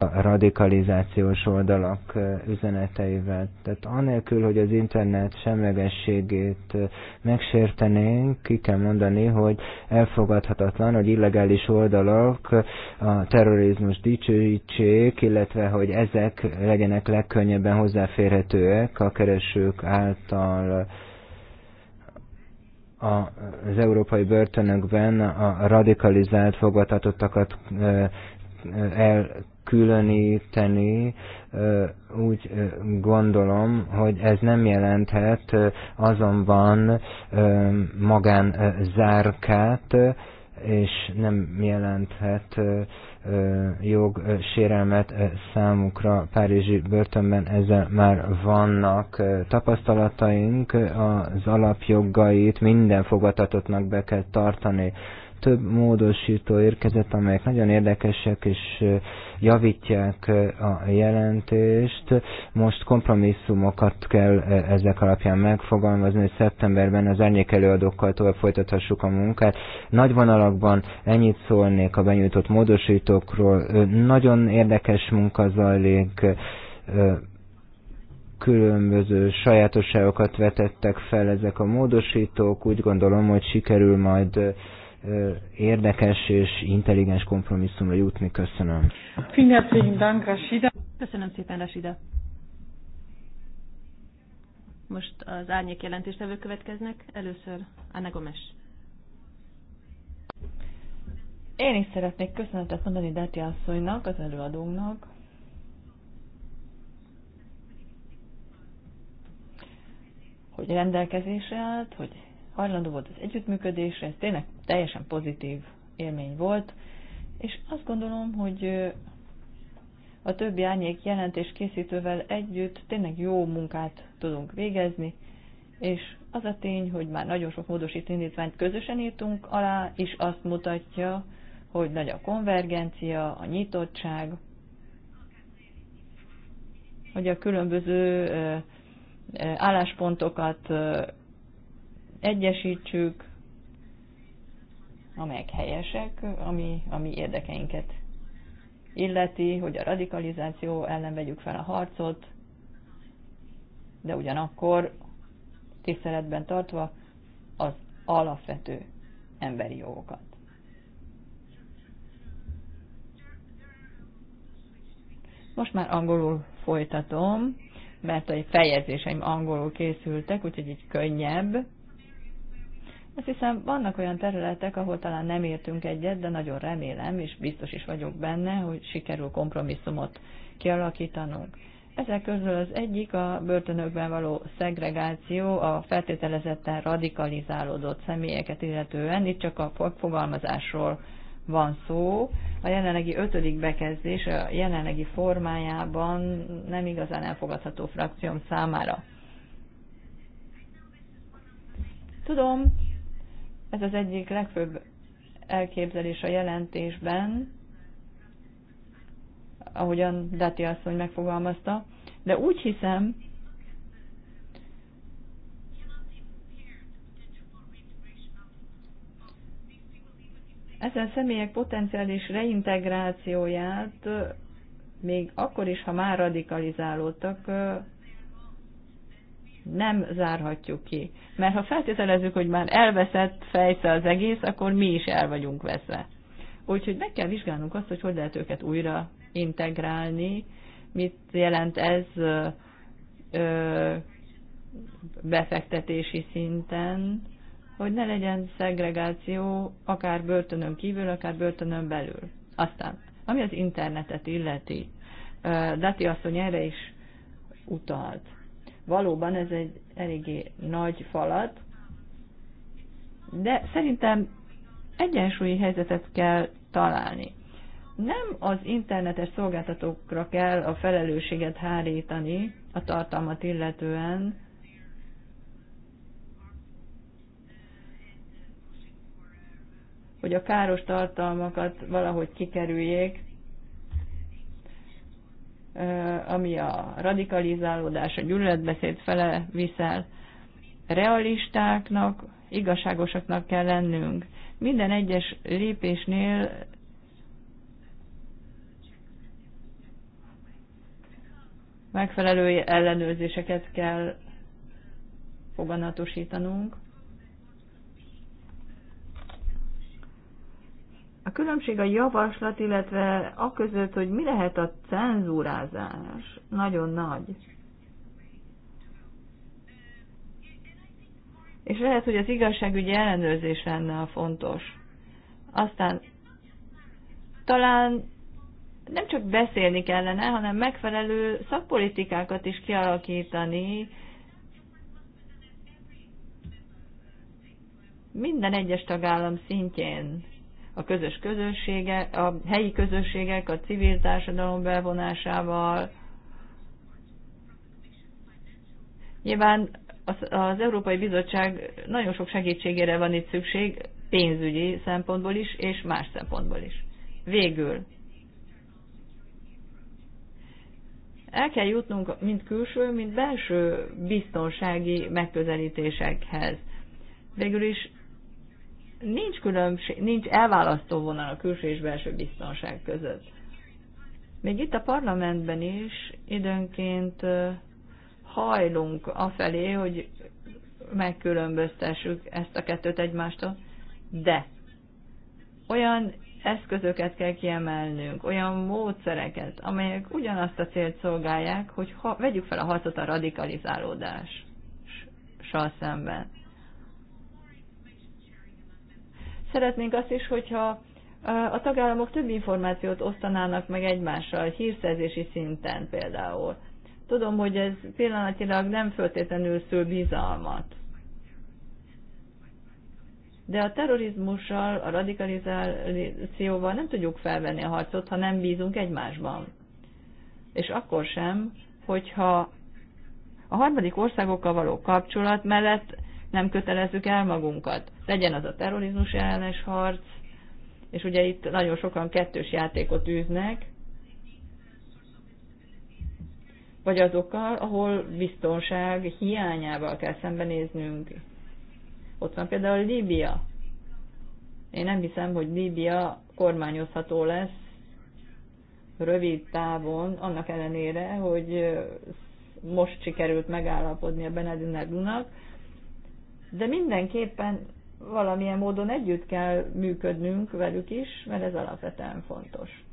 a radikalizációs oldalak üzeneteivel. Tehát anélkül, hogy az internet semlegességét megsértenénk, ki kell mondani, hogy elfogadhatatlan, hogy illegális oldalak a terrorizmus dicsőítsék, illetve hogy ezek legyenek legkönnyebben hozzáférhetőek a keresők által az európai börtönökben a radikalizált fogadhatottakat elkülöníteni, úgy gondolom, hogy ez nem jelenthet azonban magánzárkát, és nem jelenthet jogsérelmet számukra Párizsi börtönben. Ezzel már vannak tapasztalataink, az alapjogait minden fogadatotnak be kell tartani több módosító érkezett, amelyek nagyon érdekesek és javítják a jelentést. Most kompromisszumokat kell ezek alapján megfogalmazni, hogy szeptemberben az árnyék előadókkal tovább folytathassuk a munkát. Nagy vonalakban ennyit szólnék a benyújtott módosítókról. Nagyon érdekes munka zajlik, különböző sajátosságokat vetettek fel ezek a módosítók. Úgy gondolom, hogy sikerül majd érdekes és intelligens kompromisszumra jutni. Köszönöm. Köszönöm szépen, Rasida. Most az árnyék jelentéstevő következnek. Először Anna Gomes. Én is szeretnék köszönetet mondani Dáti asszonynak, az előadónknak. hogy rendelkezésre állt, hogy hajlandó volt az együttműködésre, ez tényleg teljesen pozitív élmény volt, és azt gondolom, hogy a többi árnyék jelentés készítővel együtt tényleg jó munkát tudunk végezni, és az a tény, hogy már nagyon sok módosító indítványt közösen írtunk alá, és azt mutatja, hogy nagy a konvergencia, a nyitottság, hogy a különböző álláspontokat egyesítsük, amelyek helyesek, ami, ami érdekeinket illeti, hogy a radikalizáció ellen vegyük fel a harcot, de ugyanakkor tiszteletben tartva az alapvető emberi jogokat. Most már angolul folytatom, mert a fejezéseim angolul készültek, úgyhogy így könnyebb. Azt hiszem, vannak olyan területek, ahol talán nem értünk egyet, de nagyon remélem, és biztos is vagyok benne, hogy sikerül kompromisszumot kialakítanunk. Ezek közül az egyik a börtönökben való szegregáció a feltételezetten radikalizálódott személyeket illetően. Itt csak a fogalmazásról van szó. A jelenlegi ötödik bekezdés a jelenlegi formájában nem igazán elfogadható frakcióm számára. Tudom, ez az egyik legfőbb elképzelés a jelentésben, ahogyan Dati asszony megfogalmazta, de úgy hiszem, ezen személyek potenciális reintegrációját még akkor is, ha már radikalizálódtak, nem zárhatjuk ki. Mert ha feltételezzük, hogy már elveszett fejsze az egész, akkor mi is el vagyunk veszve. Úgyhogy meg kell vizsgálnunk azt, hogy hogy lehet őket újra integrálni, mit jelent ez ö, befektetési szinten, hogy ne legyen szegregáció akár börtönön kívül, akár börtönön belül. Aztán, ami az internetet illeti, Dati asszony erre is utalt. Valóban ez egy eléggé nagy falat, de szerintem egyensúlyi helyzetet kell találni. Nem az internetes szolgáltatókra kell a felelősséget hárítani a tartalmat illetően, hogy a káros tartalmakat valahogy kikerüljék, ami a radikalizálódás, a gyűlöletbeszéd fele viszel. Realistáknak, igazságosaknak kell lennünk. Minden egyes lépésnél megfelelő ellenőrzéseket kell foganatosítanunk. A különbség a javaslat, illetve a között, hogy mi lehet a cenzúrázás, nagyon nagy. És lehet, hogy az igazságügyi ellenőrzés lenne a fontos. Aztán talán nem csak beszélni kellene, hanem megfelelő szakpolitikákat is kialakítani, minden egyes tagállam szintjén a közös közössége, a helyi közösségek, a civil társadalom bevonásával. Nyilván az, az Európai Bizottság nagyon sok segítségére van itt szükség, pénzügyi szempontból is, és más szempontból is. Végül. El kell jutnunk mind külső, mind belső biztonsági megközelítésekhez. Végül is nincs különbség, nincs elválasztó vonal a külső és belső biztonság között. Még itt a parlamentben is időnként hajlunk afelé, hogy megkülönböztessük ezt a kettőt egymástól, de olyan eszközöket kell kiemelnünk, olyan módszereket, amelyek ugyanazt a célt szolgálják, hogy ha, vegyük fel a harcot a radikalizálódással szemben. Szeretnénk azt is, hogyha a tagállamok több információt osztanának meg egymással, hírszerzési szinten például. Tudom, hogy ez pillanatilag nem föltétlenül szül bizalmat. De a terrorizmussal, a radikalizációval nem tudjuk felvenni a harcot, ha nem bízunk egymásban. És akkor sem, hogyha a harmadik országokkal való kapcsolat mellett nem kötelezzük el magunkat. Legyen az a terrorizmus ellenes harc, és ugye itt nagyon sokan kettős játékot űznek, vagy azokkal, ahol biztonság hiányával kell szembenéznünk. Ott van például Líbia. Én nem hiszem, hogy Líbia kormányozható lesz rövid távon, annak ellenére, hogy most sikerült megállapodni a Benedinádunak, de mindenképpen valamilyen módon együtt kell működnünk velük is, mert ez alapvetően fontos.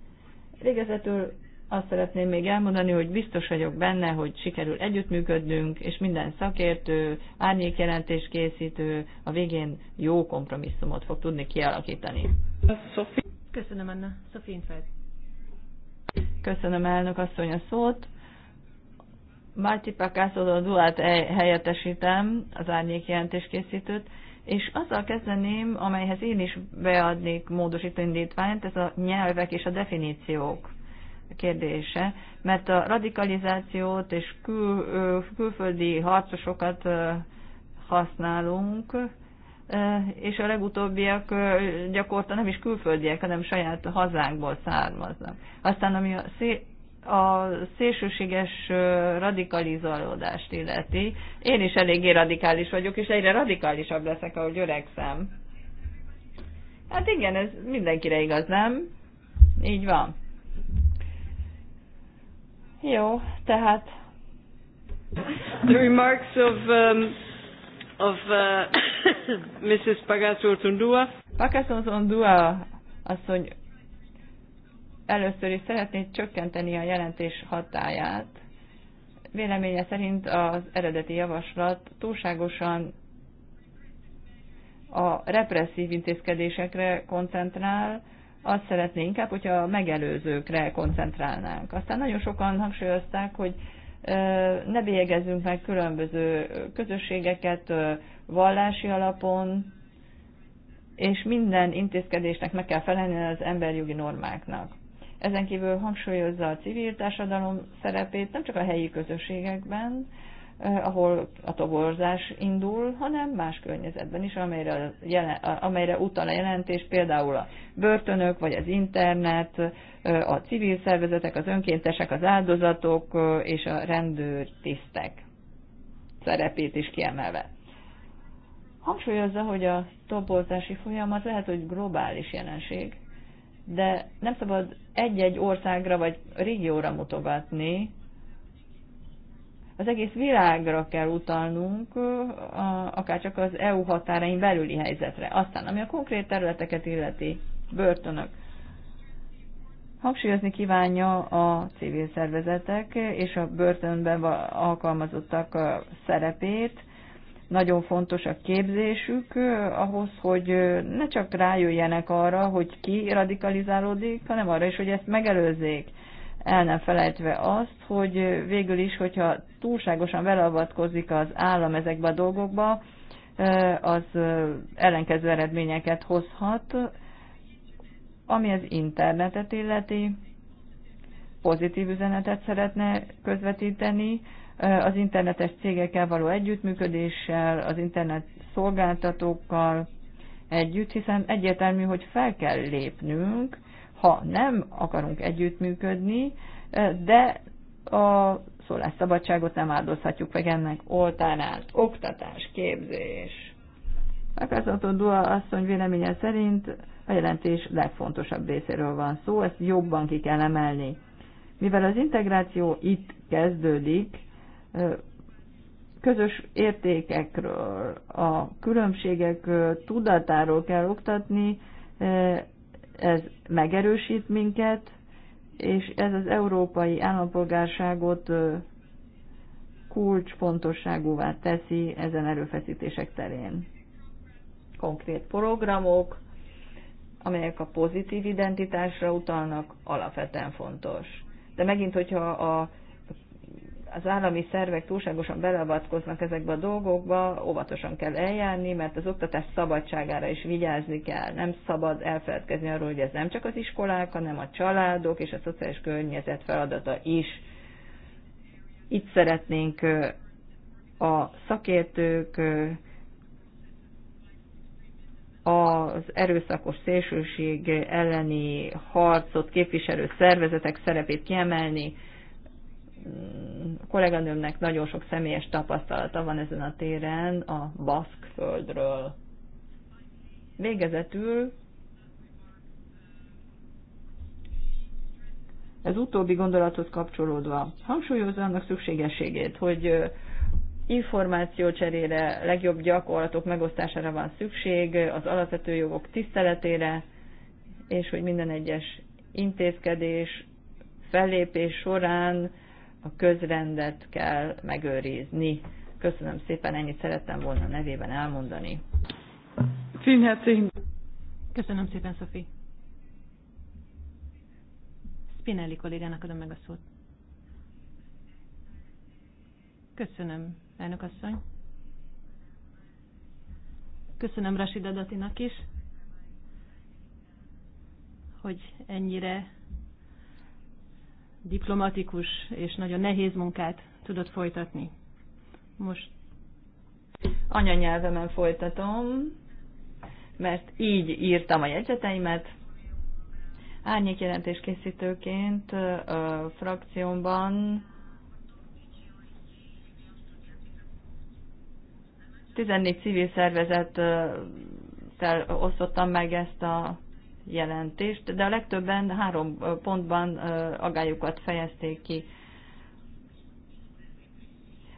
Végezetül azt szeretném még elmondani, hogy biztos vagyok benne, hogy sikerül együttműködnünk, és minden szakértő, árnyékjelentés készítő a végén jó kompromisszumot fog tudni kialakítani. Köszönöm, Anna. Sofint Köszönöm, elnök asszony, a szót. Márti Pakászoló Duát helyettesítem, az árnyék jelentéskészítőt, és azzal kezdeném, amelyhez én is beadnék módosító indítványt, ez a nyelvek és a definíciók kérdése, mert a radikalizációt és kül, külföldi harcosokat használunk, és a legutóbbiak gyakorta nem is külföldiek, hanem saját hazánkból származnak. Aztán ami a a szélsőséges radikalizálódást illeti, én is eléggé radikális vagyok, és egyre radikálisabb leszek, ahogy öregszem. Hát igen, ez mindenkire igaz, nem? Így van. Jó, tehát... The remarks of, um, of uh, Mrs. Pagasurtundua. Pagasurtundua asszony Először is szeretnénk csökkenteni a jelentés hatáját. Véleménye szerint az eredeti javaslat túlságosan a represszív intézkedésekre koncentrál, azt szeretné inkább, hogyha a megelőzőkre koncentrálnánk. Aztán nagyon sokan hangsúlyozták, hogy ne bélyegezzünk meg különböző közösségeket vallási alapon, és minden intézkedésnek meg kell felelni az emberjogi normáknak. Ezen kívül hangsúlyozza a civil társadalom szerepét nem csak a helyi közösségekben, ahol a toborzás indul, hanem más környezetben is, amelyre, jelen, amelyre utal a jelentés, például a börtönök, vagy az internet, a civil szervezetek, az önkéntesek, az áldozatok és a rendőrtisztek szerepét is kiemelve. Hangsúlyozza, hogy a toborzási folyamat lehet, hogy globális jelenség, de nem szabad egy-egy országra vagy régióra mutogatni, az egész világra kell utalnunk, akárcsak az EU határain belüli helyzetre. Aztán, ami a konkrét területeket illeti, börtönök. Hangsúlyozni kívánja a civil szervezetek és a börtönben alkalmazottak szerepét, nagyon fontos a képzésük ahhoz, hogy ne csak rájöjjenek arra, hogy ki radikalizálódik, hanem arra is, hogy ezt megelőzzék. El nem felejtve azt, hogy végül is, hogyha túlságosan beleavatkozik az állam ezekbe a dolgokba, az ellenkező eredményeket hozhat, ami az internetet illeti, pozitív üzenetet szeretne közvetíteni, az internetes cégekkel való együttműködéssel, az internet szolgáltatókkal együtt, hiszen egyértelmű, hogy fel kell lépnünk, ha nem akarunk együttműködni, de a szólásszabadságot nem áldozhatjuk meg ennek oltánál. Oktatás, képzés. Megkázható Dua asszony véleménye szerint a jelentés legfontosabb részéről van szó, ezt jobban ki kell emelni. Mivel az integráció itt kezdődik, közös értékekről, a különbségek tudatáról kell oktatni, ez megerősít minket, és ez az európai állampolgárságot kulcsfontosságúvá teszi ezen erőfeszítések terén. Konkrét programok, amelyek a pozitív identitásra utalnak, alapvetően fontos. De megint, hogyha a az állami szervek túlságosan beleavatkoznak ezekbe a dolgokba, óvatosan kell eljárni, mert az oktatás szabadságára is vigyázni kell. Nem szabad elfeledkezni arról, hogy ez nem csak az iskolák, hanem a családok és a szociális környezet feladata is. Itt szeretnénk a szakértők, az erőszakos szélsőség elleni harcot képviselő szervezetek szerepét kiemelni, a kolléganőmnek nagyon sok személyes tapasztalata van ezen a téren, a baszk földről. Végezetül ez utóbbi gondolathoz kapcsolódva hangsúlyozza annak szükségességét, hogy cserére, legjobb gyakorlatok megosztására van szükség, az alapvető jogok tiszteletére, és hogy minden egyes intézkedés, fellépés során a közrendet kell megőrizni. Köszönöm szépen, ennyit szerettem volna nevében elmondani. Köszönöm szépen, Szofi. Spinelli kollégának adom meg a szót. Köszönöm, elnök asszony. Köszönöm Rasida Datinak is, hogy ennyire diplomatikus és nagyon nehéz munkát tudott folytatni. Most anyanyelvemen folytatom, mert így írtam a jegyzeteimet. Árnyékjelentés készítőként a frakciómban 14 civil szervezettel osztottam meg ezt a jelentést, de a legtöbben három pontban agályukat fejezték ki.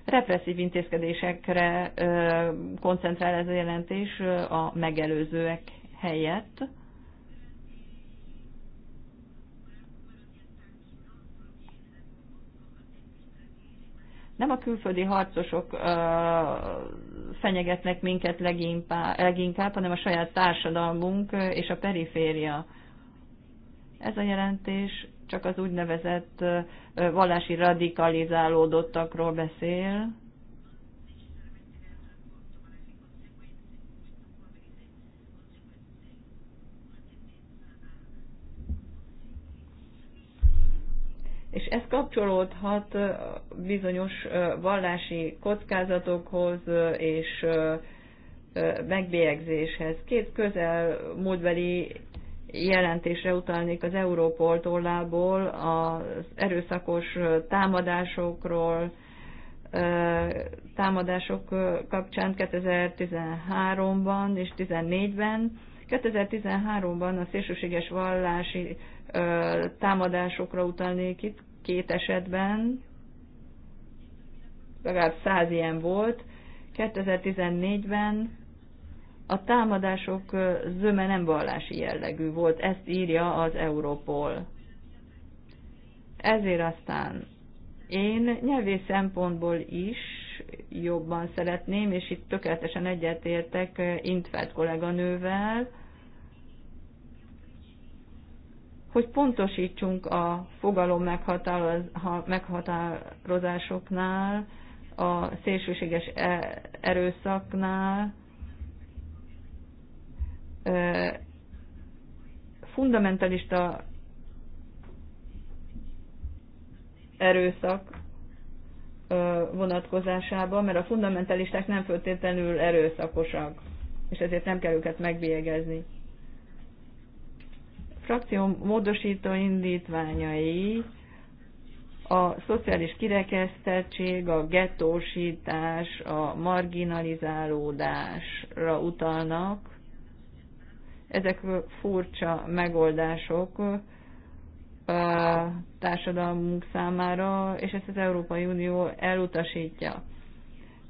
Represszív intézkedésekre koncentrál ez a jelentés a megelőzőek helyett nem a külföldi harcosok fenyegetnek minket leginkább, hanem a saját társadalmunk és a periféria. Ez a jelentés csak az úgynevezett vallási radikalizálódottakról beszél, ez kapcsolódhat bizonyos vallási kockázatokhoz és megbélyegzéshez. Két közel módbeli jelentésre utalnék az Európol tollából, az erőszakos támadásokról, támadások kapcsán 2013-ban és 2014-ben. 2013-ban a szélsőséges vallási támadásokra utalnék itt, két esetben, legalább száz ilyen volt, 2014-ben a támadások zöme nem vallási jellegű volt, ezt írja az Europol. Ezért aztán én nyelvi szempontból is jobban szeretném, és itt tökéletesen egyetértek Intfeld kolléganővel, hogy pontosítsunk a fogalom meghatározásoknál, a szélsőséges e-, erőszaknál, fundamentalista erőszak vonatkozásában, mert a fundamentalisták nem föltétlenül erőszakosak, és ezért nem kell őket megbélyegezni frakció módosító indítványai a szociális kirekesztettség, a gettósítás, a marginalizálódásra utalnak. Ezek furcsa megoldások a társadalmunk számára, és ezt az Európai Unió elutasítja.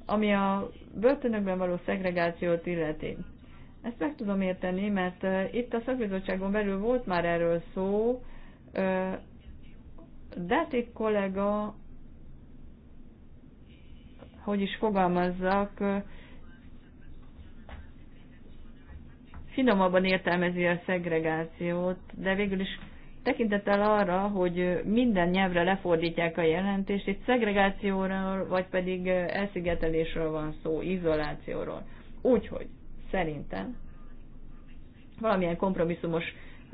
Ami a börtönökben való szegregációt illeti, ezt meg tudom érteni, mert itt a szakbizottságon belül volt már erről szó. Dátik kollega, hogy is fogalmazzak, finomabban értelmezi a szegregációt, de végül is tekintettel arra, hogy minden nyelvre lefordítják a jelentést, itt szegregációról, vagy pedig elszigetelésről van szó, izolációról. Úgyhogy Szerintem valamilyen kompromisszumos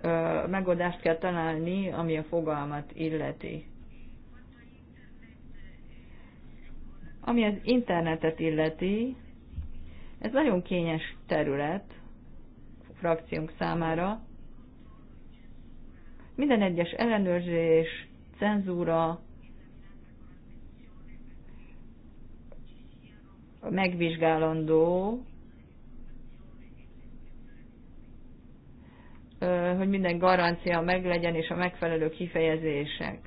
ö, megoldást kell találni, ami a fogalmat illeti. Ami az internetet illeti, ez nagyon kényes terület a frakciónk számára. Minden egyes ellenőrzés, cenzúra, megvizsgálandó, hogy minden garancia meglegyen és a megfelelő kifejezések.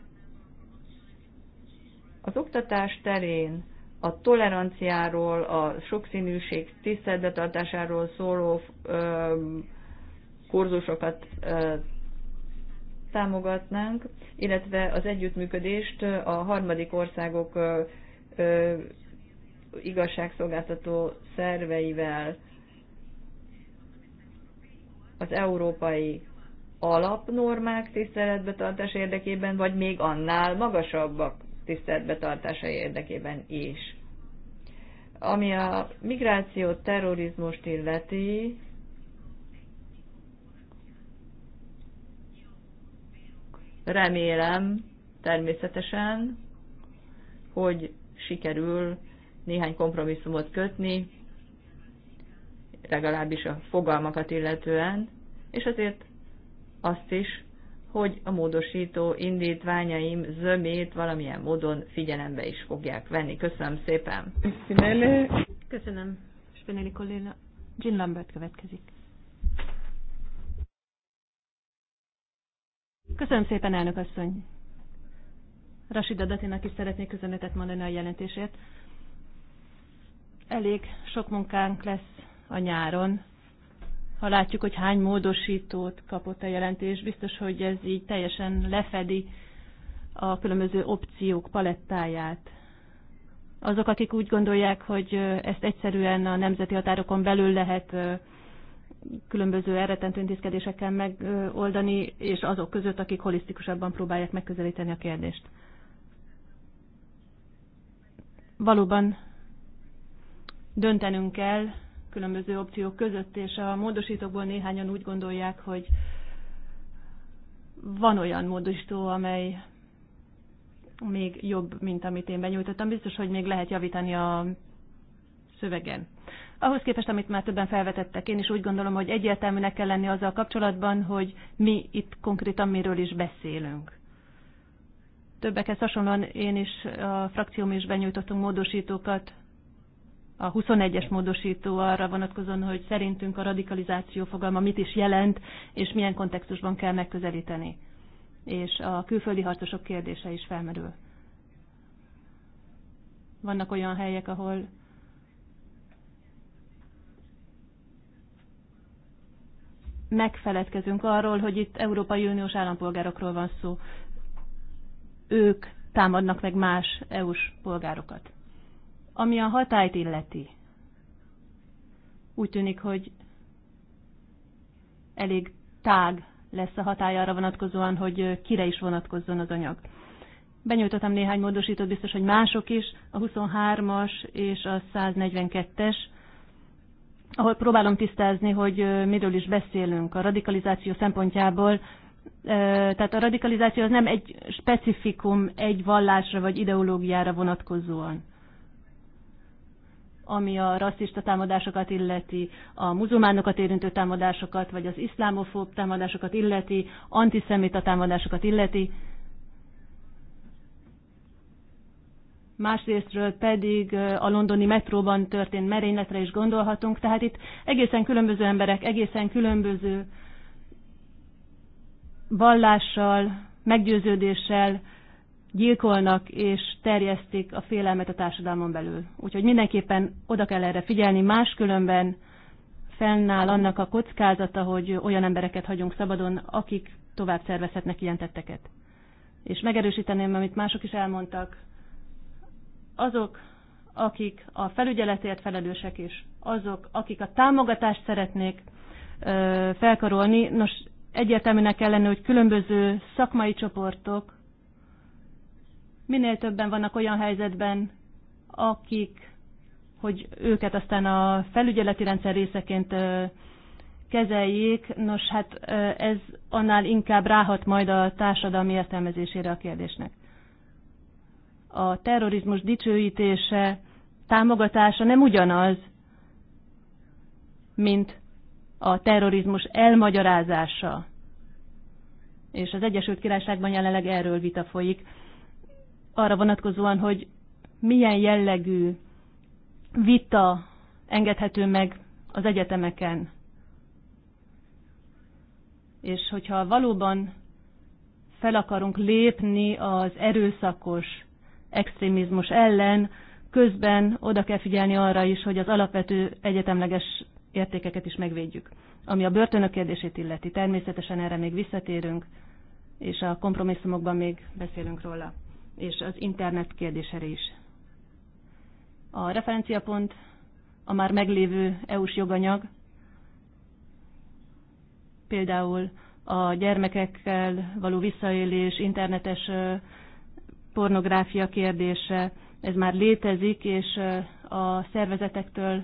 Az oktatás terén a toleranciáról, a sokszínűség tiszteletbetartásáról szóló ö, kurzusokat ö, támogatnánk, illetve az együttműködést a harmadik országok ö, ö, igazságszolgáltató szerveivel az európai alapnormák tiszteletbe érdekében, vagy még annál magasabbak tiszteletbe tartása érdekében is. Ami a migráció terrorizmust illeti, remélem természetesen, hogy sikerül néhány kompromisszumot kötni, legalábbis a fogalmakat illetően, és azért azt is, hogy a módosító indítványaim zömét valamilyen módon figyelembe is fogják venni. Köszönöm szépen! Köszönöm, Spinelli kolléna. Jean Lambert következik. Köszönöm szépen, elnök asszony! Rasida Datinak is szeretnék köszönetet mondani a jelentésért. Elég sok munkánk lesz a nyáron. Ha látjuk, hogy hány módosítót kapott a jelentés, biztos, hogy ez így teljesen lefedi a különböző opciók palettáját. Azok, akik úgy gondolják, hogy ezt egyszerűen a nemzeti határokon belül lehet különböző elrettentő intézkedésekkel megoldani, és azok között, akik holisztikusabban próbálják megközelíteni a kérdést. Valóban döntenünk kell különböző opciók között, és a módosítókból néhányan úgy gondolják, hogy van olyan módosító, amely még jobb, mint amit én benyújtottam. Biztos, hogy még lehet javítani a szövegen. Ahhoz képest, amit már többen felvetettek, én is úgy gondolom, hogy egyértelműnek kell lenni azzal kapcsolatban, hogy mi itt konkrétan miről is beszélünk. Többekhez hasonlóan én is, a frakcióm is benyújtottunk módosítókat a 21-es módosító arra vonatkozóan, hogy szerintünk a radikalizáció fogalma mit is jelent, és milyen kontextusban kell megközelíteni. És a külföldi harcosok kérdése is felmerül. Vannak olyan helyek, ahol megfeledkezünk arról, hogy itt Európai Uniós állampolgárokról van szó. Ők támadnak meg más EU-s polgárokat. Ami a hatályt illeti, úgy tűnik, hogy elég tág lesz a hatály arra vonatkozóan, hogy kire is vonatkozzon az anyag. Benyújtottam néhány módosítót, biztos, hogy mások is, a 23-as és a 142-es, ahol próbálom tisztázni, hogy miről is beszélünk a radikalizáció szempontjából. Tehát a radikalizáció az nem egy specifikum, egy vallásra vagy ideológiára vonatkozóan ami a rasszista támadásokat illeti, a muzulmánokat érintő támadásokat, vagy az iszlámofób támadásokat illeti, antiszemita támadásokat illeti. Másrésztről pedig a londoni metróban történt merényletre is gondolhatunk, tehát itt egészen különböző emberek, egészen különböző vallással, meggyőződéssel, gyilkolnak és terjesztik a félelmet a társadalmon belül. Úgyhogy mindenképpen oda kell erre figyelni, máskülönben fennáll annak a kockázata, hogy olyan embereket hagyunk szabadon, akik tovább szervezhetnek ilyen tetteket. És megerősíteném, amit mások is elmondtak, azok, akik a felügyeletért felelősek is, azok, akik a támogatást szeretnék ö, felkarolni, nos, egyértelműnek kell lenni, hogy különböző szakmai csoportok minél többen vannak olyan helyzetben, akik, hogy őket aztán a felügyeleti rendszer részeként kezeljék, nos hát ez annál inkább ráhat majd a társadalmi értelmezésére a kérdésnek. A terrorizmus dicsőítése, támogatása nem ugyanaz, mint a terrorizmus elmagyarázása. És az Egyesült Királyságban jelenleg erről vita folyik arra vonatkozóan, hogy milyen jellegű vita engedhető meg az egyetemeken. És hogyha valóban fel akarunk lépni az erőszakos extrémizmus ellen, közben oda kell figyelni arra is, hogy az alapvető egyetemleges értékeket is megvédjük. Ami a börtönök kérdését illeti, természetesen erre még visszatérünk, és a kompromisszumokban még beszélünk róla és az internet kérdésére is. A referenciapont a már meglévő EU-s joganyag, például a gyermekekkel való visszaélés, internetes pornográfia kérdése, ez már létezik, és a szervezetektől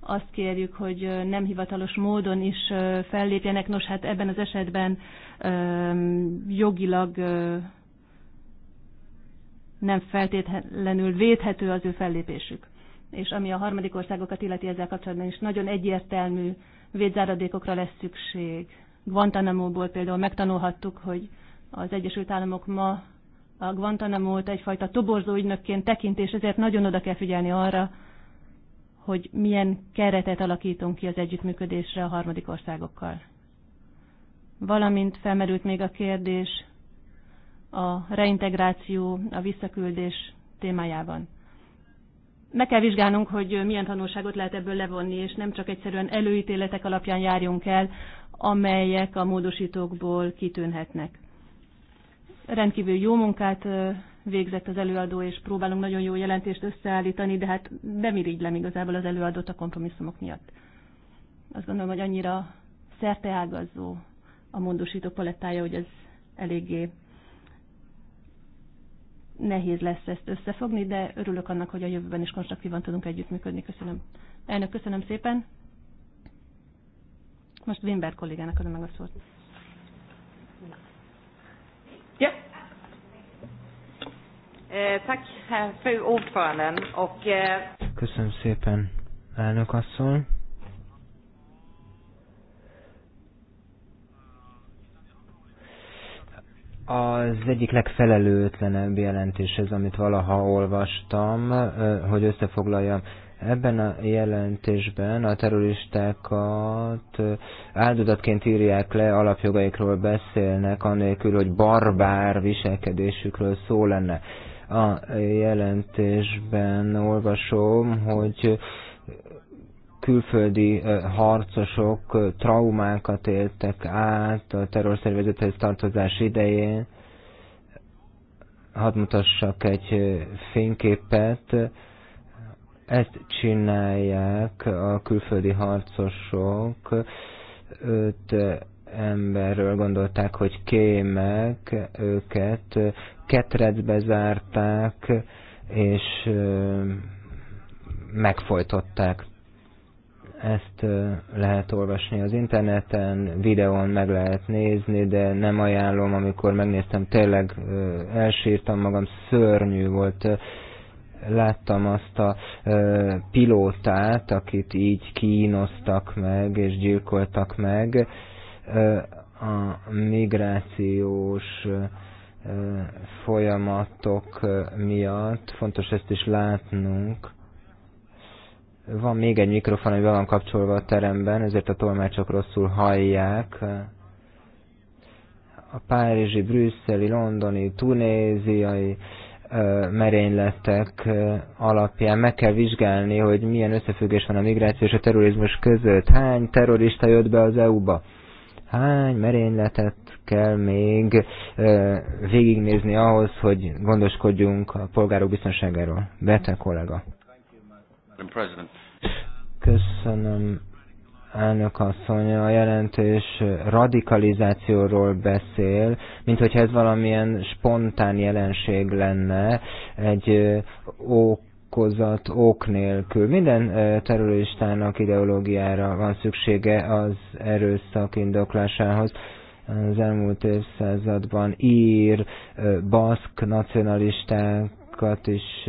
azt kérjük, hogy nem hivatalos módon is fellépjenek. Nos, hát ebben az esetben jogilag nem feltétlenül védhető az ő fellépésük. És ami a harmadik országokat illeti ezzel kapcsolatban is, nagyon egyértelmű védzáradékokra lesz szükség. Guantanamo-ból például megtanulhattuk, hogy az Egyesült Államok ma a Guantanamo-t egyfajta toborzó ügynökként tekint, és ezért nagyon oda kell figyelni arra, hogy milyen keretet alakítunk ki az együttműködésre a harmadik országokkal. Valamint felmerült még a kérdés a reintegráció, a visszaküldés témájában. Meg kell vizsgálnunk, hogy milyen tanulságot lehet ebből levonni, és nem csak egyszerűen előítéletek alapján járjunk el, amelyek a módosítókból kitűnhetnek. Rendkívül jó munkát végzett az előadó, és próbálunk nagyon jó jelentést összeállítani, de hát nem irigylem igazából az előadót a kompromisszumok miatt. Azt gondolom, hogy annyira szerteágazó a módosító palettája, hogy ez eléggé nehéz lesz ezt összefogni, de örülök annak, hogy a jövőben is konstruktívan tudunk együttműködni. Köszönöm. Elnök, köszönöm szépen. Most Wimber kollégának adom meg a szót. Ja. Eh, eh, köszönöm szépen, elnök asszony. az egyik legfelelőtlenebb jelentés ez, amit valaha olvastam, hogy összefoglaljam. Ebben a jelentésben a terroristákat áldozatként írják le, alapjogaikról beszélnek, anélkül, hogy barbár viselkedésükről szó lenne. A jelentésben olvasom, hogy külföldi harcosok traumákat éltek át a terrorszervezethez tartozás idején. Hadd mutassak egy fényképet. Ezt csinálják a külföldi harcosok. Öt emberről gondolták, hogy kémek őket, ketrecbe zárták, és megfojtották. Ezt lehet olvasni az interneten, videón meg lehet nézni, de nem ajánlom, amikor megnéztem, tényleg elsírtam magam, szörnyű volt. Láttam azt a pilótát, akit így kínoztak meg és gyilkoltak meg. A migrációs folyamatok miatt fontos ezt is látnunk van még egy mikrofon, ami be van kapcsolva a teremben, ezért a tolmácsok rosszul hallják. A párizsi, brüsszeli, londoni, tunéziai merényletek alapján meg kell vizsgálni, hogy milyen összefüggés van a migráció és a terrorizmus között. Hány terrorista jött be az EU-ba? hány merényletet kell még végignézni ahhoz, hogy gondoskodjunk a polgárok biztonságáról. Bete kollega. Köszönöm, elnök asszony. A jelentés radikalizációról beszél, mint hogyha ez valamilyen spontán jelenség lenne, egy okozat ok nélkül. Minden terroristának ideológiára van szüksége az erőszak indoklásához. Az elmúlt évszázadban ír, baszk nacionalisták, erőszakat is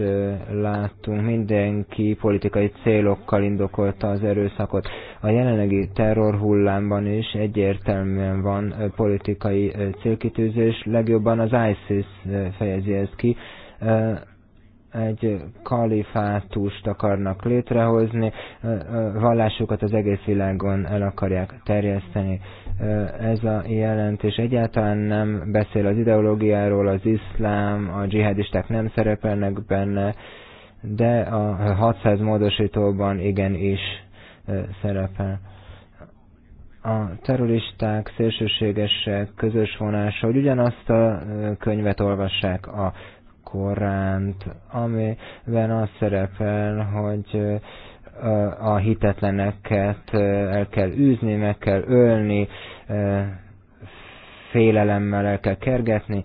láttunk. Mindenki politikai célokkal indokolta az erőszakot. A jelenlegi terrorhullámban is egyértelműen van politikai célkitűzés, legjobban az ISIS fejezi ezt ki egy kalifátust akarnak létrehozni, vallásukat az egész világon el akarják terjeszteni. Eh, ez a jelentés egyáltalán nem beszél az ideológiáról, az iszlám, a dzsihadisták nem szerepelnek benne, de a 600 módosítóban igenis eh, szerepel. A terroristák, szélsőségesek, közös vonása, hogy ugyanazt a eh, könyvet olvassák a Koránt, amiben az szerepel, hogy a hitetleneket el kell űzni, meg kell ölni, félelemmel el kell kergetni.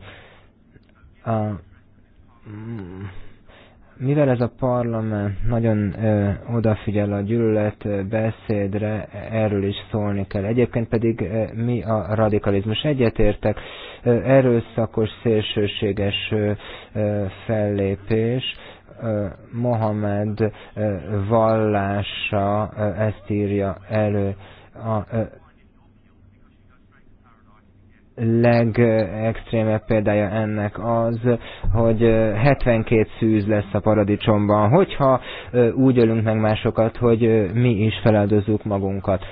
A, mivel ez a parlament nagyon ö, odafigyel a gyűlölet beszédre, erről is szólni kell. Egyébként pedig ö, mi a radikalizmus? Egyetértek, ö, erőszakos, szélsőséges ö, ö, fellépés, Mohamed vallása ezt írja elő. A legextrémebb példája ennek az, hogy 72 szűz lesz a paradicsomban, hogyha úgy ölünk meg másokat, hogy mi is feláldozzuk magunkat.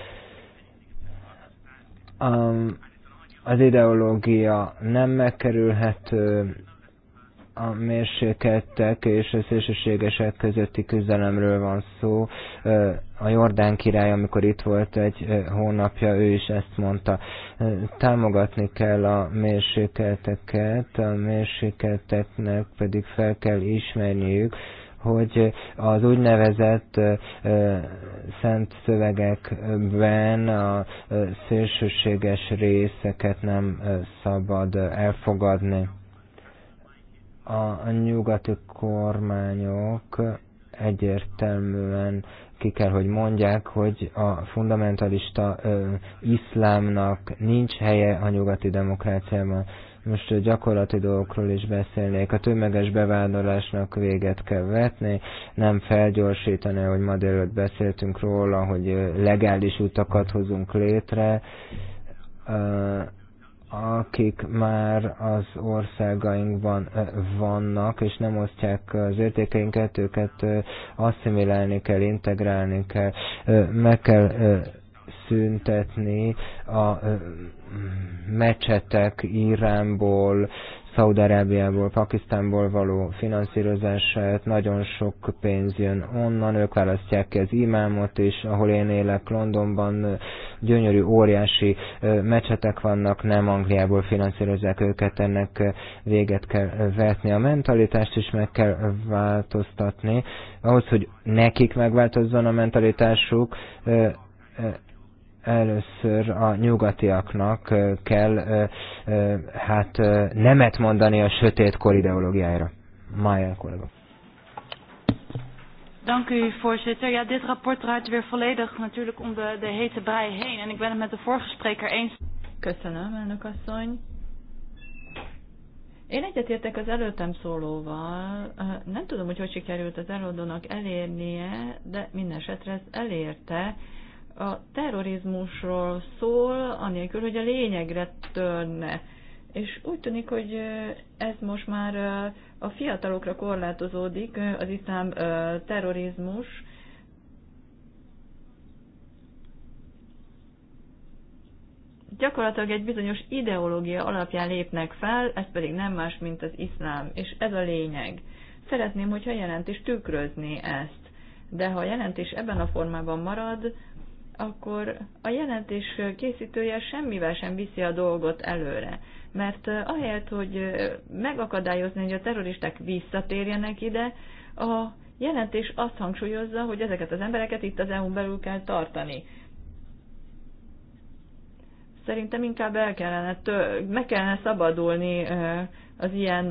Az ideológia nem megkerülhető, a mérsékeltek és a szélsőségesek közötti küzdelemről van szó. A Jordán király, amikor itt volt egy hónapja, ő is ezt mondta. Támogatni kell a mérsékelteket, a mérsékelteknek pedig fel kell ismerniük, hogy az úgynevezett szent szövegekben a szélsőséges részeket nem szabad elfogadni a nyugati kormányok egyértelműen ki kell, hogy mondják, hogy a fundamentalista ö, iszlámnak nincs helye a nyugati demokráciában. Most a gyakorlati dolgokról is beszélnék. A tömeges bevándorlásnak véget kell vetni, nem felgyorsítani, hogy ma délőtt beszéltünk róla, hogy legális utakat hozunk létre. Ö, akik már az országainkban eh, vannak, és nem osztják az értékeinket, őket eh, asszimilálni kell, integrálni kell, eh, meg kell szüntetni a mecsetek Iránból, Szaudarábiából, Pakisztánból való finanszírozását, nagyon sok pénz jön onnan, ők választják ki az imámot is, ahol én élek Londonban, gyönyörű, óriási mecsetek vannak, nem Angliából finanszírozzák őket, ennek véget kell vetni, a mentalitást is meg kell változtatni, ahhoz, hogy nekik megváltozzon a mentalitásuk, először a nyugatiaknak kell hát nemet mondani a sötét kor ideológiáira. Májel kollega. Dank u, voorzitter. Ja, dit rapport draait weer volledig natuurlijk om de, de hete brei heen. En ik ben het met de vorige spreker eens. Köszönöm, elnök asszony. Én egyetértek az előttem szólóval. Nem tudom, hogy hogy sikerült az előadónak elérnie, de minden esetre ezt elérte a terrorizmusról szól, anélkül, hogy a lényegre törne. És úgy tűnik, hogy ez most már a fiatalokra korlátozódik, az iszlám terrorizmus, gyakorlatilag egy bizonyos ideológia alapján lépnek fel, ez pedig nem más, mint az iszlám, és ez a lényeg. Szeretném, hogyha a jelentés tükrözni ezt, de ha a jelentés ebben a formában marad, akkor a jelentés készítője semmivel sem viszi a dolgot előre. Mert eh, ahelyett, hogy eh, megakadályozni, hogy a terroristák visszatérjenek ide, a jelentés azt hangsúlyozza, hogy ezeket az embereket itt az eu belül kell tartani. Szerintem inkább el kellene, meg kellene szabadulni eh, az ilyen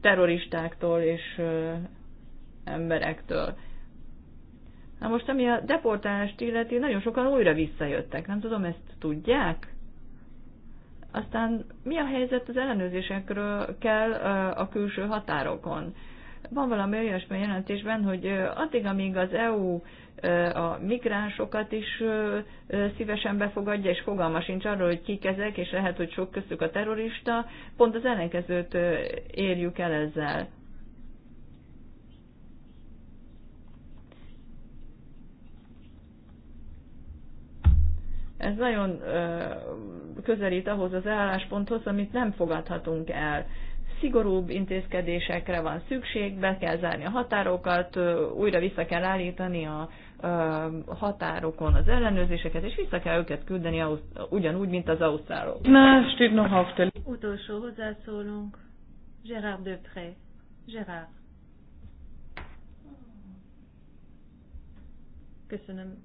terroristáktól és emberektől. Na most, ami a deportálást illeti, nagyon sokan újra visszajöttek. Nem tudom, ezt tudják? Aztán mi a helyzet az ellenőrzésekről kell a külső határokon? Van valami olyasmi jelentésben, hogy addig, amíg az EU a migránsokat is szívesen befogadja, és fogalma sincs arról, hogy kik ezek, és lehet, hogy sok köztük a terrorista, pont az ellenkezőt érjük el ezzel. Ez nagyon közelít ahhoz az állásponthoz, amit nem fogadhatunk el. Szigorúbb intézkedésekre van szükség, be kell zárni a határokat, újra vissza kell állítani a határokon az ellenőrzéseket, és vissza kell őket küldeni ugyanúgy, mint az ausztrálok. Na, Utolsó hozzászólunk. Gérard Depré. Gérard. Köszönöm,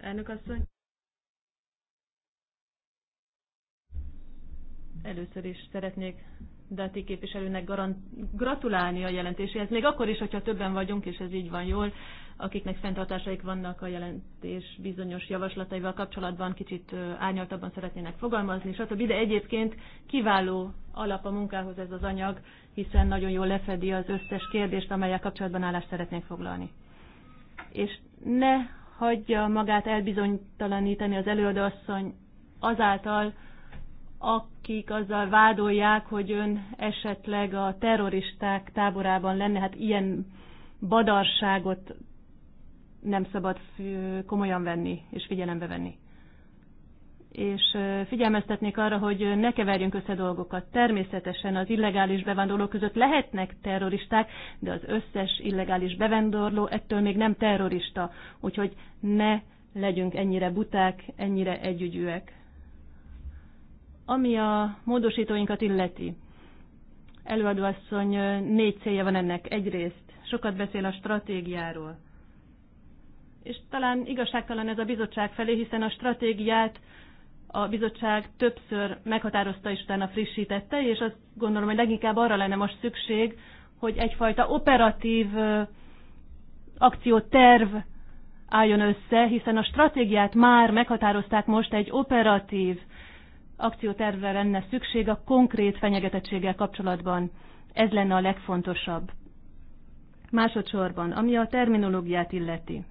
elnök asszony. Először is szeretnék Dati képviselőnek garant, gratulálni a jelentéséhez, még akkor is, hogyha többen vagyunk, és ez így van jól, akiknek fenntartásaik vannak a jelentés bizonyos javaslataival kapcsolatban, kicsit árnyaltabban szeretnének fogalmazni, stb. De egyébként kiváló alap a munkához ez az anyag, hiszen nagyon jól lefedi az összes kérdést, amelyel kapcsolatban állást szeretnénk foglalni. És ne hagyja magát elbizonytalanítani az előadóasszony azáltal, akik azzal vádolják, hogy ön esetleg a terroristák táborában lenne, hát ilyen badarságot nem szabad komolyan venni és figyelembe venni. És figyelmeztetnék arra, hogy ne keverjünk össze dolgokat. Természetesen az illegális bevándorlók között lehetnek terroristák, de az összes illegális bevándorló ettől még nem terrorista. Úgyhogy ne legyünk ennyire buták, ennyire együgyűek. Ami a módosítóinkat illeti, előadóasszony négy célja van ennek. Egyrészt sokat beszél a stratégiáról. És talán igazságtalan ez a bizottság felé, hiszen a stratégiát a bizottság többször meghatározta és utána frissítette, és azt gondolom, hogy leginkább arra lenne most szükség, hogy egyfajta operatív akcióterv álljon össze, hiszen a stratégiát már meghatározták most egy operatív akciótervre lenne szükség a konkrét fenyegetettséggel kapcsolatban. Ez lenne a legfontosabb. Másodszorban, ami a terminológiát illeti.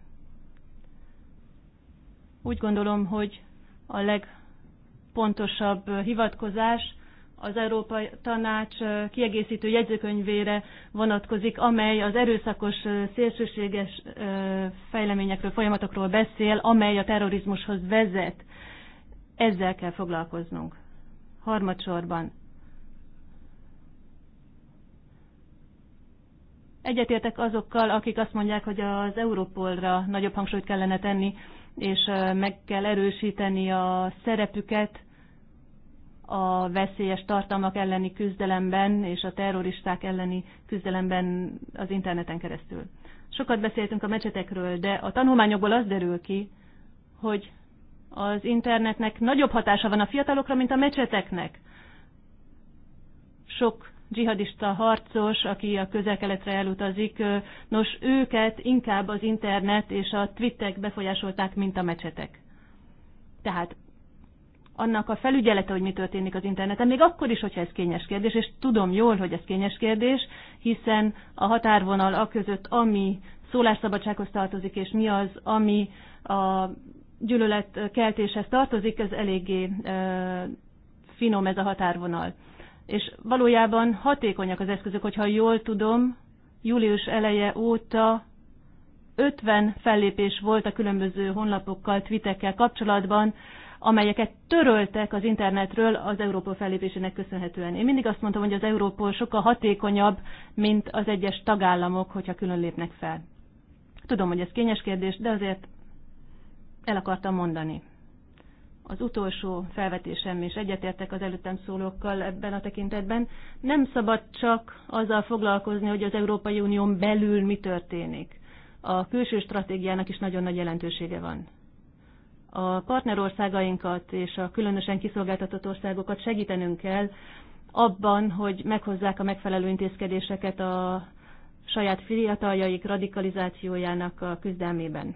Úgy gondolom, hogy a legpontosabb hivatkozás az Európai Tanács kiegészítő jegyzőkönyvére vonatkozik, amely az erőszakos szélsőséges fejleményekről, folyamatokról beszél, amely a terrorizmushoz vezet. Ezzel kell foglalkoznunk. Harmadsorban. Egyetértek azokkal, akik azt mondják, hogy az Európolra nagyobb hangsúlyt kellene tenni, és meg kell erősíteni a szerepüket a veszélyes tartalmak elleni küzdelemben és a terroristák elleni küzdelemben az interneten keresztül. Sokat beszéltünk a mecsetekről, de a tanulmányokból az derül ki, hogy az internetnek nagyobb hatása van a fiatalokra, mint a mecseteknek. Sok dzsihadista harcos, aki a közel-keletre elutazik, nos, őket inkább az internet és a twittek befolyásolták, mint a mecsetek. Tehát annak a felügyelete, hogy mi történik az interneten, még akkor is, hogyha ez kényes kérdés, és tudom jól, hogy ez kényes kérdés, hiszen a határvonal a között, ami szólásszabadsághoz tartozik, és mi az, ami a gyűlöletkeltéshez tartozik, ez eléggé finom ez a határvonal. És valójában hatékonyak az eszközök, hogyha jól tudom, július eleje óta 50 fellépés volt a különböző honlapokkal, twitekkel kapcsolatban, amelyeket töröltek az internetről az Európa fellépésének köszönhetően. Én mindig azt mondtam, hogy az Európol sokkal hatékonyabb, mint az egyes tagállamok, hogyha külön lépnek fel. Tudom, hogy ez kényes kérdés, de azért el akartam mondani. Az utolsó felvetésem is egyetértek az előttem szólókkal ebben a tekintetben. Nem szabad csak azzal foglalkozni, hogy az Európai Unión belül mi történik. A külső stratégiának is nagyon nagy jelentősége van a partnerországainkat és a különösen kiszolgáltatott országokat segítenünk kell abban, hogy meghozzák a megfelelő intézkedéseket a saját fiataljaik radikalizációjának a küzdelmében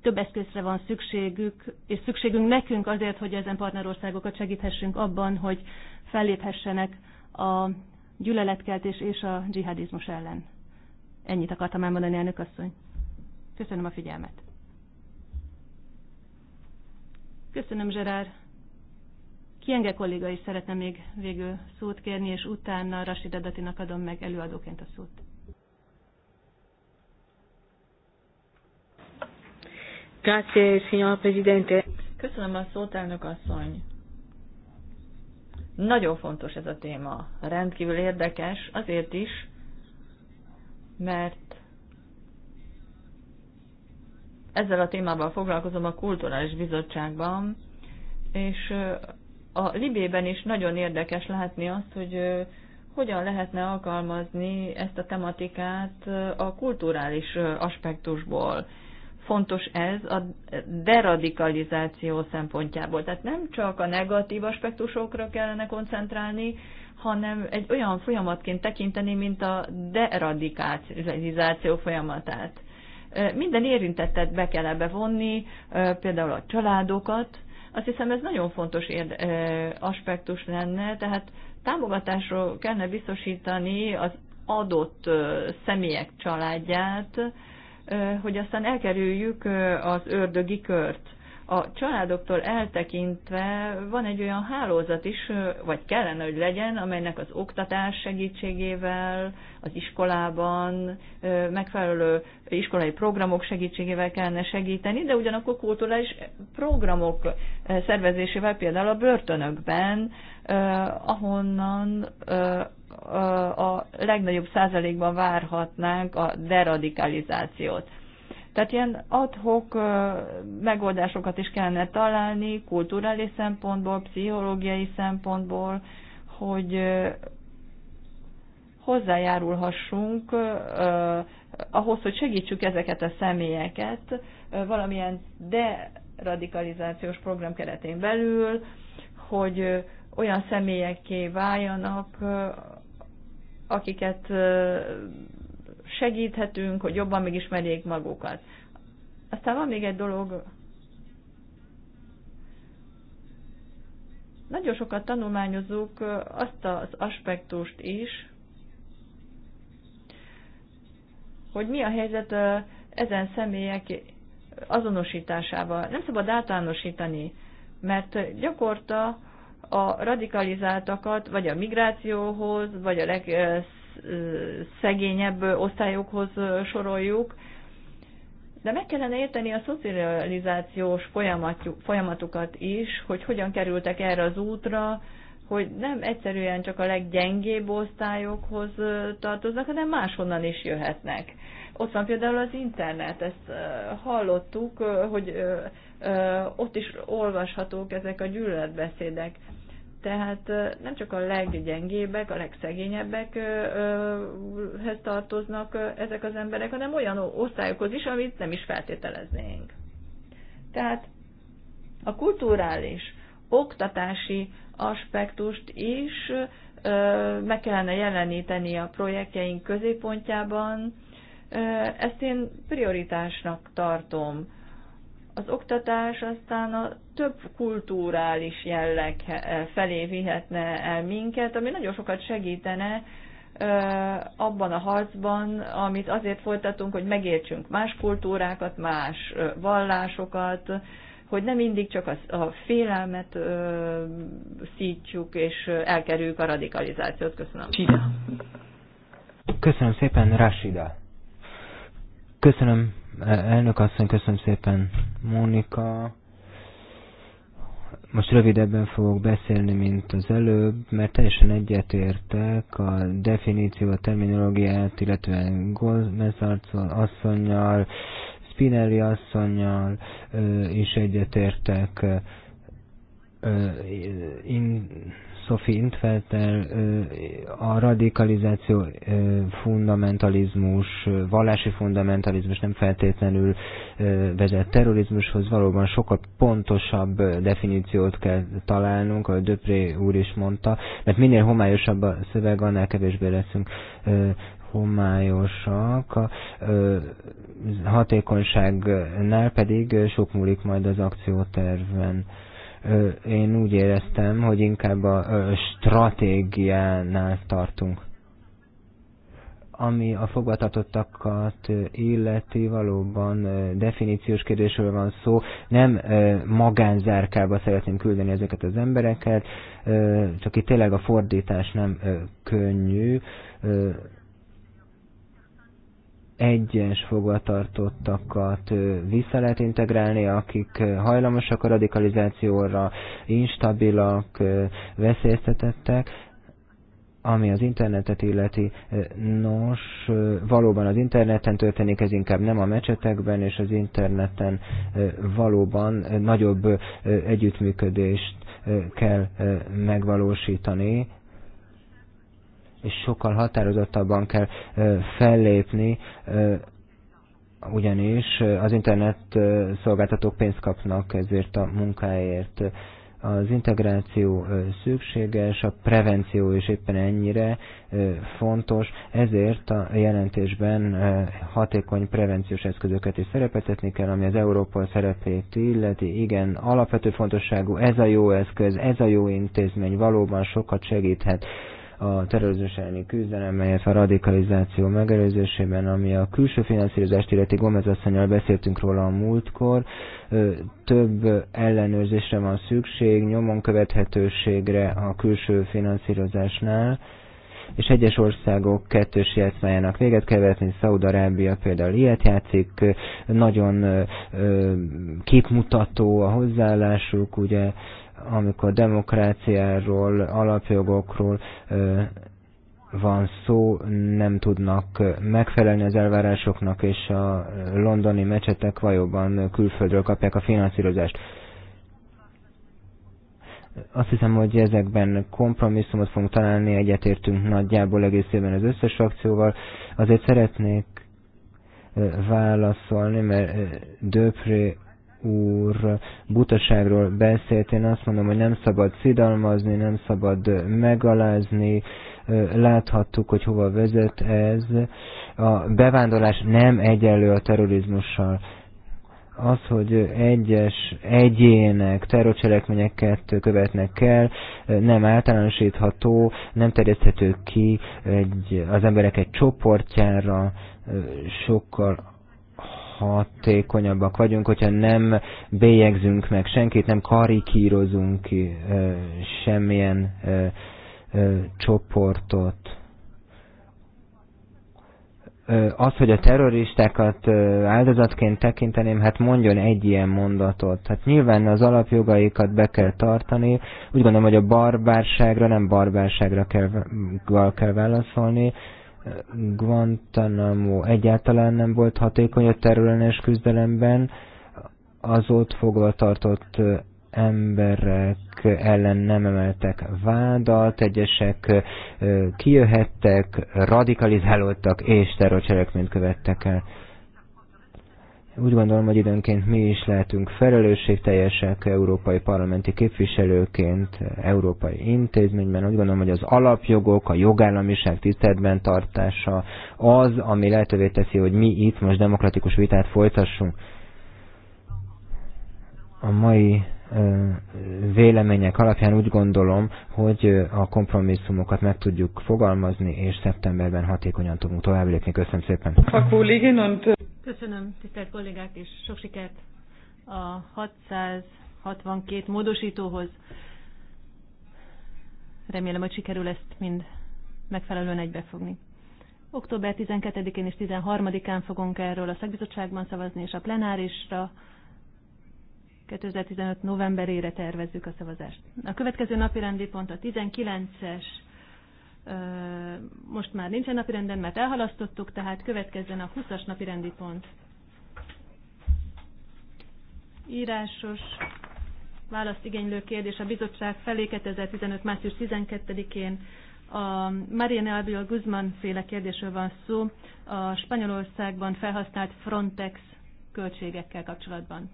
több eszközre van szükségük, és szükségünk nekünk azért, hogy ezen partnerországokat segíthessünk abban, hogy felléphessenek a gyűlöletkeltés és a dzsihadizmus ellen. Ennyit akartam elmondani, elnök asszony. Köszönöm a figyelmet. Köszönöm, Zserár. Kienge kolléga is szeretne még végül szót kérni, és utána Rasid Adatinak adom meg előadóként a szót. Grazie, signor Presidente. Köszönöm a szót, elnök asszony. Nagyon fontos ez a téma, rendkívül érdekes, azért is, mert ezzel a témával foglalkozom a Kulturális Bizottságban, és a Libében is nagyon érdekes látni azt, hogy hogyan lehetne alkalmazni ezt a tematikát a kulturális aspektusból fontos ez a deradikalizáció szempontjából. Tehát nem csak a negatív aspektusokra kellene koncentrálni, hanem egy olyan folyamatként tekinteni, mint a deradikalizáció folyamatát. Minden érintettet be kell ebbe vonni, például a családokat. Azt hiszem ez nagyon fontos aspektus lenne, tehát támogatásról kellene biztosítani az adott személyek családját, hogy aztán elkerüljük az ördögi kört. A családoktól eltekintve van egy olyan hálózat is, vagy kellene, hogy legyen, amelynek az oktatás segítségével, az iskolában, megfelelő iskolai programok segítségével kellene segíteni, de ugyanakkor kulturális programok szervezésével például a börtönökben, ahonnan a legnagyobb százalékban várhatnánk a deradikalizációt. Tehát ilyen adhok megoldásokat is kellene találni, kulturális szempontból, pszichológiai szempontból, hogy hozzájárulhassunk ahhoz, hogy segítsük ezeket a személyeket valamilyen deradikalizációs program keretén belül, hogy olyan személyekké váljanak, akiket segíthetünk, hogy jobban megismerjék magukat. Aztán van még egy dolog, nagyon sokat tanulmányozunk azt az aspektust is, hogy mi a helyzet ezen személyek azonosításával. Nem szabad általánosítani, mert gyakorta a radikalizáltakat vagy a migrációhoz, vagy a legszegényebb osztályokhoz soroljuk, de meg kellene érteni a szocializációs folyamatukat is, hogy hogyan kerültek erre az útra, hogy nem egyszerűen csak a leggyengébb osztályokhoz tartoznak, hanem máshonnan is jöhetnek. Ott van például az internet, ezt hallottuk, hogy ott is olvashatók ezek a gyűlöletbeszédek. Tehát nem csak a leggyengébbek, a legszegényebbekhez tartoznak ezek az emberek, hanem olyan osztályokhoz is, amit nem is feltételeznénk. Tehát a kulturális, oktatási aspektust is meg kellene jeleníteni a projektjeink középpontjában. Ezt én prioritásnak tartom az oktatás aztán a több kulturális jelleg eh, felé vihetne el minket, ami nagyon sokat segítene eh, abban a harcban, amit azért folytatunk, hogy megértsünk más kultúrákat, más eh, vallásokat, hogy nem mindig csak a félelmet ö, szítjuk, és elkerüljük a radikalizációt. Köszönöm. Csida. Köszönöm szépen, Rásida. Köszönöm Elnök asszony, köszönöm szépen, Mónika. Most rövidebben fogok beszélni, mint az előbb, mert teljesen egyetértek a definíció, a terminológiát, illetve Gómez asszonynal, Spinelli asszonynal is egyetértek. In, Sophie Intfeltel a radikalizáció fundamentalizmus, vallási fundamentalizmus nem feltétlenül vezet terrorizmushoz, valóban sokkal pontosabb definíciót kell találnunk, ahogy Döpré úr is mondta, mert minél homályosabb a szöveg, annál kevésbé leszünk homályosak, a hatékonyságnál pedig sok múlik majd az akcióterven. Én úgy éreztem, hogy inkább a stratégiánál tartunk. Ami a fogadhatottakat illeti, valóban definíciós kérdésről van szó. Nem magánzárkába szeretném küldeni ezeket az embereket, csak itt tényleg a fordítás nem könnyű egyes fogvatartottakat vissza lehet integrálni, akik hajlamosak a radikalizációra, instabilak, veszélyeztetettek, ami az internetet illeti, nos, valóban az interneten történik, ez inkább nem a mecsetekben, és az interneten valóban nagyobb együttműködést kell megvalósítani, és sokkal határozottabban kell fellépni, ugyanis az internet szolgáltatók pénzt kapnak ezért a munkáért. Az integráció szükséges, a prevenció is éppen ennyire fontos, ezért a jelentésben hatékony prevenciós eszközöket is szerepetetni kell, ami az Európa szerepét illeti. Igen, alapvető fontosságú, ez a jó eszköz, ez a jó intézmény valóban sokat segíthet a terrorizmus elleni küzdelem, melyet a radikalizáció megelőzésében, ami a külső finanszírozást illeti Gomez asszonyal beszéltünk róla a múltkor. Több ellenőrzésre van szükség, nyomon követhetőségre a külső finanszírozásnál, és egyes országok kettős játszmájának véget kell vetni, Szaudarábia például ilyet játszik, nagyon képmutató a hozzáállásuk, ugye amikor demokráciáról, alapjogokról van szó, nem tudnak megfelelni az elvárásoknak, és a londoni mecsetek valóban külföldről kapják a finanszírozást. Azt hiszem, hogy ezekben kompromisszumot fogunk találni, egyetértünk nagyjából egészében az összes frakcióval. Azért szeretnék válaszolni, mert Döpré úr butaságról beszélt, én azt mondom, hogy nem szabad szidalmazni, nem szabad megalázni, láthattuk, hogy hova vezet ez. A bevándorlás nem egyenlő a terrorizmussal az, hogy egyes egyének terrorcselekményeket követnek el, nem általánosítható, nem terjeszthető ki egy, az emberek egy csoportjára, sokkal hatékonyabbak vagyunk, hogyha nem bélyegzünk meg senkit, nem karikírozunk semmilyen csoportot az, hogy a terroristákat áldozatként tekinteném, hát mondjon egy ilyen mondatot. Hát nyilván az alapjogaikat be kell tartani. Úgy gondolom, hogy a barbárságra nem barbárságra kell, kell válaszolni. Guantanamo egyáltalán nem volt hatékony a terülenes küzdelemben, az ott fogva tartott emberek ellen nem emeltek vádat, egyesek kijöhettek, radikalizálódtak és terrorcselekményt követtek el. Úgy gondolom, hogy időnként mi is lehetünk felelősségteljesek európai parlamenti képviselőként, európai intézményben. Úgy gondolom, hogy az alapjogok, a jogállamiság tiszteletben tartása az, ami lehetővé teszi, hogy mi itt most demokratikus vitát folytassunk. A mai vélemények alapján úgy gondolom, hogy a kompromisszumokat meg tudjuk fogalmazni, és szeptemberben hatékonyan tudunk tovább lépni. Köszönöm szépen. Köszönöm, tisztelt kollégák, és sok sikert a 662 módosítóhoz. Remélem, hogy sikerül ezt mind megfelelően egybefogni. Október 12-én és 13-án fogunk erről a szakbizottságban szavazni, és a plenárisra 2015 novemberére tervezzük a szavazást. A következő napi rendi pont a 19-es, most már nincsen napi renden, mert elhalasztottuk, tehát következzen a 20-as napi rendi pont. Írásos választigénylő igénylő kérdés a bizottság felé 2015. március 12-én a Mariana Albiol Guzman féle kérdésről van szó a Spanyolországban felhasznált Frontex költségekkel kapcsolatban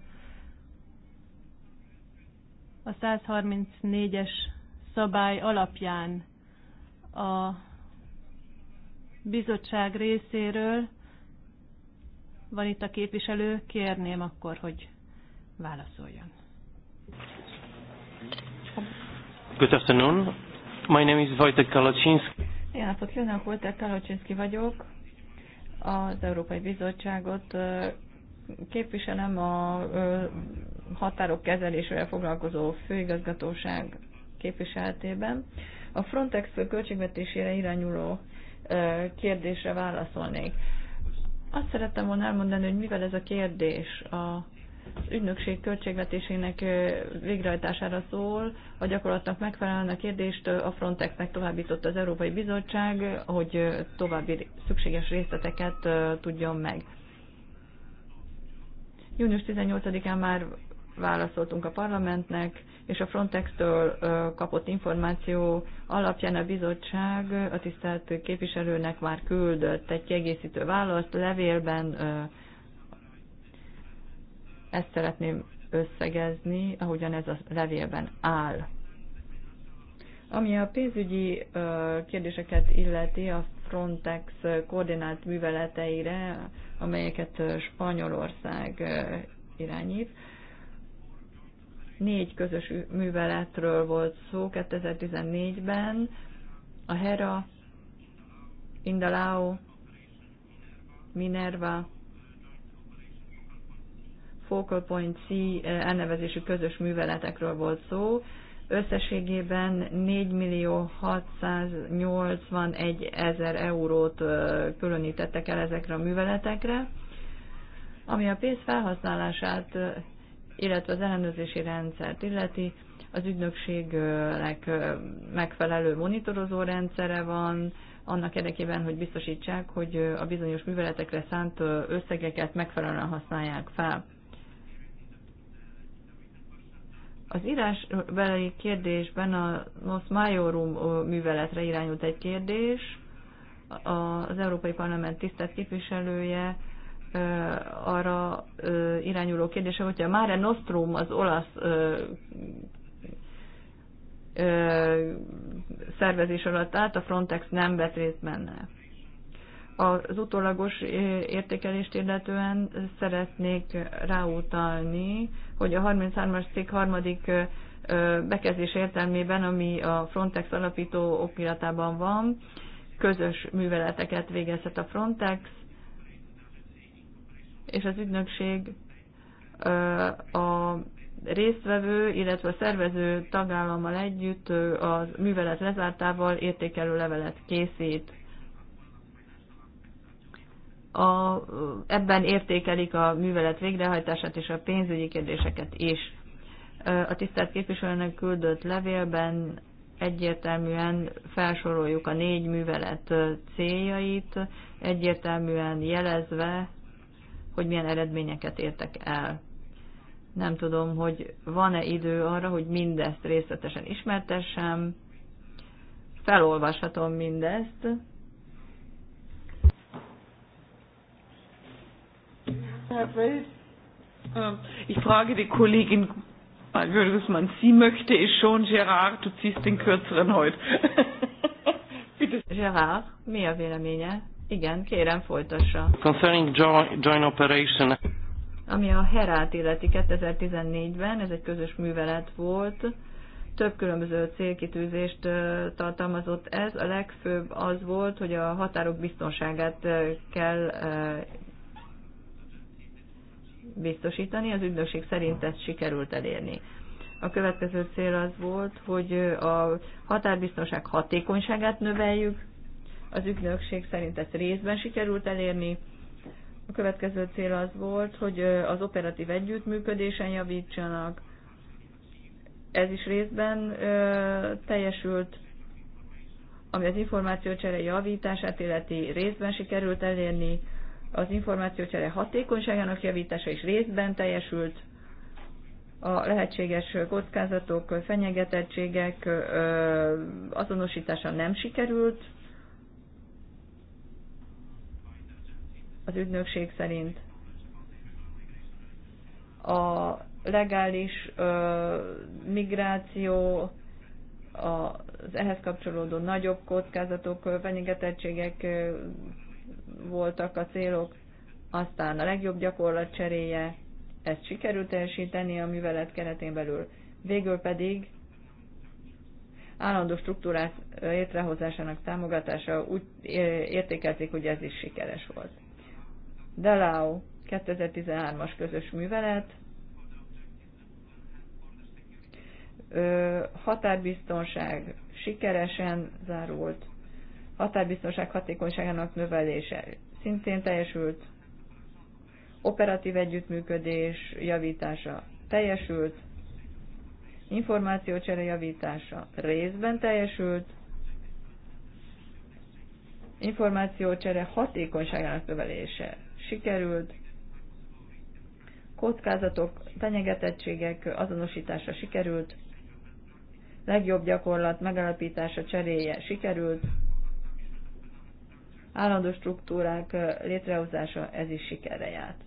a 134-es szabály alapján a bizottság részéről van itt a képviselő, kérném akkor, hogy válaszoljon. Good afternoon. My name is Wojtek Kalaczynski. Jó napot kívánok, Wojtek Kalaczynski vagyok. Az Európai Bizottságot képviselem a határok kezelésével foglalkozó főigazgatóság képviseletében. A Frontex költségvetésére irányuló kérdésre válaszolnék. Azt szerettem volna elmondani, hogy mivel ez a kérdés a az ügynökség költségvetésének végrehajtására szól, a gyakorlatnak megfelelően a kérdést a Frontexnek továbbított az Európai Bizottság, hogy további szükséges részleteket tudjon meg. Június 18-án már válaszoltunk a parlamentnek, és a Frontex-től kapott információ alapján a bizottság a tisztelt képviselőnek már küldött egy kiegészítő választ levélben. Ezt szeretném összegezni, ahogyan ez a levélben áll. Ami a pénzügyi kérdéseket illeti, a Frontex koordinált műveleteire, amelyeket Spanyolország irányít. Négy közös műveletről volt szó 2014-ben, a Hera, Indalao, Minerva, Focal Point C elnevezésű közös műveletekről volt szó, összességében 4 millió 681 ezer eurót különítettek el ezekre a műveletekre, ami a pénz felhasználását, illetve az ellenőrzési rendszert illeti, az ügynökségnek megfelelő monitorozó rendszere van, annak érdekében, hogy biztosítsák, hogy a bizonyos műveletekre szánt összegeket megfelelően használják fel. Az írásbeli kérdésben a Nos Majorum műveletre irányult egy kérdés. Az Európai Parlament tisztelt képviselője arra irányuló kérdése, hogyha Mare Nostrum az olasz szervezés alatt állt, a Frontex nem vett részt benne. Az utólagos értékelést illetően szeretnék ráutalni hogy a 33-as cikk harmadik bekezdés értelmében, ami a Frontex alapító okiratában van, közös műveleteket végezhet a Frontex, és az ügynökség a résztvevő, illetve a szervező tagállammal együtt a művelet lezártával értékelő levelet készít a, ebben értékelik a művelet végrehajtását és a pénzügyi kérdéseket is. A tisztelt képviselőnek küldött levélben egyértelműen felsoroljuk a négy művelet céljait, egyértelműen jelezve, hogy milyen eredményeket értek el. Nem tudom, hogy van-e idő arra, hogy mindezt részletesen ismertessem, felolvashatom mindezt, Herr Feld? Ähm, ich frage die Kollegin was man sie möchte ist schon, Gerard, du ziehst den kürzeren heute. Bitte. Gerard, mi a véleménye? Igen, kérem folytassa. Concerning joint operation. Ami a Herát illeti 2014-ben, ez egy közös művelet volt, több különböző célkitűzést tartalmazott ez. A legfőbb az volt, hogy a határok biztonságát kell biztosítani, az ügynökség szerint ezt sikerült elérni. A következő cél az volt, hogy a határbiztonság hatékonyságát növeljük, az ügynökség szerint ezt részben sikerült elérni. A következő cél az volt, hogy az operatív együttműködésen javítsanak. Ez is részben ö, teljesült, ami az információcsere javítását illeti részben sikerült elérni az információcsere hatékonyságának javítása is részben teljesült, a lehetséges kockázatok, fenyegetettségek azonosítása nem sikerült, az ügynökség szerint a legális ö, migráció, az ehhez kapcsolódó nagyobb kockázatok, fenyegetettségek voltak a célok, aztán a legjobb gyakorlat cseréje, ezt sikerült teljesíteni a művelet keretén belül. Végül pedig állandó struktúrák létrehozásának támogatása úgy értékelték, hogy ez is sikeres volt. Dalau 2013-as közös művelet, határbiztonság sikeresen zárult, határbiztonság hatékonyságának növelése szintén teljesült, operatív együttműködés javítása teljesült, információcsere javítása részben teljesült, információcsere hatékonyságának növelése sikerült, kockázatok, fenyegetettségek azonosítása sikerült, legjobb gyakorlat megalapítása cseréje sikerült, állandó struktúrák létrehozása, ez is sikerre járt.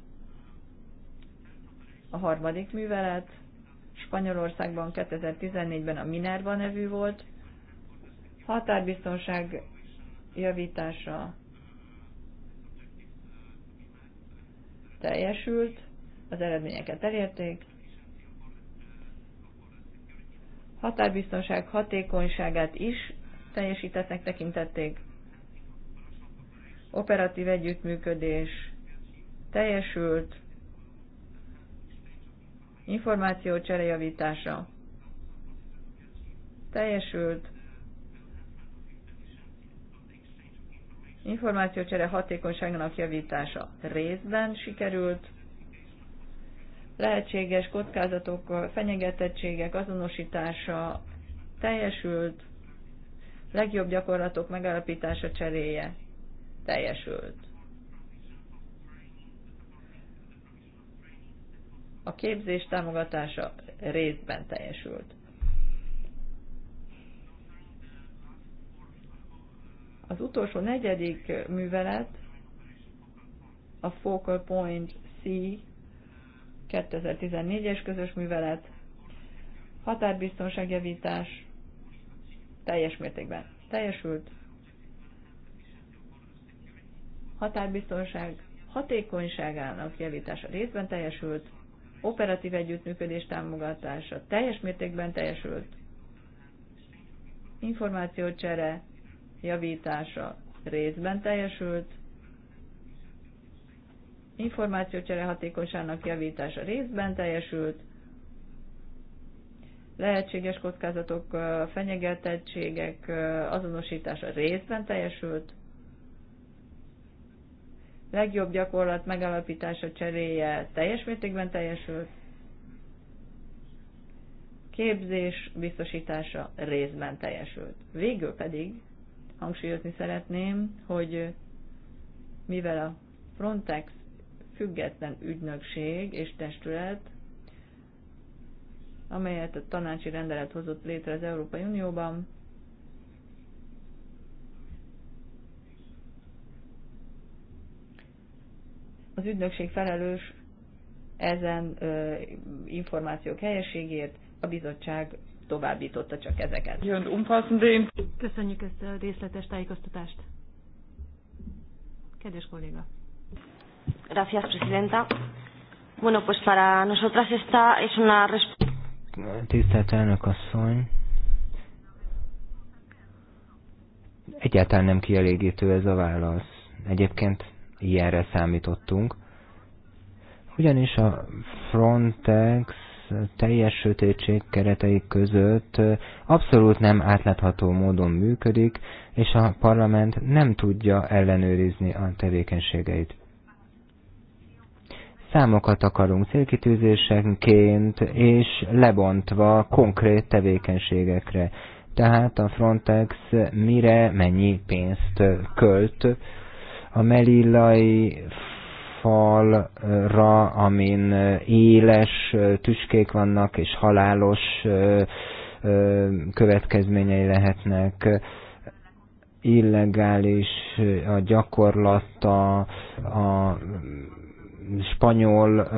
A harmadik művelet Spanyolországban 2014-ben a Minerva nevű volt, határbiztonság javítása teljesült, az eredményeket elérték, határbiztonság hatékonyságát is teljesítettek, tekintették, operatív együttműködés teljesült, információ cserejavítása teljesült, csere hatékonyságának javítása részben sikerült, lehetséges kockázatok, fenyegetettségek azonosítása teljesült, legjobb gyakorlatok megállapítása cseréje teljesült. A képzés támogatása részben teljesült. Az utolsó negyedik művelet a Focal Point C 2014-es közös művelet, határbiztonságjavítás teljes mértékben teljesült, Határbiztonság hatékonyságának javítása részben teljesült, operatív együttműködés támogatása teljes mértékben teljesült, információcsere javítása részben teljesült, információcsere hatékonyságának javítása részben teljesült, lehetséges kockázatok, fenyegetettségek azonosítása részben teljesült, legjobb gyakorlat megalapítása cseréje teljes mértékben teljesült, képzés biztosítása részben teljesült. Végül pedig hangsúlyozni szeretném, hogy mivel a Frontex független ügynökség és testület, amelyet a tanácsi rendelet hozott létre az Európai Unióban, az ügynökség felelős ezen ö, információk helyességért, a bizottság továbbította csak ezeket. Jön Köszönjük ezt a részletes tájékoztatást. Kedves kolléga. Gracias, presidenta. Bueno, pues para nosotras esta es una Tisztelt elnök asszony, egyáltalán nem kielégítő ez a válasz. Egyébként ilyenre számítottunk. Ugyanis a Frontex teljes sötétség keretei között abszolút nem átlátható módon működik, és a parlament nem tudja ellenőrizni a tevékenységeit. Számokat akarunk célkitűzésenként, és lebontva konkrét tevékenységekre. Tehát a Frontex mire mennyi pénzt költ, a melillai falra, amin éles tüskék vannak, és halálos következményei lehetnek illegális a gyakorlata, a spanyol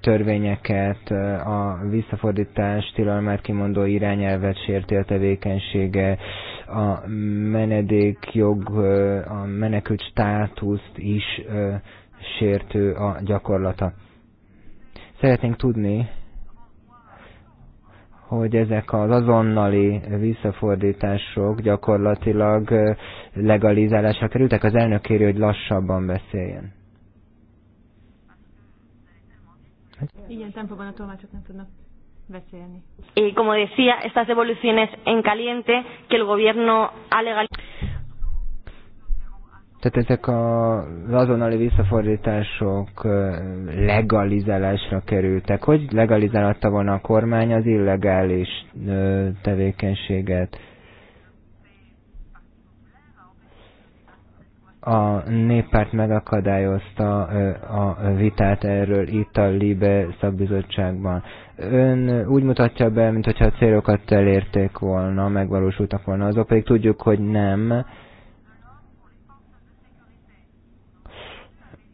törvényeket, a visszafordítás tilalmát kimondó irányelvet sérti a tevékenysége, a menedékjog, a menekült státuszt is sértő a gyakorlata. Szeretnénk tudni, hogy ezek az azonnali visszafordítások gyakorlatilag legalizálásra kerültek. Az elnök kéri, hogy lassabban beszéljen. Igen, tempóban a tolmácsok nem tudnak beszélni. Y eh, como decía, estas devoluciones en caliente que el gobierno ha Tehát ezek a, az azonnali visszafordítások eh, legalizálásra kerültek. Hogy legalizálta volna a kormány az illegális eh, tevékenységet? a néppárt megakadályozta a vitát erről itt a Libe szakbizottságban ön úgy mutatja be, mintha a célokat elérték volna, megvalósultak volna, azok pedig tudjuk, hogy nem.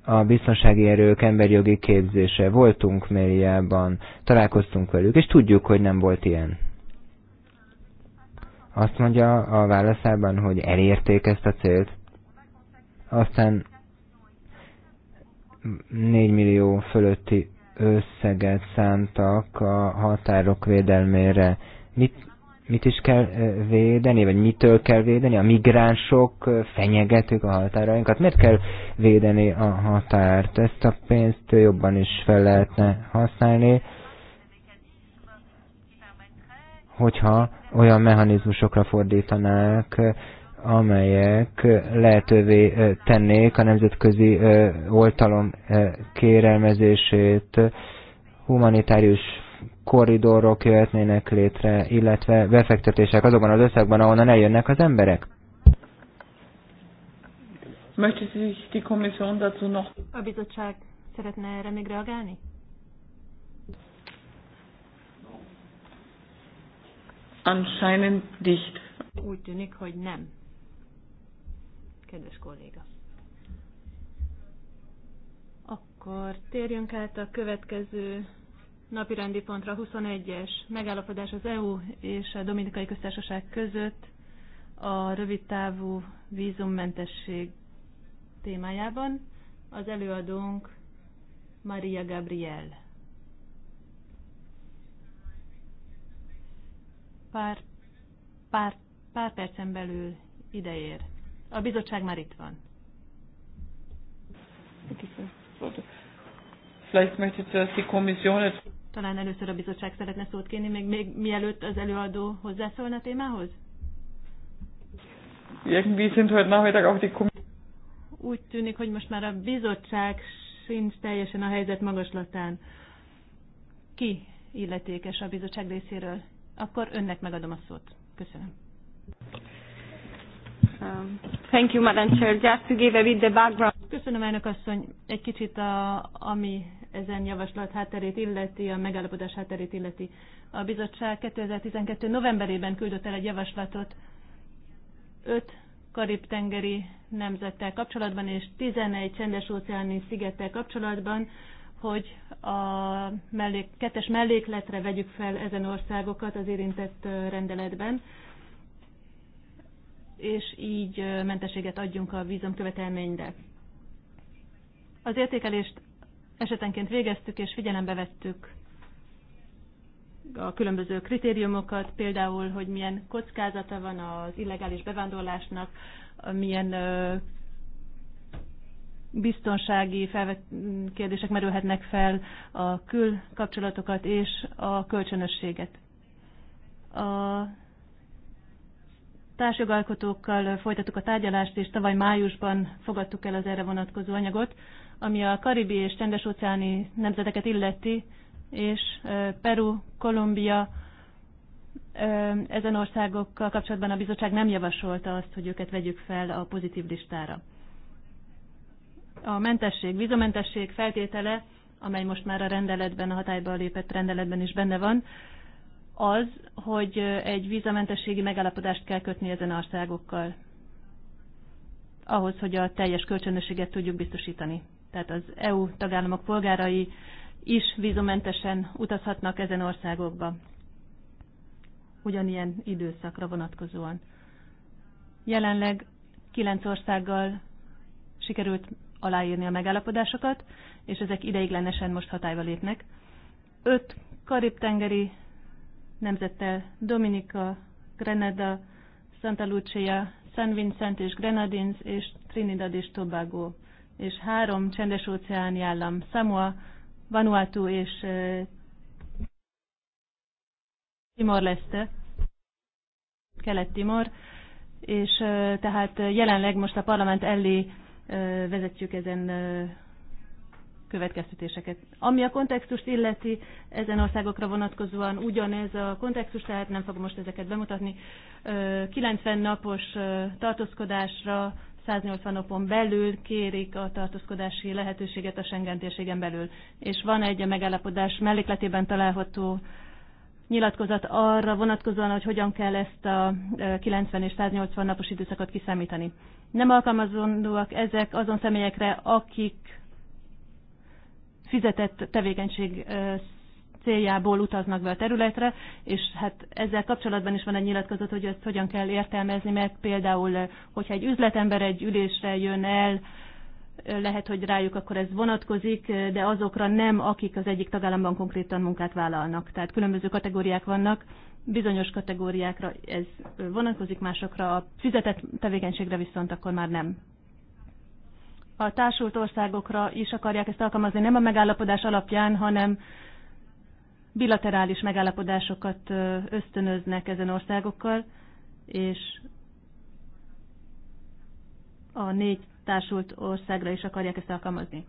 A biztonsági erők emberjogi képzése. Voltunk médiában, találkoztunk velük, és tudjuk, hogy nem volt ilyen. Azt mondja a válaszában, hogy elérték ezt a célt. Aztán 4 millió fölötti összeget szántak a határok védelmére. Mit, mit is kell védeni, vagy mitől kell védeni? A migránsok fenyegetik a határainkat. Miért kell védeni a határt? Ezt a pénzt jobban is fel lehetne használni, hogyha olyan mechanizmusokra fordítanák, amelyek lehetővé tennék a nemzetközi oltalom kérelmezését, humanitárius korridorok jöhetnének létre, illetve befektetések azokban az összegben, ahonnan eljönnek az emberek. A bizottság szeretne erre még reagálni? Anscheinend nicht. Úgy tűnik, hogy nem kedves kolléga. Akkor térjünk át a következő napirendi pontra 21-es megállapodás az EU és a Dominikai Köztársaság között a rövidtávú vízummentesség témájában. Az előadónk Maria Gabriel. Pár, pár, pár percen belül ideér. A bizottság már itt van. Talán először a bizottság szeretne szót kérni, még, még mielőtt az előadó hozzászólna a témához? Úgy tűnik, hogy most már a bizottság sincs teljesen a helyzet magaslatán. Ki illetékes a bizottság részéről? Akkor önnek megadom a szót. Köszönöm. Um, thank you, Madam Chair. Just to give a bit the background. Köszönöm, elnök asszony. Egy kicsit, a, ami ezen javaslat hátterét illeti, a megállapodás hátterét illeti. A bizottság 2012. novemberében küldött el egy javaslatot öt karib-tengeri nemzettel kapcsolatban és 11 csendes-óceáni szigettel kapcsolatban, hogy a mellék, kettes mellékletre vegyük fel ezen országokat az érintett rendeletben és így mentességet adjunk a vízumkövetelményre. Az értékelést esetenként végeztük és figyelembe vettük a különböző kritériumokat, például, hogy milyen kockázata van az illegális bevándorlásnak, milyen biztonsági felvet, kérdések merülhetnek fel, a külkapcsolatokat és a kölcsönösséget. A társjogalkotókkal folytattuk a tárgyalást, és tavaly májusban fogadtuk el az erre vonatkozó anyagot, ami a karibi és csendes-óceáni nemzeteket illeti, és Peru, Kolumbia, ezen országokkal kapcsolatban a bizottság nem javasolta azt, hogy őket vegyük fel a pozitív listára. A mentesség, vízomentesség feltétele, amely most már a rendeletben, a hatályba lépett rendeletben is benne van, az, hogy egy vízamentességi megállapodást kell kötni ezen országokkal, ahhoz, hogy a teljes kölcsönösséget tudjuk biztosítani. Tehát az EU tagállamok polgárai is vízumentesen utazhatnak ezen országokba, ugyanilyen időszakra vonatkozóan. Jelenleg kilenc országgal sikerült aláírni a megállapodásokat, és ezek ideiglenesen most hatályba lépnek. Öt karib-tengeri nemzettel Dominika, Grenada, Santa Lucia, San Vincent és Grenadines és Trinidad és Tobago, és három csendes óceáni állam, Samoa, Vanuatu és eh, Timor-Leste, Kelet-Timor, és eh, tehát eh, jelenleg most a parlament elé vezetjük ezen következtetéseket. Ami a kontextust illeti, ezen országokra vonatkozóan ugyanez a kontextus, tehát nem fogom most ezeket bemutatni. 90 napos tartózkodásra 180 napon belül kérik a tartózkodási lehetőséget a Schengen térségen belül. És van egy a megállapodás mellékletében található nyilatkozat arra vonatkozóan, hogy hogyan kell ezt a 90 és 180 napos időszakot kiszámítani. Nem alkalmazandóak ezek azon személyekre, akik fizetett tevékenység céljából utaznak be a területre, és hát ezzel kapcsolatban is van egy nyilatkozat, hogy ezt hogyan kell értelmezni, mert például, hogyha egy üzletember egy ülésre jön el, lehet, hogy rájuk akkor ez vonatkozik, de azokra nem, akik az egyik tagállamban konkrétan munkát vállalnak. Tehát különböző kategóriák vannak, bizonyos kategóriákra ez vonatkozik, másokra a fizetett tevékenységre viszont akkor már nem a társult országokra is akarják ezt alkalmazni, nem a megállapodás alapján, hanem bilaterális megállapodásokat ösztönöznek ezen országokkal, és a négy társult országra is akarják ezt alkalmazni.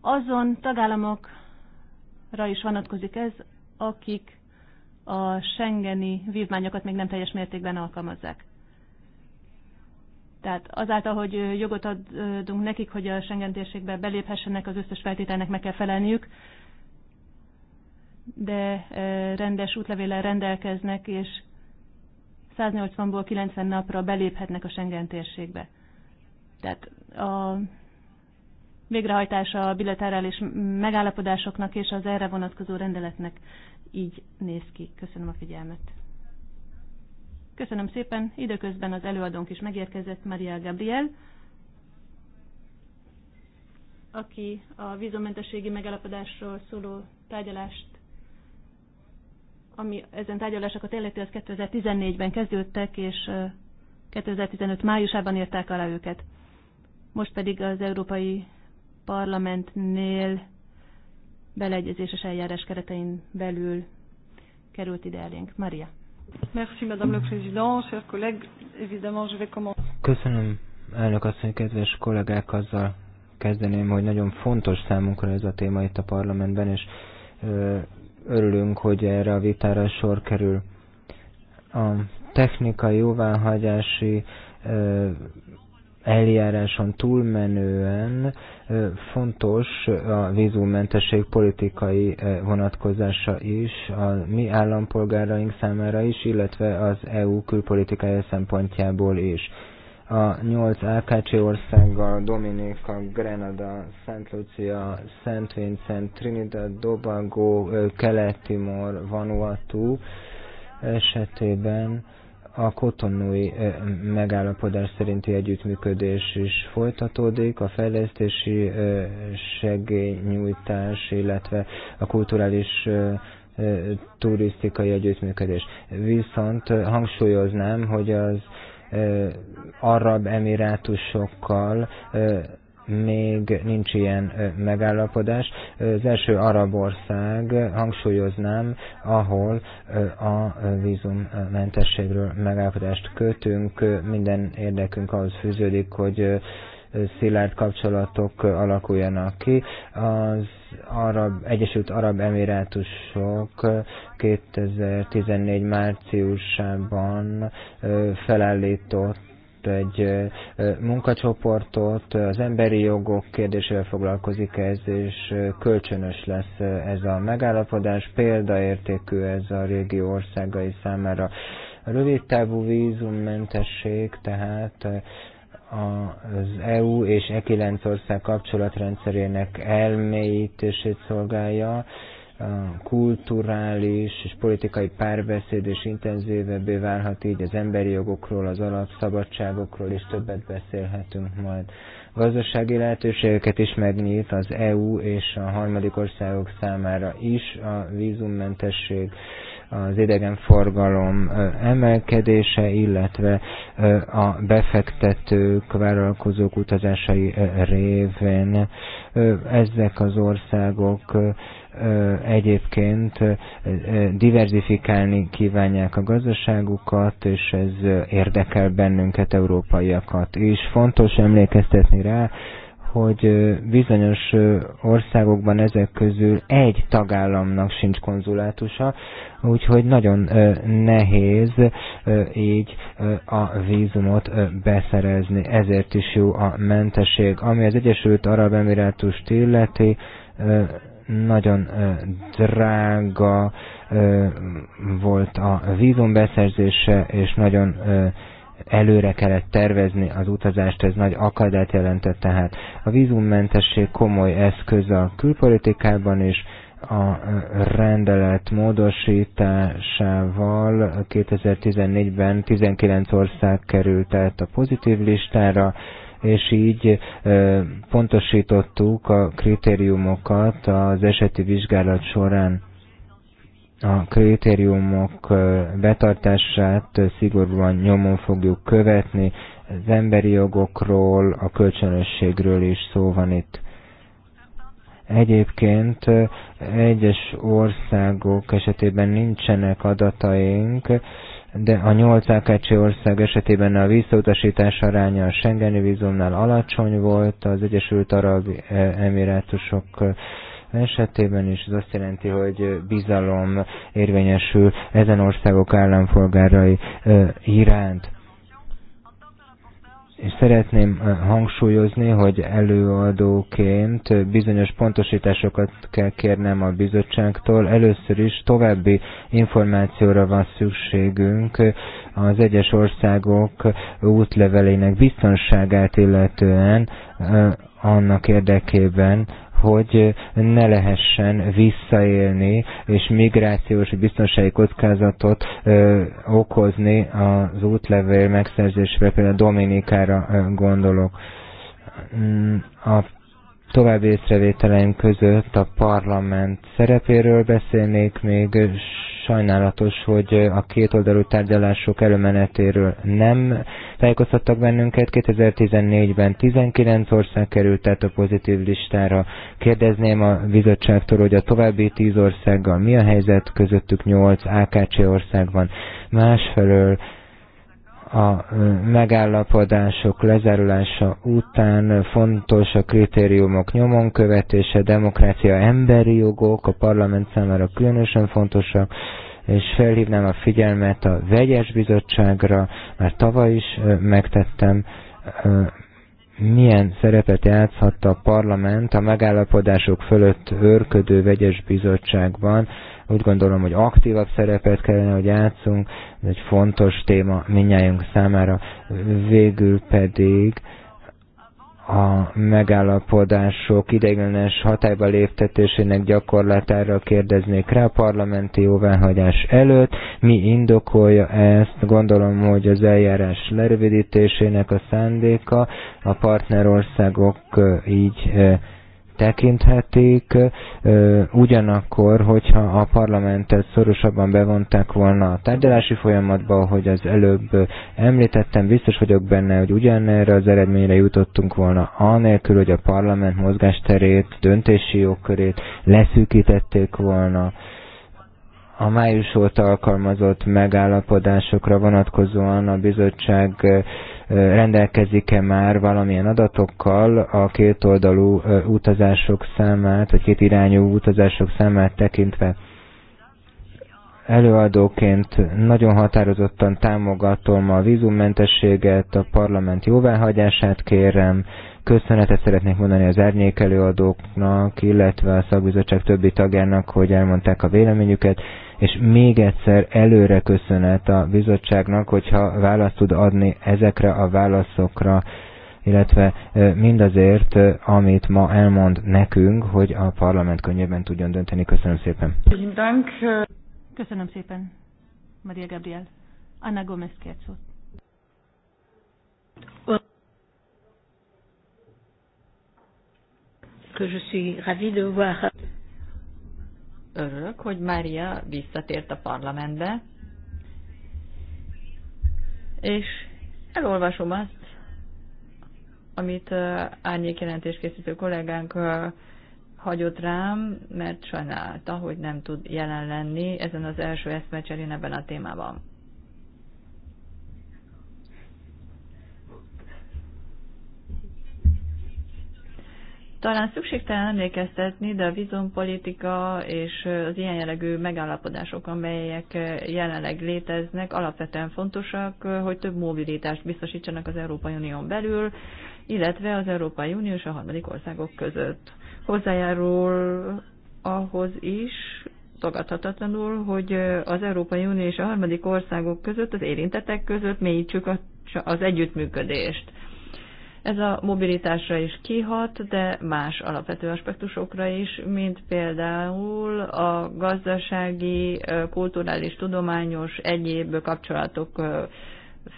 Azon tagállamokra is vonatkozik ez, akik a Schengeni vívmányokat még nem teljes mértékben alkalmazzák. Tehát azáltal, hogy jogot adunk nekik, hogy a Schengen térségbe beléphessenek, az összes feltételnek meg kell felelniük, de rendes útlevéllel rendelkeznek, és 180-ból 90 napra beléphetnek a Schengen térségbe. Tehát a végrehajtása a bilaterális megállapodásoknak és az erre vonatkozó rendeletnek így néz ki. Köszönöm a figyelmet. Köszönöm szépen, időközben az előadónk is megérkezett, Maria Gabriel, aki a vízumentességi megállapodásról szóló tárgyalást ami ezen tárgyalásokat illeti, az 2014-ben kezdődtek, és 2015 májusában írták alá őket. Most pedig az Európai Parlamentnél beleegyezéses eljárás keretein belül került ide elénk. Maria. Merci, Madame le Président, chers collègues. Évidemment, je vais commencer. Köszönöm, elnök asszony, kedves kollégák, azzal kezdeném, hogy nagyon fontos számunkra ez a téma itt a parlamentben, és örülünk, hogy erre a vitára sor kerül. A technikai jóváhagyási eljáráson túlmenően fontos a vízummentesség politikai vonatkozása is, a mi állampolgáraink számára is, illetve az EU külpolitikai szempontjából is. A nyolc AKC országgal, Dominika, Grenada, Szent Lucia, Szent Vincent, Trinidad, Dobago, Kelet-Timor, Vanuatu esetében a kotonúi eh, megállapodás szerinti együttműködés is folytatódik, a fejlesztési eh, segélynyújtás, illetve a kulturális eh, turisztikai együttműködés. Viszont hangsúlyoznám, hogy az arab emirátusokkal még nincs ilyen megállapodás. Az első arab ország, hangsúlyoznám, ahol a vízummentességről megállapodást kötünk. Minden érdekünk ahhoz fűződik, hogy szilárd kapcsolatok alakuljanak ki. Az Arab, Egyesült Arab Emirátusok 2014 márciusában felállított létrejött egy munkacsoportot, az emberi jogok kérdésével foglalkozik ez, és kölcsönös lesz ez a megállapodás. Példaértékű ez a régió országai számára. A rövid távú vízummentesség, tehát az EU és E9 ország kapcsolatrendszerének elmélyítését szolgálja, kulturális és politikai párbeszéd és intenzívebbé válhat így az emberi jogokról, az alapszabadságokról is többet beszélhetünk majd. Gazdasági lehetőségeket is megnyit az EU és a harmadik országok számára is a vízummentesség az idegenforgalom emelkedése, illetve a befektetők, vállalkozók utazásai révén ezek az országok egyébként diverzifikálni kívánják a gazdaságukat, és ez érdekel bennünket, európaiakat és Fontos emlékeztetni rá, hogy bizonyos országokban ezek közül egy tagállamnak sincs konzulátusa, úgyhogy nagyon nehéz így a vízumot beszerezni. Ezért is jó a mentesség. Ami az Egyesült Arab Emirátust illeti, nagyon drága volt a vízum beszerzése, és nagyon előre kellett tervezni az utazást, ez nagy akadályt jelentett tehát. A vízummentesség komoly eszköz a külpolitikában is, a rendelet módosításával 2014-ben 19 ország került át a pozitív listára, és így pontosítottuk a kritériumokat az eseti vizsgálat során. A kritériumok betartását szigorúan nyomon fogjuk követni, az emberi jogokról, a kölcsönösségről is szó van itt. Egyébként egyes országok esetében nincsenek adataink, de a 8 AKC ország esetében a visszautasítás aránya a Schengeni vízumnál alacsony volt, az Egyesült Arab eh, Emirátusok eh, esetében is, ez azt jelenti, hogy bizalom érvényesül ezen országok állampolgárai eh, iránt és szeretném eh, hangsúlyozni, hogy előadóként eh, bizonyos pontosításokat kell kérnem a bizottságtól. Először is további információra van szükségünk eh, az egyes országok útlevelének biztonságát illetően annak érdekében, hogy ne lehessen visszaélni és migrációs biztonsági kockázatot ö, okozni az útlevél megszerzésre, például Dominikára gondolok. Mm, a további észrevételeim között a parlament szerepéről beszélnék még sajnálatos, hogy a kétoldalú tárgyalások előmenetéről nem tájékoztattak bennünket. 2014-ben 19 ország került át a pozitív listára. Kérdezném a bizottságtól, hogy a további 10 országgal mi a helyzet, közöttük 8 AKC országban Másfelől a megállapodások lezárulása után fontos a kritériumok nyomon követése, demokrácia, emberi jogok, a parlament számára különösen fontosak, és felhívnám a figyelmet a vegyes bizottságra, már tavaly is megtettem, milyen szerepet játszhatta a parlament a megállapodások fölött őrködő vegyes bizottságban. Úgy gondolom, hogy aktívabb szerepet kellene, hogy játszunk, ez egy fontos téma minnyájunk számára. Végül pedig a megállapodások ideiglenes hatályba léptetésének gyakorlatára kérdeznék rá a parlamenti jóváhagyás előtt. Mi indokolja ezt? Gondolom, hogy az eljárás lerövidítésének a szándéka a partnerországok így tekinthetik, ugyanakkor, hogyha a parlamentet szorosabban bevonták volna a tárgyalási folyamatba, hogy az előbb említettem, biztos vagyok benne, hogy ugyanerre az eredményre jutottunk volna, anélkül, hogy a parlament mozgásterét, döntési jogkörét leszűkítették volna, a május óta alkalmazott megállapodásokra vonatkozóan a bizottság rendelkezik-e már valamilyen adatokkal a kétoldalú utazások számát, vagy két irányú utazások számát tekintve? előadóként nagyon határozottan támogatom a vízummentességet, a parlament jóváhagyását kérem, köszönetet szeretnék mondani az árnyék előadóknak, illetve a szakbizottság többi tagjának, hogy elmondták a véleményüket, és még egyszer előre köszönet a bizottságnak, hogyha választ tud adni ezekre a válaszokra, illetve mindazért, amit ma elmond nekünk, hogy a parlament könnyebben tudjon dönteni. Köszönöm szépen. Köszönöm szépen, Maria Gabriel. Anna Gomez kért szót. que je suis ravie de voir örülök, hogy Mária visszatért a parlamentbe, és elolvasom azt, amit árnyékjelentés készítő kollégánk hagyott rám, mert sajnálta, hogy nem tud jelen lenni ezen az első eszmecserén ebben a témában. Talán szükségtelen emlékeztetni, de a vízumpolitika és az ilyen jellegű megállapodások, amelyek jelenleg léteznek, alapvetően fontosak, hogy több mobilitást biztosítsanak az Európai Unión belül, illetve az Európai Unió és a harmadik országok között. Hozzájárul ahhoz is, tagadhatatlanul, hogy az Európai Unió és a harmadik országok között, az érintetek között mélyítsük az együttműködést ez a mobilitásra is kihat, de más alapvető aspektusokra is, mint például a gazdasági, kulturális, tudományos, egyéb kapcsolatok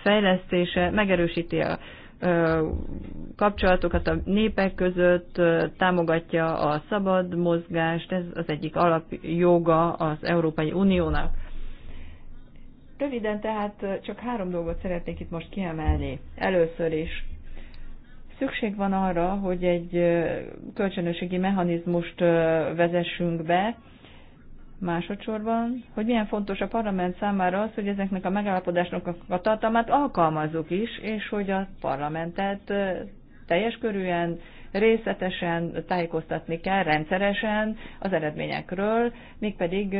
fejlesztése, megerősíti a kapcsolatokat a népek között, támogatja a szabad mozgást, ez az egyik alapjoga az Európai Uniónak. Röviden tehát csak három dolgot szeretnék itt most kiemelni. Először is Szükség van arra, hogy egy kölcsönösségi mechanizmust vezessünk be, Másodszorban, hogy milyen fontos a parlament számára az, hogy ezeknek a megállapodásnak a tartalmát alkalmazzuk is, és hogy a parlamentet teljes körűen, részletesen tájékoztatni kell, rendszeresen az eredményekről, mégpedig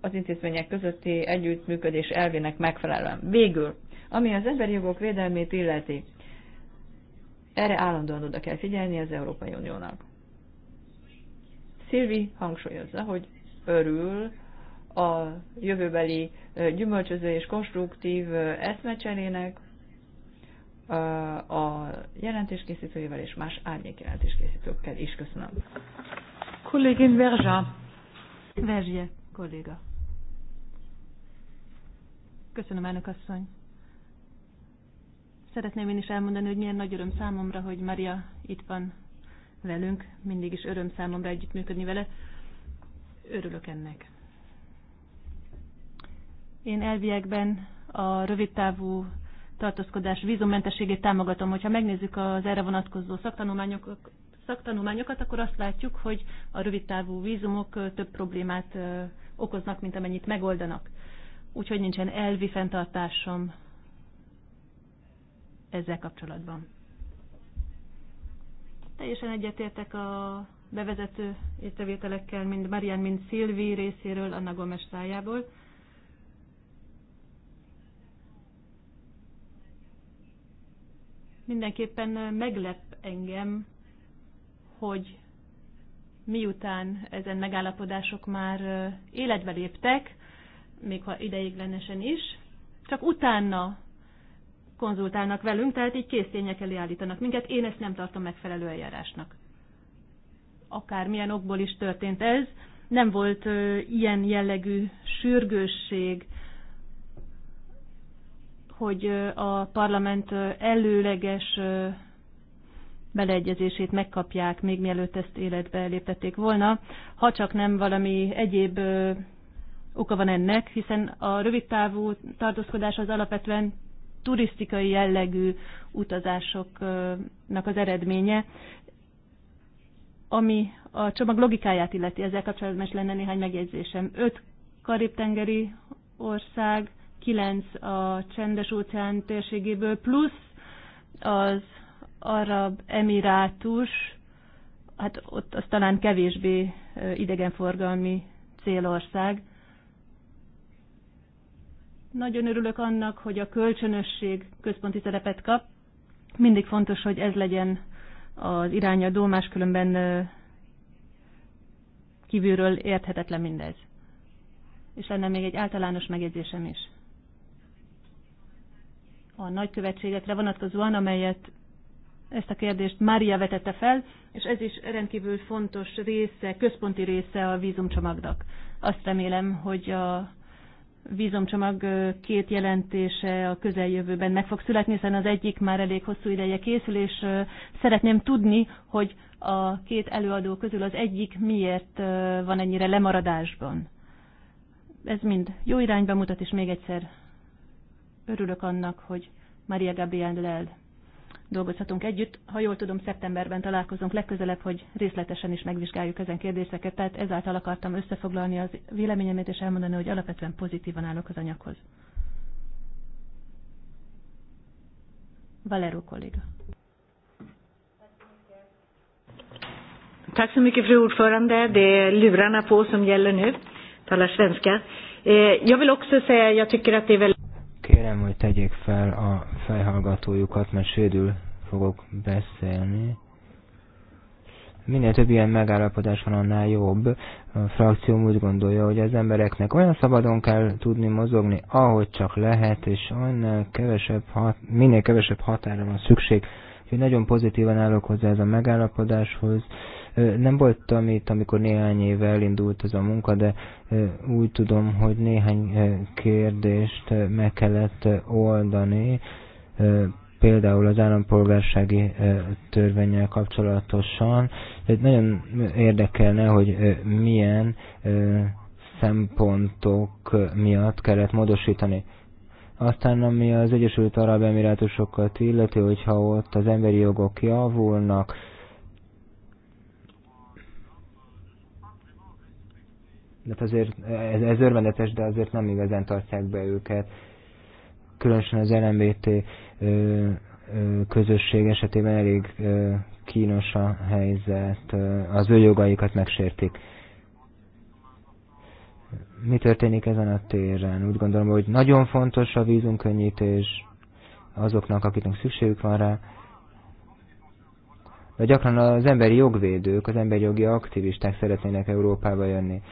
az intézmények közötti együttműködés elvének megfelelően. Végül, ami az emberi jogok védelmét illeti, erre állandóan oda kell figyelni az Európai Uniónak. Szilvi hangsúlyozza, hogy örül a jövőbeli gyümölcsöző és konstruktív eszmecserének a jelentéskészítőjével és más árnyék jelentéskészítőkkel is. Köszönöm. Kollégin Verzsa. Verzsie, kolléga. Köszönöm, elnök asszony szeretném én is elmondani, hogy milyen nagy öröm számomra, hogy Maria itt van velünk. Mindig is öröm számomra együttműködni vele. Örülök ennek. Én elviekben a rövidtávú tartózkodás vízummentességét támogatom. Hogyha megnézzük az erre vonatkozó szaktanulmányokat, szaktanulmányokat, akkor azt látjuk, hogy a rövidtávú vízumok több problémát okoznak, mint amennyit megoldanak. Úgyhogy nincsen elvi fenntartásom ezzel kapcsolatban. Teljesen egyetértek a bevezető észrevételekkel, mind Marian, mind Szilvi részéről, Anna Gomes szájából. Mindenképpen meglep engem, hogy miután ezen megállapodások már életbe léptek, még ha ideiglenesen is, csak utána konzultálnak velünk, tehát így tények elé állítanak minket. Én ezt nem tartom megfelelő eljárásnak. Akármilyen okból is történt ez, nem volt ö, ilyen jellegű sürgősség, hogy ö, a parlament ö, előleges ö, beleegyezését megkapják, még mielőtt ezt életbe léptették volna, ha csak nem valami egyéb ö, oka van ennek, hiszen a rövidtávú tartózkodás az alapvetően turisztikai jellegű utazásoknak az eredménye. Ami a csomag logikáját illeti, ezzel kapcsolatban is lenne néhány megjegyzésem. Öt karib-tengeri ország, kilenc a Csendes-óceán térségéből, plusz az Arab Emirátus, hát ott az talán kevésbé idegenforgalmi célország. Nagyon örülök annak, hogy a kölcsönösség központi szerepet kap. Mindig fontos, hogy ez legyen az irányadó, máskülönben kívülről érthetetlen mindez. És lenne még egy általános megjegyzésem is. A nagykövetségekre vonatkozóan, amelyet ezt a kérdést Mária vetette fel, és ez is rendkívül fontos része, központi része a vízumcsomagnak. Azt remélem, hogy a vízomcsomag két jelentése a közeljövőben meg fog születni, hiszen az egyik már elég hosszú ideje készül, és szeretném tudni, hogy a két előadó közül az egyik miért van ennyire lemaradásban. Ez mind jó irányba mutat, és még egyszer örülök annak, hogy Maria Gabriel dolgozhatunk együtt. Ha jól tudom, szeptemberben találkozunk legközelebb, hogy részletesen is megvizsgáljuk ezen kérdéseket, tehát ezáltal akartam összefoglalni az véleményemet és elmondani, hogy alapvetően pozitívan állok az anyaghoz. Valero kolléga. Tack så mycket fru ordförande. Det är lurarna på som gäller nu. Talar svenska. Eh, jag vill också säga, jag tycker att det är väldigt Kérem, hogy tegyék fel a fejhallgatójukat, mert sérül fogok beszélni. Minél több ilyen megállapodás van, annál jobb. A frakcióm úgy gondolja, hogy az embereknek olyan szabadon kell tudni mozogni, ahogy csak lehet, és annál kevesebb hat, minél kevesebb határa van szükség Úgyhogy nagyon pozitívan állok hozzá ez a megállapodáshoz. Nem voltam itt, amikor néhány éve elindult ez a munka, de úgy tudom, hogy néhány kérdést meg kellett oldani, például az állampolgársági törvényel kapcsolatosan. Nagyon érdekelne, hogy milyen szempontok miatt kellett módosítani. Aztán ami az Egyesült Arab Emirátusokat illeti, hogyha ott az emberi jogok javulnak, de hát azért, ez, ez örvendetes, de azért nem igazán tartják be őket. Különösen az LMBT ö, közösség esetében elég kínos a helyzet, az ő jogaikat megsértik mi történik ezen a téren. Úgy gondolom, hogy nagyon fontos a vízunkönnyítés azoknak, akiknek szükségük van rá, de gyakran az emberi jogvédők, az emberi jogi aktivisták szeretnének Európába jönni.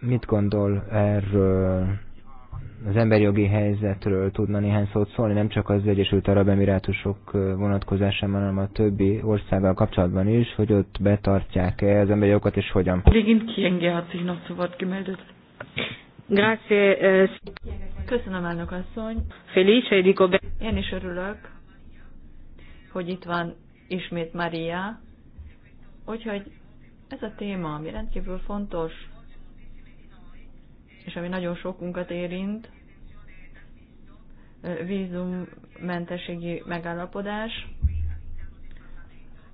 Mit gondol erről? az jogi helyzetről tudna néhány szót szólni, nem csak az Egyesült Arab Emirátusok vonatkozásában, hanem a többi országgal kapcsolatban is, hogy ott betartják-e az emberi jogokat, és hogyan. Köszönöm, elnök asszony. Felice Én is örülök, hogy itt van ismét Maria. Úgyhogy ez a téma, ami rendkívül fontos és ami nagyon sokunkat érint, vízummentességi megállapodás.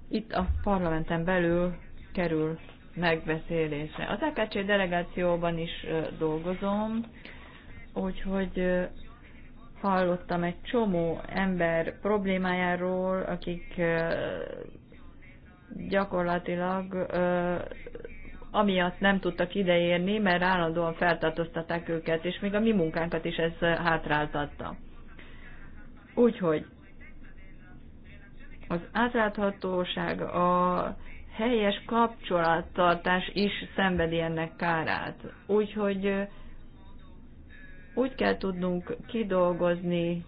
Itt a parlamenten belül kerül megbeszélésre. Az AKC delegációban is dolgozom, úgyhogy hallottam egy csomó ember problémájáról, akik gyakorlatilag amiatt nem tudtak ideérni, mert állandóan feltartóztatták őket, és még a mi munkánkat is ez hátráltatta. Úgyhogy az átláthatóság, a helyes kapcsolattartás is szenvedi ennek kárát. Úgyhogy úgy kell tudnunk kidolgozni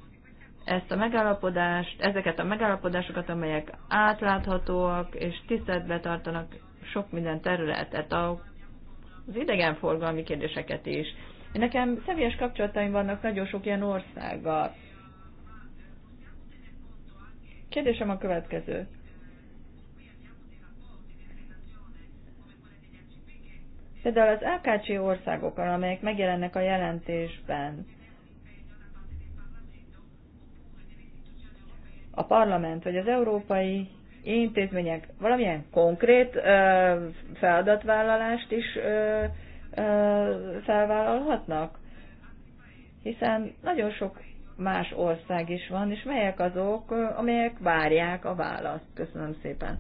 ezt a megállapodást, ezeket a megállapodásokat, amelyek átláthatóak és tiszteletbe tartanak sok minden területet, a, az idegenforgalmi kérdéseket is. Nekem személyes kapcsolataim vannak nagyon sok ilyen országgal. Kérdésem a következő. Például az LKC országokkal, amelyek megjelennek a jelentésben, a parlament vagy az Európai intézmények valamilyen konkrét ö, feladatvállalást is ö, ö, felvállalhatnak? Hiszen nagyon sok más ország is van, és melyek azok, amelyek várják a választ. Köszönöm szépen.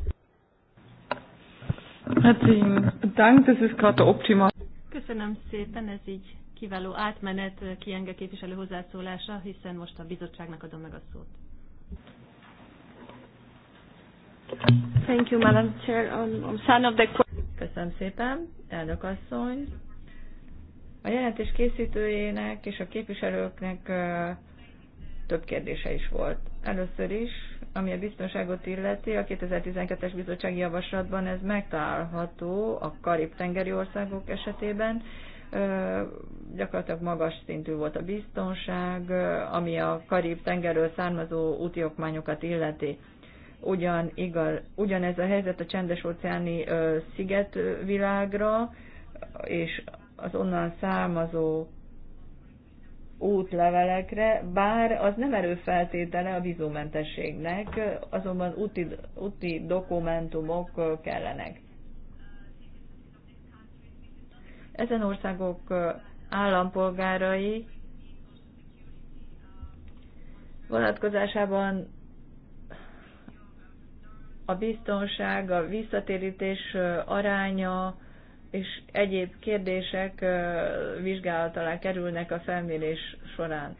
Herzlichen Dank, das ist gerade optimál. Köszönöm szépen, ez így kiváló átmenet Kienge képviselő hozzászólása, hiszen most a bizottságnak adom meg a szót. Thank you, Madam Chair. On, some of the... Köszönöm szépen, elnök asszony. A jelentés készítőjének és a képviselőknek több kérdése is volt. Először is, ami a biztonságot illeti, a 2012-es bizottsági javaslatban ez megtalálható a Karib-tengeri országok esetében. Gyakorlatilag magas szintű volt a biztonság, ami a Karib-tengerről származó úti okmányokat illeti ugyan, igaz, ugyanez a helyzet a csendes óceáni szigetvilágra, és az onnan származó útlevelekre, bár az nem erőfeltétele a vízumentességnek, azonban úti, úti dokumentumok kellenek. Ezen országok állampolgárai vonatkozásában a biztonság, a visszatérítés aránya és egyéb kérdések vizsgálat alá kerülnek a felmérés során.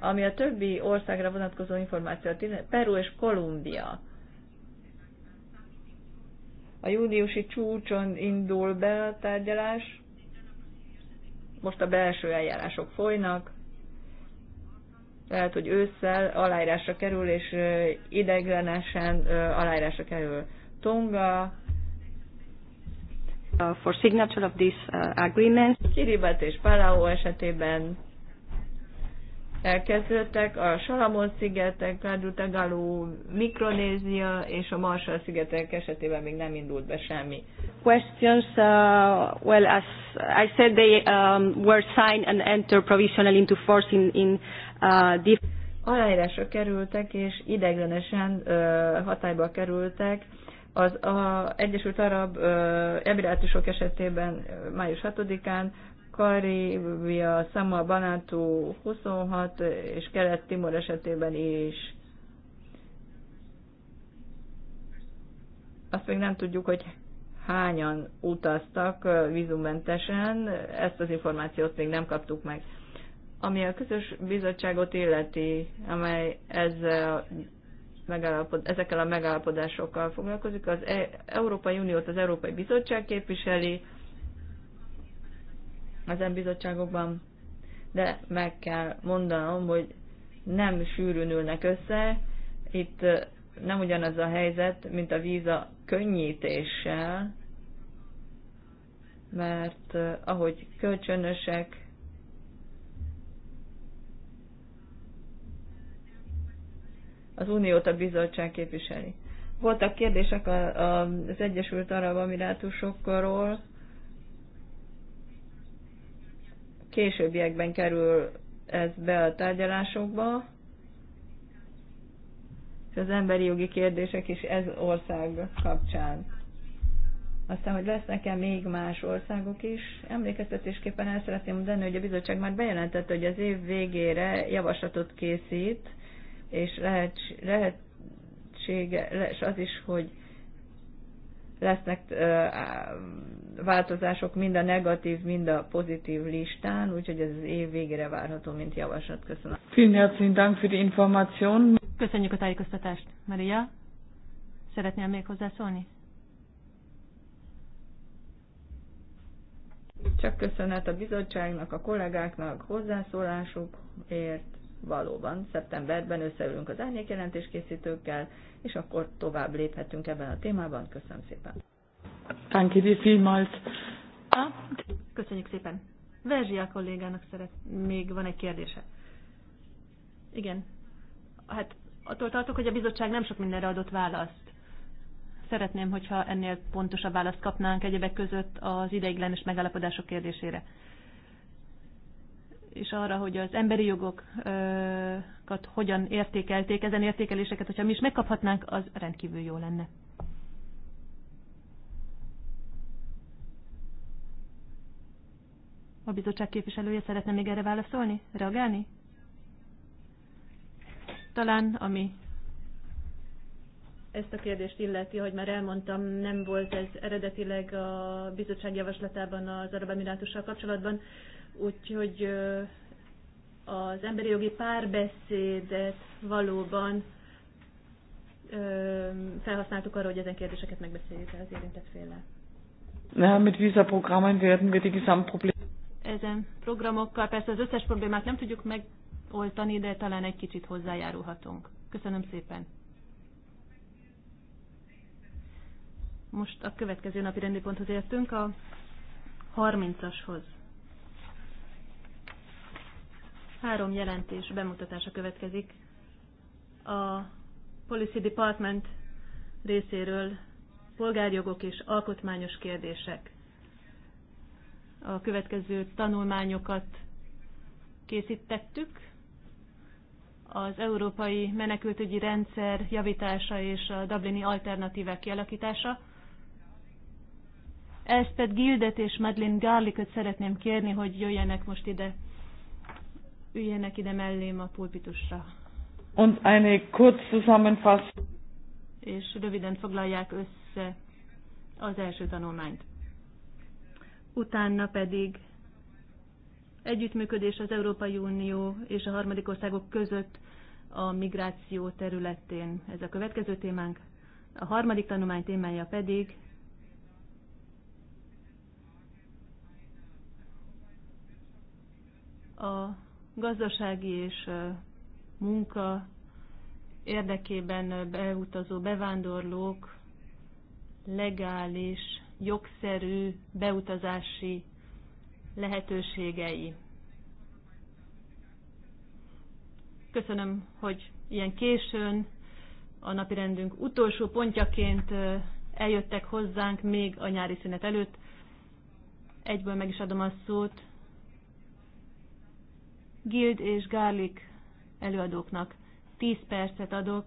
Ami a többi országra vonatkozó információt, Peru és Kolumbia. A júniusi csúcson indul be a tárgyalás, most a belső eljárások folynak, lehet, hogy ősszel aláírásra kerül, és ideiglenesen aláírásra kerül. Tonga, uh, for signature of this uh, agreement. Kiribat és Palau esetében elkezdődtek a Salamon-szigetek, Kádutagalú, Mikronézia és a Marshall-szigetek esetében még nem indult be semmi. Questions, uh, well, as I said, they um, were signed and entered provisionally into force in, in uh, aláírásra kerültek, és ideiglenesen uh, hatályba kerültek. Az a Egyesült Arab uh, Emirátusok esetében május 6-án, Karibia, Sama, Banátú 26, és Kelet-Timor esetében is. Azt még nem tudjuk, hogy hányan utaztak vízummentesen, ezt az információt még nem kaptuk meg. Ami a közös bizottságot illeti, amely ezzel megállapod, ezekkel a megállapodásokkal foglalkozik, az e Európai Uniót az Európai Bizottság képviseli az bizottságokban, de meg kell mondanom, hogy nem sűrűn ülnek össze, itt nem ugyanaz a helyzet, mint a víza könnyítéssel, mert ahogy kölcsönösek az Uniót a bizottság képviseli. Voltak kérdések az Egyesült Arab Emirátusokról, későbbiekben kerül ez be a tárgyalásokba, és az emberi jogi kérdések is ez ország kapcsán. Aztán, hogy lesznek-e még más országok is, emlékeztetésképpen el szeretném mondani, hogy a bizottság már bejelentette, hogy az év végére javaslatot készít és lehet, és az is, hogy lesznek változások mind a negatív, mind a pozitív listán, úgyhogy ez az év végére várható, mint javaslat. Köszönöm. Vielen herzlichen Dank für die Information. Köszönjük a tájékoztatást. Maria, szeretnél még hozzászólni? Csak köszönet a bizottságnak, a kollégáknak hozzászólásukért valóban szeptemberben összeülünk az árnyékjelentés készítőkkel, és akkor tovább léphetünk ebben a témában. Köszönöm szépen. Danke vielmals. Ah. Köszönjük szépen. Verzsia kollégának szeret, még van egy kérdése. Igen. Hát attól tartok, hogy a bizottság nem sok mindenre adott választ. Szeretném, hogyha ennél pontosabb választ kapnánk egyebek között az ideiglenes megállapodások kérdésére és arra, hogy az emberi jogokat hogyan értékelték, ezen értékeléseket, hogyha mi is megkaphatnánk, az rendkívül jó lenne. A bizottság képviselője szeretne még erre válaszolni? Reagálni? Talán, ami ezt a kérdést illeti, hogy már elmondtam, nem volt ez eredetileg a bizottság javaslatában az Arab Emirátussal kapcsolatban. Úgyhogy az emberi jogi párbeszédet valóban felhasználtuk arra, hogy ezen kérdéseket megbeszéljük az érintett félre. Na, mit dieser Programmen werden wir die Gesamtprobleme. Ezen programokkal persze az összes problémát nem tudjuk megoldani, de talán egy kicsit hozzájárulhatunk. Köszönöm szépen. Most a következő napi rendi ponthoz értünk, a 30-ashoz. Három jelentés bemutatása következik a Policy Department részéről polgárjogok és alkotmányos kérdések. A következő tanulmányokat készítettük. Az európai menekültügyi rendszer javítása és a Dublini alternatívák kialakítása. Ezt Gildet és Madeline Garlicot szeretném kérni, hogy jöjjenek most ide üljenek ide mellém a pulpitusra. Und eine Kurzzusammenfassung. És röviden foglalják össze az első tanulmányt. Utána pedig együttműködés az Európai Unió és a harmadik országok között a migráció területén. Ez a következő témánk. A harmadik tanulmány témája pedig a gazdasági és munka érdekében beutazó bevándorlók legális, jogszerű beutazási lehetőségei. Köszönöm, hogy ilyen későn a napirendünk utolsó pontjaként eljöttek hozzánk még a nyári szünet előtt. Egyből meg is adom a szót Guild és Garlic előadóknak 10 percet adok,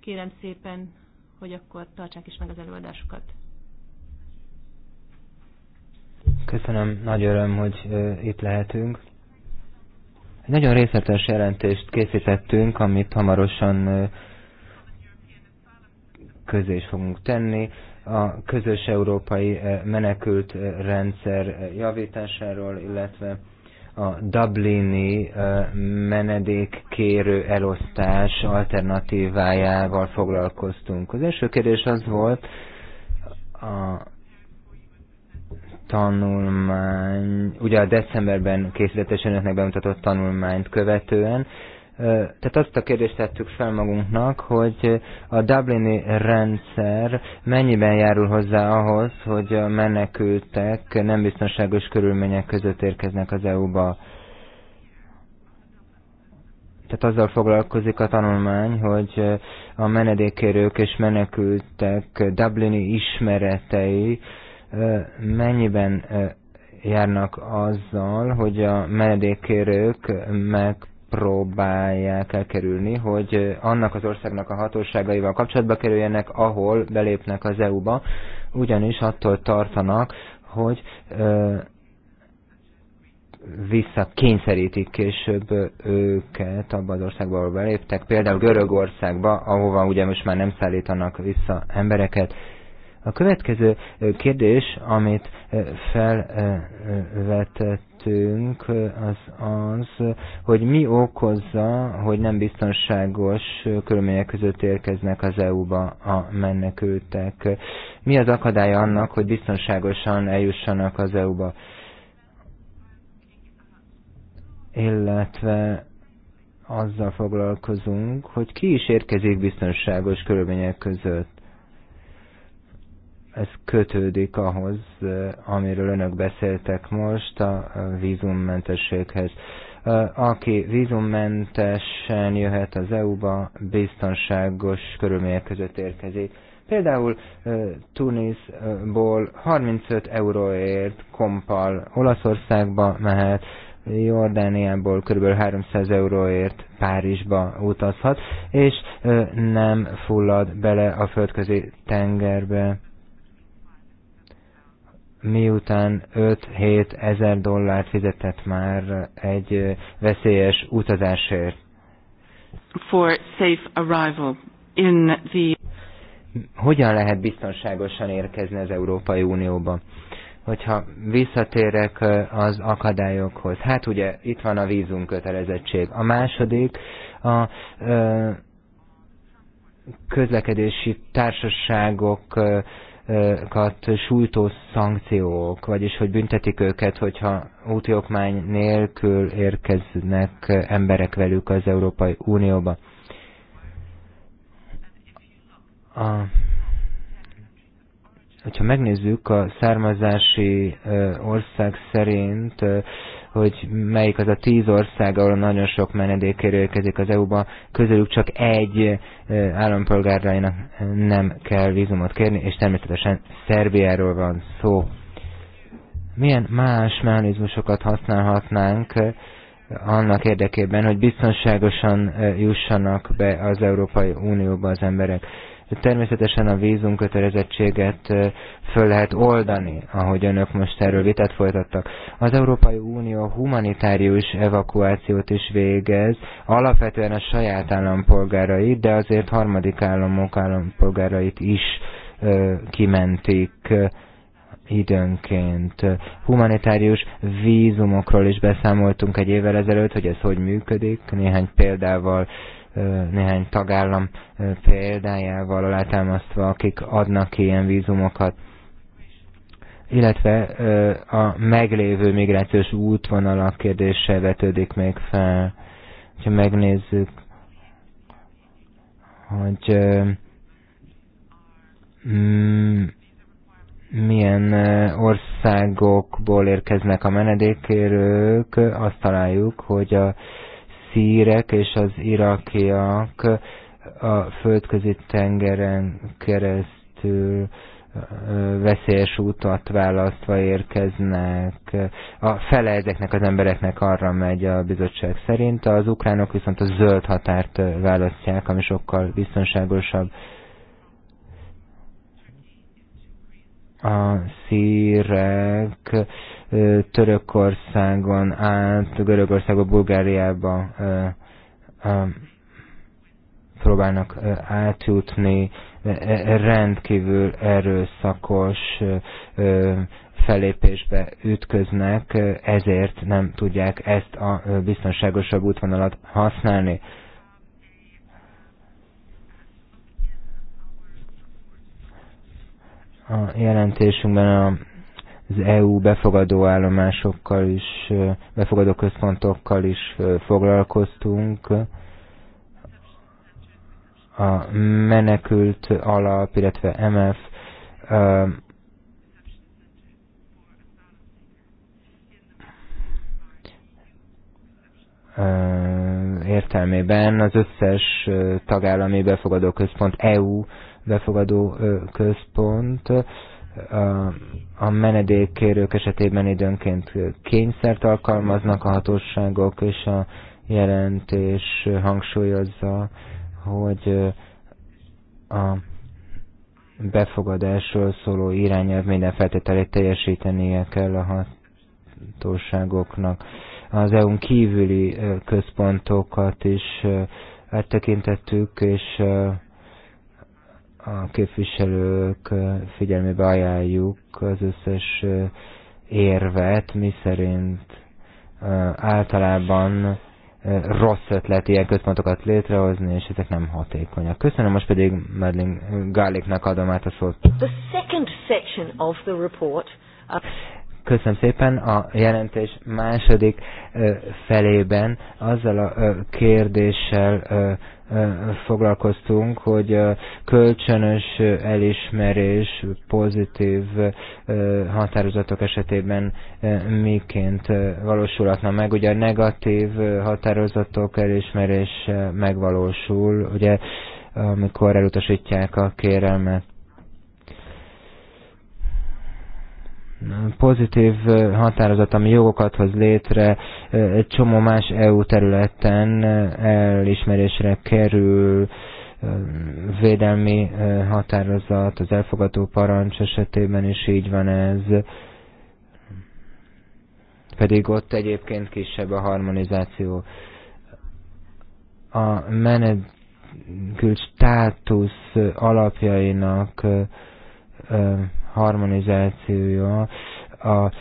kérem szépen, hogy akkor tartsák is meg az előadásukat. Köszönöm, nagy öröm, hogy itt lehetünk. Egy nagyon részletes jelentést készítettünk, amit hamarosan közé is fogunk tenni. A közös európai menekült rendszer javításáról, illetve a Dublini menedékkérő elosztás alternatívájával foglalkoztunk. Az első kérdés az volt, a tanulmány, ugye a decemberben készítettes önöknek bemutatott tanulmányt követően, tehát azt a kérdést tettük fel magunknak, hogy a Dublini rendszer mennyiben járul hozzá ahhoz, hogy a menekültek nem biztonságos körülmények között érkeznek az EU-ba. Tehát azzal foglalkozik a tanulmány, hogy a menedékkérők és menekültek Dublini ismeretei mennyiben járnak azzal, hogy a menedékkérők meg próbálják elkerülni, hogy annak az országnak a hatóságaival kapcsolatba kerüljenek, ahol belépnek az EU-ba, ugyanis attól tartanak, hogy ö, visszakényszerítik később őket abban az országban, ahol beléptek, például Görögországba, ahova ugye most már nem szállítanak vissza embereket. A következő kérdés, amit felvetett beszélgetünk, az az, hogy mi okozza, hogy nem biztonságos körülmények között érkeznek az EU-ba a menekültek. Mi az akadálya annak, hogy biztonságosan eljussanak az EU-ba? Illetve azzal foglalkozunk, hogy ki is érkezik biztonságos körülmények között ez kötődik ahhoz, eh, amiről önök beszéltek most, a vízummentességhez. Eh, aki vízummentesen jöhet az EU-ba, biztonságos körülmények között érkezik. Például eh, Tunisból 35 euróért kompal Olaszországba mehet, Jordániából kb. 300 euróért Párizsba utazhat, és nem fullad bele a földközi tengerbe miután 5-7 ezer dollárt fizetett már egy veszélyes utazásért. For safe arrival in the... Hogyan lehet biztonságosan érkezni az Európai Unióba? Hogyha visszatérek az akadályokhoz, hát ugye itt van a vízum kötelezettség. A második a ö, közlekedési társaságok ö, sújtó szankciók, vagyis hogy büntetik őket, hogyha úti okmány nélkül érkeznek emberek velük az Európai Unióba. A, hogyha megnézzük a származási ország szerint hogy melyik az a tíz ország, ahol nagyon sok menedék érkezik az EU-ba, közülük csak egy állampolgárainak nem kell vízumot kérni, és természetesen Szerbiáról van szó. Milyen más mechanizmusokat használhatnánk annak érdekében, hogy biztonságosan jussanak be az Európai Unióba az emberek? Természetesen a kötelezettséget föl lehet oldani, ahogy önök most erről vitát folytattak. Az Európai Unió humanitárius evakuációt is végez, alapvetően a saját állampolgárait, de azért harmadik államok állampolgárait is kimentik időnként. Humanitárius vízumokról is beszámoltunk egy évvel ezelőtt, hogy ez hogy működik, néhány példával néhány tagállam példájával alátámasztva, akik adnak ki ilyen vízumokat illetve a meglévő migrációs útvonalak kérdése vetődik még fel. Ha megnézzük, hogy milyen országokból érkeznek a menedékkérők, azt találjuk, hogy a szírek és az irakiak a földközi tengeren keresztül veszélyes útat választva érkeznek. A fele ezeknek az embereknek arra megy a bizottság szerint, az ukránok viszont a zöld határt választják, ami sokkal biztonságosabb. A szírek Törökországon át, Görögországba, Bulgáriába próbálnak átjutni, rendkívül erőszakos felépésbe ütköznek, ezért nem tudják ezt a biztonságosabb útvonalat használni. A jelentésünkben a az EU befogadó állomásokkal is, befogadó központokkal is foglalkoztunk. A menekült alap, illetve MF értelmében az összes tagállami befogadó központ, EU befogadó központ, a a menedékkérők esetében időnként kényszert alkalmaznak a hatóságok, és a jelentés hangsúlyozza, hogy a befogadásról szóló irányelv minden feltételét teljesítenie kell a hatóságoknak. Az EU-n kívüli központokat is áttekintettük, és a képviselők figyelmébe ajánljuk az összes érvet, mi szerint általában rossz ötlet ilyen központokat létrehozni, és ezek nem hatékonyak. Köszönöm, most pedig Madeline Gáliknak adom át a szót. The second section of the report uh, köszönöm szépen. A jelentés második felében azzal a kérdéssel foglalkoztunk, hogy a kölcsönös elismerés pozitív határozatok esetében miként valósulhatna meg. Ugye a negatív határozatok elismerés megvalósul, ugye amikor elutasítják a kérelmet. pozitív határozat, ami jogokat hoz létre, egy csomó más EU területen elismerésre kerül, védelmi határozat, az elfogadó parancs esetében is így van ez, pedig ott egyébként kisebb a harmonizáció. A menekült státusz alapjainak harmonizációja az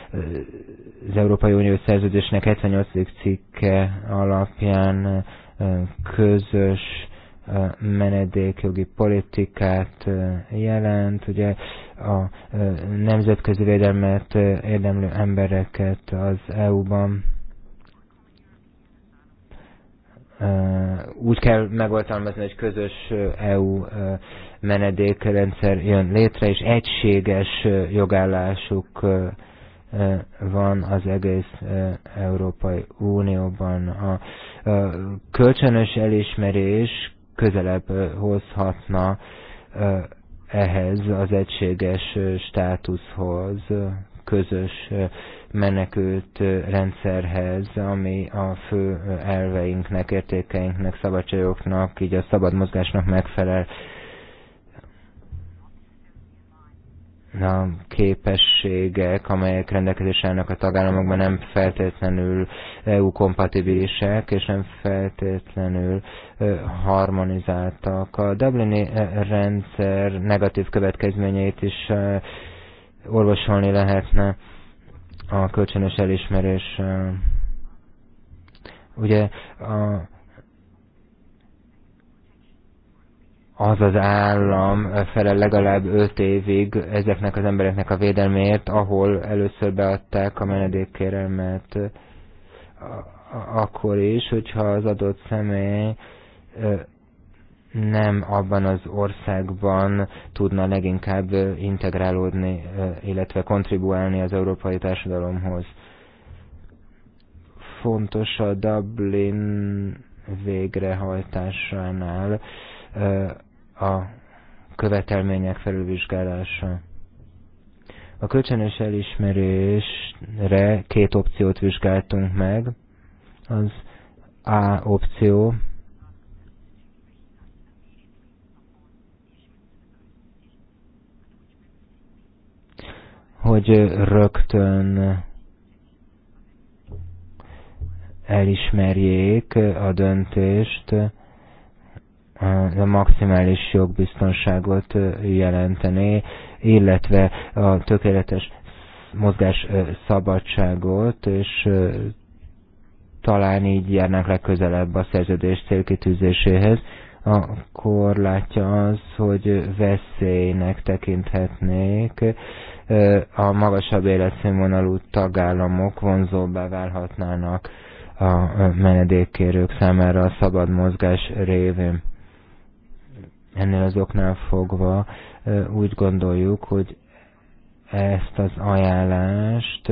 Európai Unió szerződésnek 78. cikke alapján közös menedékjogi politikát jelent, ugye a nemzetközi védelmet érdemlő embereket az EU-ban úgy kell megoldalmazni, hogy közös EU menedékrendszer jön létre, és egységes jogállásuk van az egész Európai Unióban. A kölcsönös elismerés közelebb hozhatna ehhez az egységes státuszhoz, közös menekült rendszerhez, ami a fő elveinknek, értékeinknek, szabadságoknak, így a szabad mozgásnak megfelel a képességek, amelyek rendelkezésének a tagállamokban nem feltétlenül EU-kompatibilisek, és nem feltétlenül harmonizáltak. A Dublini rendszer negatív következményeit is orvosolni lehetne a kölcsönös elismerés. Ugye a az az állam felel legalább öt évig ezeknek az embereknek a védelméért, ahol először beadták a menedékkérelmet akkor is, hogyha az adott személy nem abban az országban tudna leginkább integrálódni, illetve kontribuálni az európai társadalomhoz. Fontos a Dublin végrehajtásánál a követelmények felülvizsgálása. A kölcsönös elismerésre két opciót vizsgáltunk meg. Az A opció, hogy rögtön elismerjék a döntést a maximális jogbiztonságot jelentené, illetve a tökéletes mozgás szabadságot, és talán így járnánk legközelebb a szerződés célkitűzéséhez, a korlátja az, hogy veszélynek tekinthetnék. A magasabb életszínvonalú tagállamok vonzóbbá válhatnának a menedékkérők számára a szabad mozgás révén. Ennél az oknál fogva úgy gondoljuk, hogy ezt az ajánlást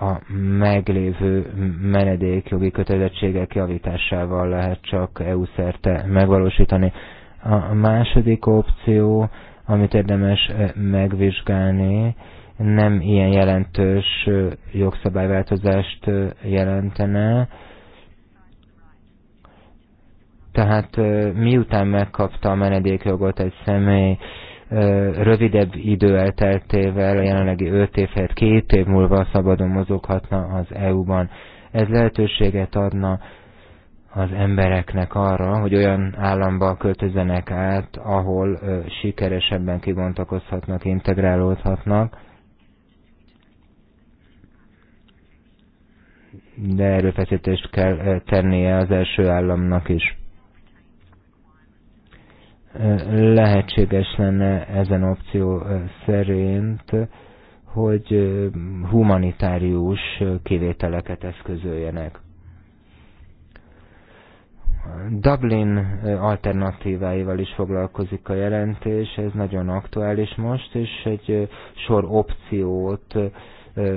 a meglévő menedékjogi kötelezettségek javításával lehet csak EU szerte megvalósítani. A második opció, amit érdemes megvizsgálni, nem ilyen jelentős jogszabályváltozást jelentene, tehát miután megkapta a menedékjogot egy személy, rövidebb idő elteltével, a jelenlegi 5 év helyett 2 év múlva szabadon mozoghatna az EU-ban. Ez lehetőséget adna az embereknek arra, hogy olyan államba költözzenek át, ahol sikeresebben kibontakozhatnak, integrálódhatnak. De erőfeszítést kell tennie az első államnak is lehetséges lenne ezen opció szerint, hogy humanitárius kivételeket eszközöljenek. Dublin alternatíváival is foglalkozik a jelentés, ez nagyon aktuális most, és egy sor opciót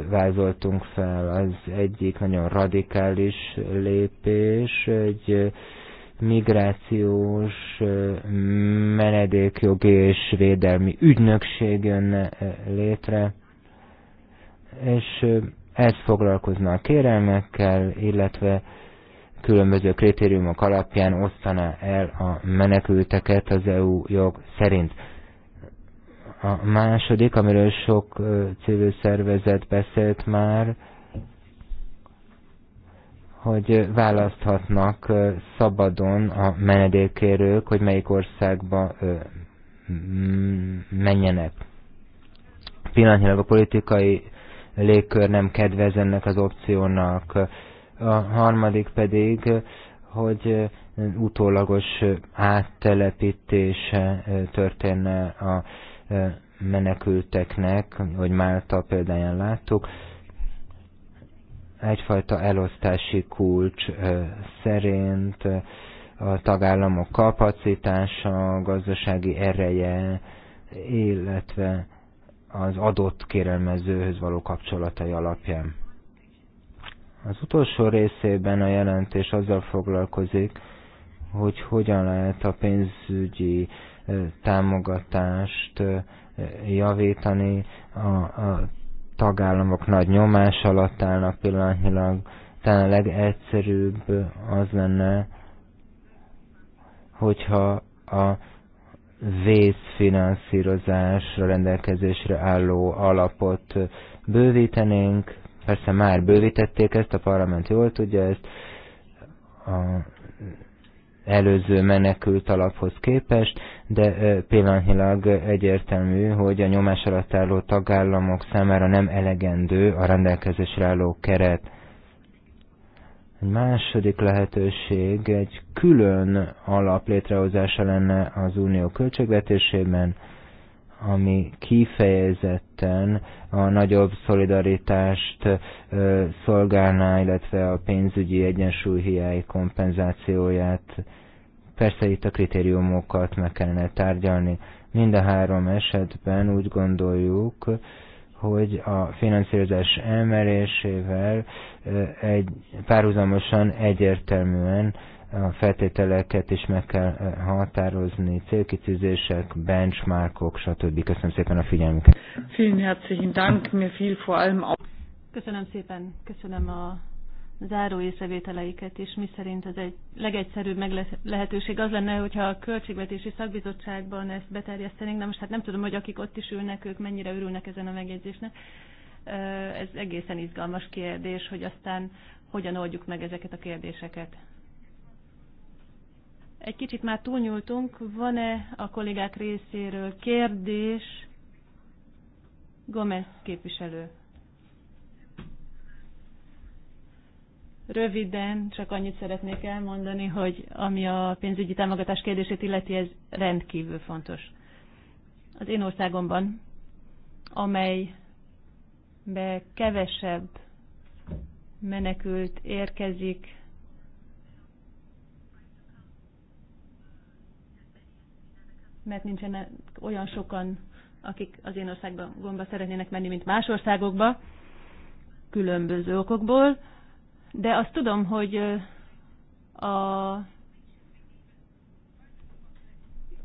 vázoltunk fel. Az egyik nagyon radikális lépés, egy migrációs, menedékjogi és védelmi ügynökség jönne létre, és ez foglalkozna a kérelmekkel, illetve különböző kritériumok alapján osztana el a menekülteket az EU jog szerint. A második, amiről sok civil szervezet beszélt már, hogy választhatnak szabadon a menedékérők, hogy melyik országba menjenek. Pillanatnyilag a politikai légkör nem kedvez ennek az opciónak. A harmadik pedig, hogy utólagos áttelepítése történne a menekülteknek, hogy Málta példáján láttuk, egyfajta elosztási kulcs szerint a tagállamok kapacitása, gazdasági ereje, illetve az adott kérelmezőhöz való kapcsolatai alapján. Az utolsó részében a jelentés azzal foglalkozik, hogy hogyan lehet a pénzügyi támogatást javítani a, a tagállamok nagy nyomás alatt állnak pillanatnyilag, talán a legegyszerűbb az lenne, hogyha a vészfinanszírozásra rendelkezésre álló alapot bővítenénk, persze már bővítették ezt, a parlament jól tudja ezt, a előző menekült alaphoz képest, de pillanatnyilag egyértelmű, hogy a nyomás alatt álló tagállamok számára nem elegendő a rendelkezésre álló keret. Egy második lehetőség egy külön alap létrehozása lenne az unió költségvetésében, ami kifejezetten a nagyobb szolidaritást szolgálná, illetve a pénzügyi egyensúly hiány kompenzációját. Persze itt a kritériumokat meg kellene tárgyalni. Mind a három esetben úgy gondoljuk, hogy a finanszírozás emelésével egy, párhuzamosan egyértelműen a feltételeket is meg kell eh, határozni, célkitűzések, benchmarkok, stb. Köszönöm szépen a figyelmüket. Vielen herzlichen Dank, mir viel vor allem auch. Köszönöm szépen, köszönöm a záró észrevételeiket és mi szerint az egy legegyszerűbb lehetőség az lenne, hogyha a költségvetési szakbizottságban ezt beterjesztenénk, de most hát nem tudom, hogy akik ott is ülnek, ők mennyire örülnek ezen a megjegyzésnek. Ez egészen izgalmas kérdés, hogy aztán hogyan oldjuk meg ezeket a kérdéseket. Egy kicsit már túlnyúltunk. Van-e a kollégák részéről kérdés? Gomez képviselő. Röviden, csak annyit szeretnék elmondani, hogy ami a pénzügyi támogatás kérdését illeti, ez rendkívül fontos. Az én országomban, amelybe kevesebb menekült érkezik mert nincsenek olyan sokan, akik az én gomba szeretnének menni, mint más országokba, különböző okokból. De azt tudom, hogy a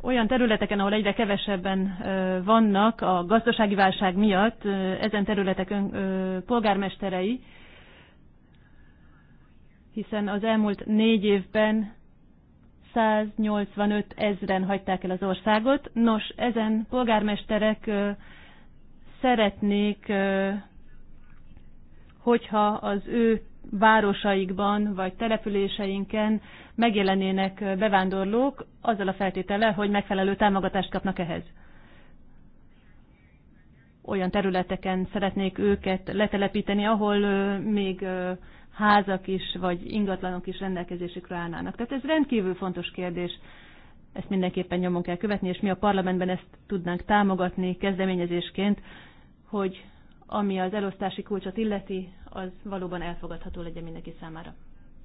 olyan területeken, ahol egyre kevesebben vannak a gazdasági válság miatt, ezen területek ön, polgármesterei, hiszen az elmúlt négy évben 185 ezren hagyták el az országot. Nos, ezen polgármesterek szeretnék, hogyha az ő városaikban vagy településeinken megjelenének bevándorlók, azzal a feltétele, hogy megfelelő támogatást kapnak ehhez. Olyan területeken szeretnék őket letelepíteni, ahol még házak is, vagy ingatlanok is rendelkezésükre állnának. Tehát ez rendkívül fontos kérdés, ezt mindenképpen nyomon kell követni, és mi a parlamentben ezt tudnánk támogatni kezdeményezésként, hogy ami az elosztási kulcsot illeti, az valóban elfogadható legyen mindenki számára.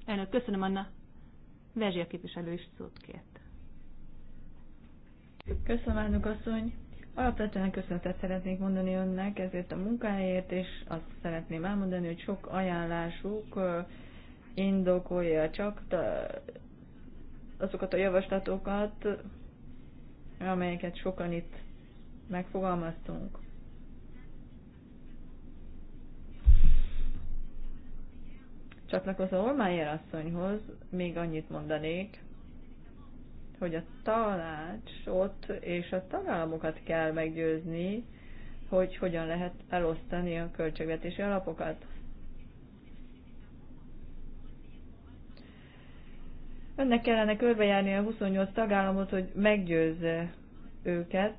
Elnök, köszönöm Anna. Vezsi a képviselő is szót kért. Köszönöm, elnök asszony. Alapvetően köszönetet szeretnék mondani önnek ezért a munkáért, és azt szeretném elmondani, hogy sok ajánlásuk indokolja csak azokat a javaslatokat, amelyeket sokan itt megfogalmaztunk. Csatlakozó Olmájer asszonyhoz még annyit mondanék, hogy a tanácsot és a tagállamokat kell meggyőzni, hogy hogyan lehet elosztani a költségvetési alapokat. Önnek kellene körbejárni a 28 tagállamot, hogy meggyőzze őket,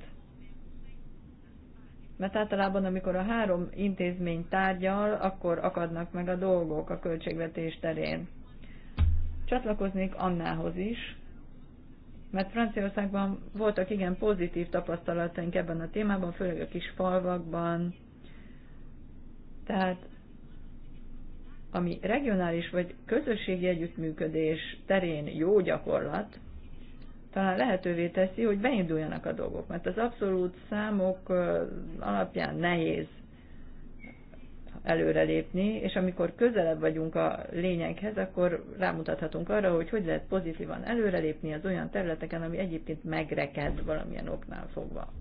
mert általában, amikor a három intézmény tárgyal, akkor akadnak meg a dolgok a költségvetés terén. Csatlakoznék Annához is, mert Franciaországban voltak igen pozitív tapasztalataink ebben a témában, főleg a kis falvakban. Tehát ami regionális vagy közösségi együttműködés terén jó gyakorlat, talán lehetővé teszi, hogy beinduljanak a dolgok, mert az abszolút számok alapján nehéz előrelépni, és amikor közelebb vagyunk a lényeghez, akkor rámutathatunk arra, hogy hogy lehet pozitívan előrelépni az olyan területeken, ami egyébként megreked valamilyen oknál fogva.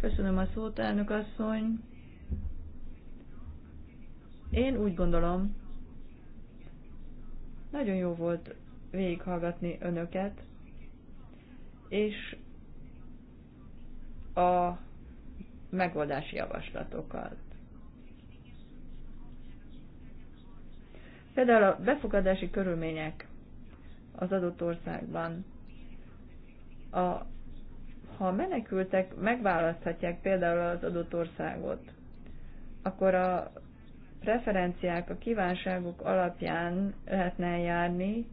Köszönöm a szót, elnök asszony. Én úgy gondolom, nagyon jó volt végighallgatni önöket, és a megoldási javaslatokat. Például a befogadási körülmények az adott országban. A, ha a menekültek megválaszthatják például az adott országot, akkor a preferenciák, a kívánságok alapján lehetne eljárni,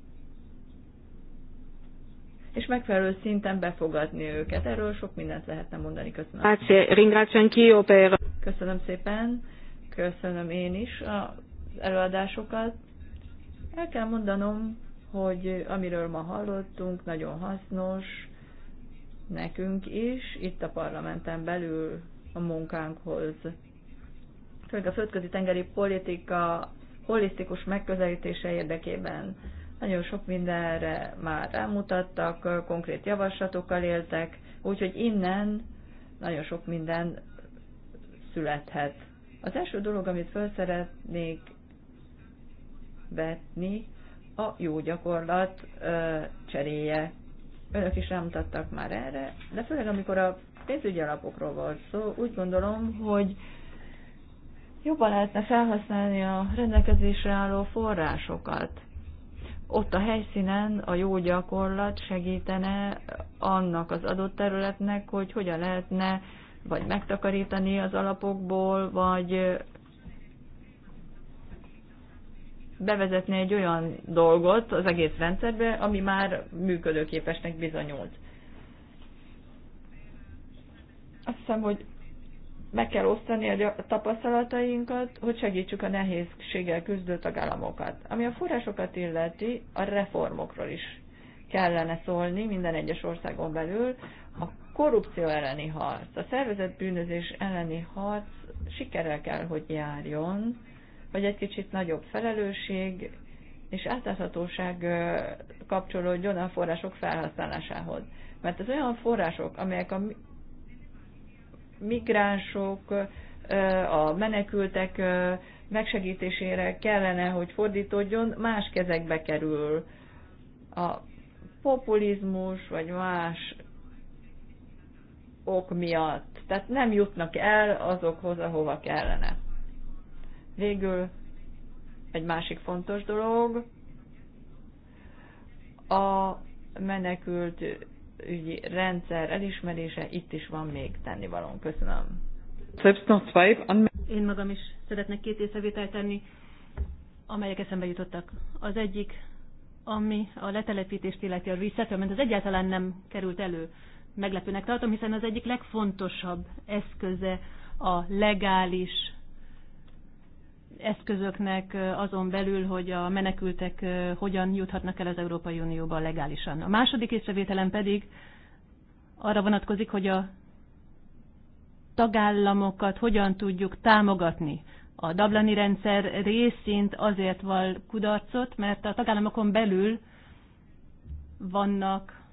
és megfelelő szinten befogadni őket. Erről sok mindent lehetne mondani. Köszönöm. Köszönöm szépen. Köszönöm én is az előadásokat. El kell mondanom, hogy amiről ma hallottunk, nagyon hasznos nekünk is, itt a parlamenten belül a munkánkhoz. Főleg a földközi tengeri politika holisztikus megközelítése érdekében nagyon sok mindenre már rámutattak, konkrét javaslatokkal éltek, úgyhogy innen nagyon sok minden születhet. Az első dolog, amit föl szeretnék vetni, a jó gyakorlat cseréje. Önök is rámutattak már erre, de főleg amikor a pénzügyi alapokról volt szó, úgy gondolom, hogy jobban lehetne felhasználni a rendelkezésre álló forrásokat ott a helyszínen a jó gyakorlat segítene annak az adott területnek, hogy hogyan lehetne vagy megtakarítani az alapokból, vagy bevezetni egy olyan dolgot az egész rendszerbe, ami már működőképesnek bizonyult. Azt hiszem, hogy meg kell osztani a tapasztalatainkat, hogy segítsük a nehézséggel küzdő tagállamokat. Ami a forrásokat illeti, a reformokról is kellene szólni minden egyes országon belül. A korrupció elleni harc, a szervezett bűnözés elleni harc sikerrel kell, hogy járjon, vagy egy kicsit nagyobb felelősség és átláthatóság kapcsolódjon a források felhasználásához. Mert az olyan források, amelyek a migránsok, a menekültek megsegítésére kellene, hogy fordítódjon, más kezekbe kerül. A populizmus, vagy más ok miatt. Tehát nem jutnak el azokhoz, ahova kellene. Végül egy másik fontos dolog, a menekült ügyi rendszer elismerése, itt is van még tennivalónk. Köszönöm. Én magam is szeretnék két észrevételt tenni, amelyek eszembe jutottak. Az egyik, ami a letelepítést illeti a resettlement, az egyáltalán nem került elő. Meglepőnek tartom, hiszen az egyik legfontosabb eszköze a legális eszközöknek azon belül, hogy a menekültek hogyan juthatnak el az Európai Unióba legálisan. A második észrevételem pedig arra vonatkozik, hogy a tagállamokat hogyan tudjuk támogatni. A Dublini rendszer részint azért val kudarcot, mert a tagállamokon belül vannak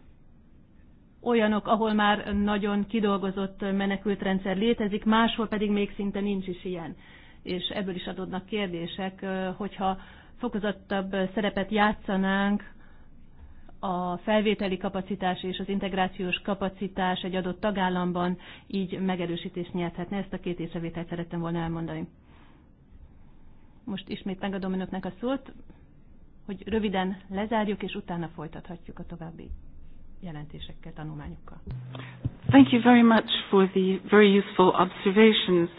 olyanok, ahol már nagyon kidolgozott menekültrendszer létezik, máshol pedig még szinte nincs is ilyen és ebből is adódnak kérdések, hogyha fokozottabb szerepet játszanánk a felvételi kapacitás és az integrációs kapacitás egy adott tagállamban így megerősítést nyerhetne. Ezt a két észrevételt szerettem volna elmondani. Most ismét megadom önöknek a szót, hogy röviden lezárjuk, és utána folytathatjuk a további jelentésekkel, tanulmányokkal. Thank you very much for the very useful observations.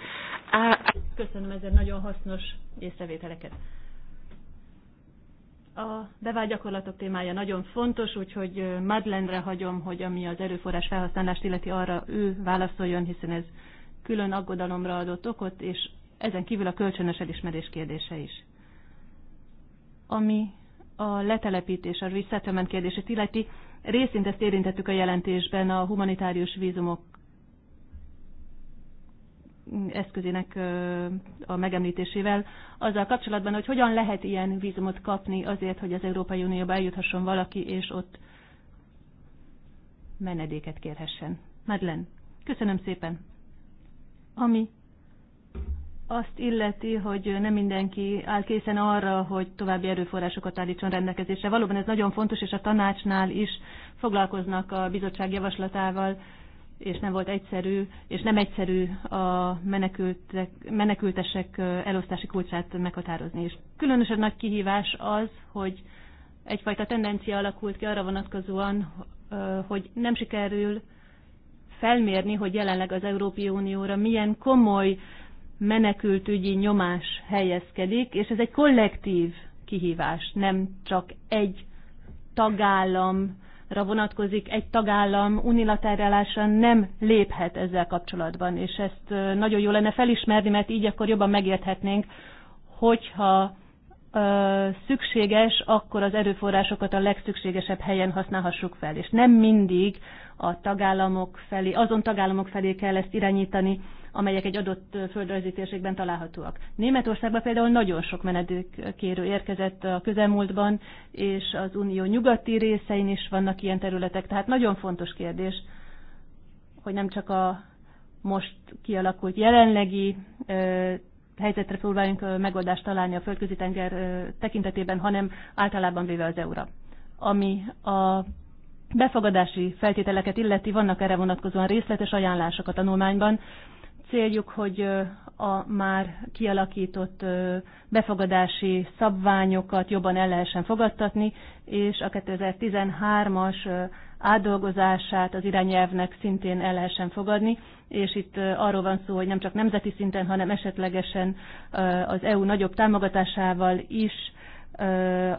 Köszönöm ezért nagyon hasznos észrevételeket. A bevált gyakorlatok témája nagyon fontos, úgyhogy Madlenre hagyom, hogy ami az erőforrás felhasználást illeti arra ő válaszoljon, hiszen ez külön aggodalomra adott okot, és ezen kívül a kölcsönös elismerés kérdése is. Ami a letelepítés, a resettlement kérdését illeti, részint ezt érintettük a jelentésben a humanitárius vízumok eszközének a megemlítésével, azzal kapcsolatban, hogy hogyan lehet ilyen vízumot kapni azért, hogy az Európai Unióba eljuthasson valaki, és ott menedéket kérhessen. Madlen, köszönöm szépen. Ami azt illeti, hogy nem mindenki áll készen arra, hogy további erőforrásokat állítson rendelkezésre. Valóban ez nagyon fontos, és a tanácsnál is foglalkoznak a bizottság javaslatával, és nem volt egyszerű, és nem egyszerű a menekültek, menekültesek elosztási kulcsát meghatározni. És különösen nagy kihívás az, hogy egyfajta tendencia alakult ki arra vonatkozóan, hogy nem sikerül felmérni, hogy jelenleg az Európai Unióra milyen komoly menekültügyi nyomás helyezkedik, és ez egy kollektív kihívás, nem csak egy tagállam vonatkozik, egy tagállam unilaterálisan nem léphet ezzel kapcsolatban, és ezt nagyon jó lenne felismerni, mert így akkor jobban megérthetnénk, hogyha szükséges, akkor az erőforrásokat a legszükségesebb helyen használhassuk fel. És nem mindig a tagállamok felé, azon tagállamok felé kell ezt irányítani, amelyek egy adott földrajzi térségben találhatóak. Németországban például nagyon sok menedékkérő érkezett a közelmúltban, és az unió nyugati részein is vannak ilyen területek, tehát nagyon fontos kérdés, hogy nem csak a most kialakult jelenlegi helyzetre próbáljunk megoldást találni a földközi tenger tekintetében, hanem általában véve az EU-ra. Ami a befogadási feltételeket illeti, vannak erre vonatkozóan részletes ajánlások a tanulmányban, céljuk, hogy a már kialakított befogadási szabványokat jobban el lehessen fogadtatni, és a 2013-as átdolgozását az irányelvnek szintén el lehessen fogadni, és itt arról van szó, hogy nem csak nemzeti szinten, hanem esetlegesen az EU nagyobb támogatásával is,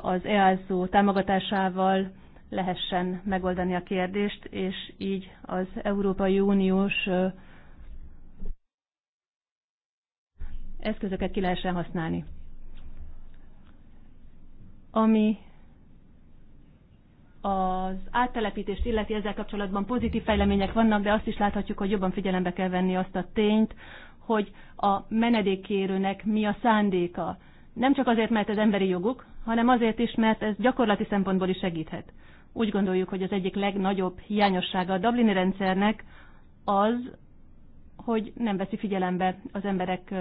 az EASZO támogatásával lehessen megoldani a kérdést, és így az Európai Uniós eszközöket ki lehessen használni. Ami az áttelepítést illeti ezzel kapcsolatban pozitív fejlemények vannak, de azt is láthatjuk, hogy jobban figyelembe kell venni azt a tényt, hogy a menedékkérőnek mi a szándéka. Nem csak azért, mert ez emberi joguk, hanem azért is, mert ez gyakorlati szempontból is segíthet. Úgy gondoljuk, hogy az egyik legnagyobb hiányossága a Dublini rendszernek az, hogy nem veszi figyelembe az emberek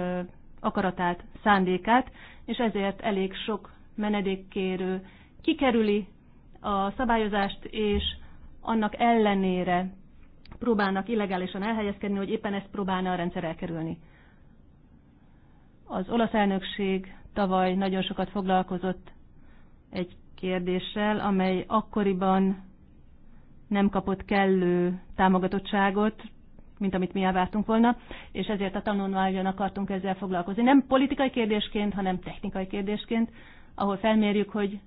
akaratát, szándékát, és ezért elég sok menedékkérő kikerüli a szabályozást, és annak ellenére próbálnak illegálisan elhelyezkedni, hogy éppen ezt próbálna a rendszer elkerülni. Az olasz elnökség tavaly nagyon sokat foglalkozott egy kérdéssel, amely akkoriban nem kapott kellő támogatottságot, mint amit mi elvártunk volna, és ezért a tanulmányon akartunk ezzel foglalkozni. Nem politikai kérdésként, hanem technikai kérdésként, ahol felmérjük, hogy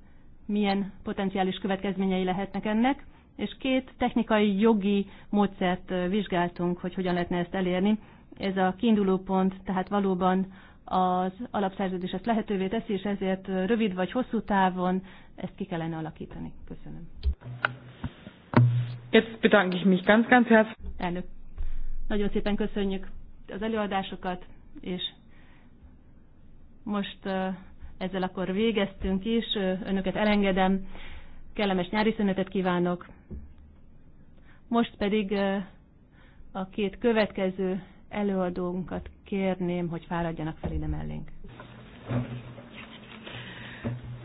milyen potenciális következményei lehetnek ennek, és két technikai jogi módszert vizsgáltunk, hogy hogyan lehetne ezt elérni. Ez a kiinduló pont, tehát valóban az alapszerződés ezt lehetővé teszi, és ezért rövid vagy hosszú távon ezt ki kellene alakítani. Köszönöm. Jetzt bedanke ich mich ganz, ganz herzlich. Elnök nagyon szépen köszönjük az előadásokat, és most ezzel akkor végeztünk is. Önöket elengedem, kellemes nyári szünetet kívánok. Most pedig a két következő előadónkat kérném, hogy fáradjanak fel ide mellénk.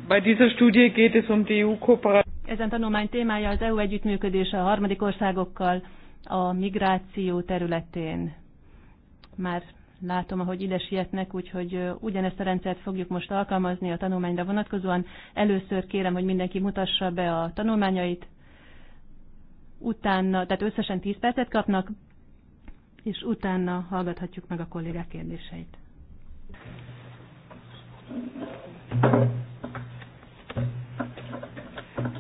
Bei dieser Studie geht es um die EU-Kooperation. Ezen tanulmány témája az EU együttműködése a harmadik országokkal, a migráció területén. Már látom, ahogy ide sietnek, úgyhogy ugyanezt a rendszert fogjuk most alkalmazni a tanulmányra vonatkozóan. Először kérem, hogy mindenki mutassa be a tanulmányait, utána, tehát összesen 10 percet kapnak, és utána hallgathatjuk meg a kollégák kérdéseit.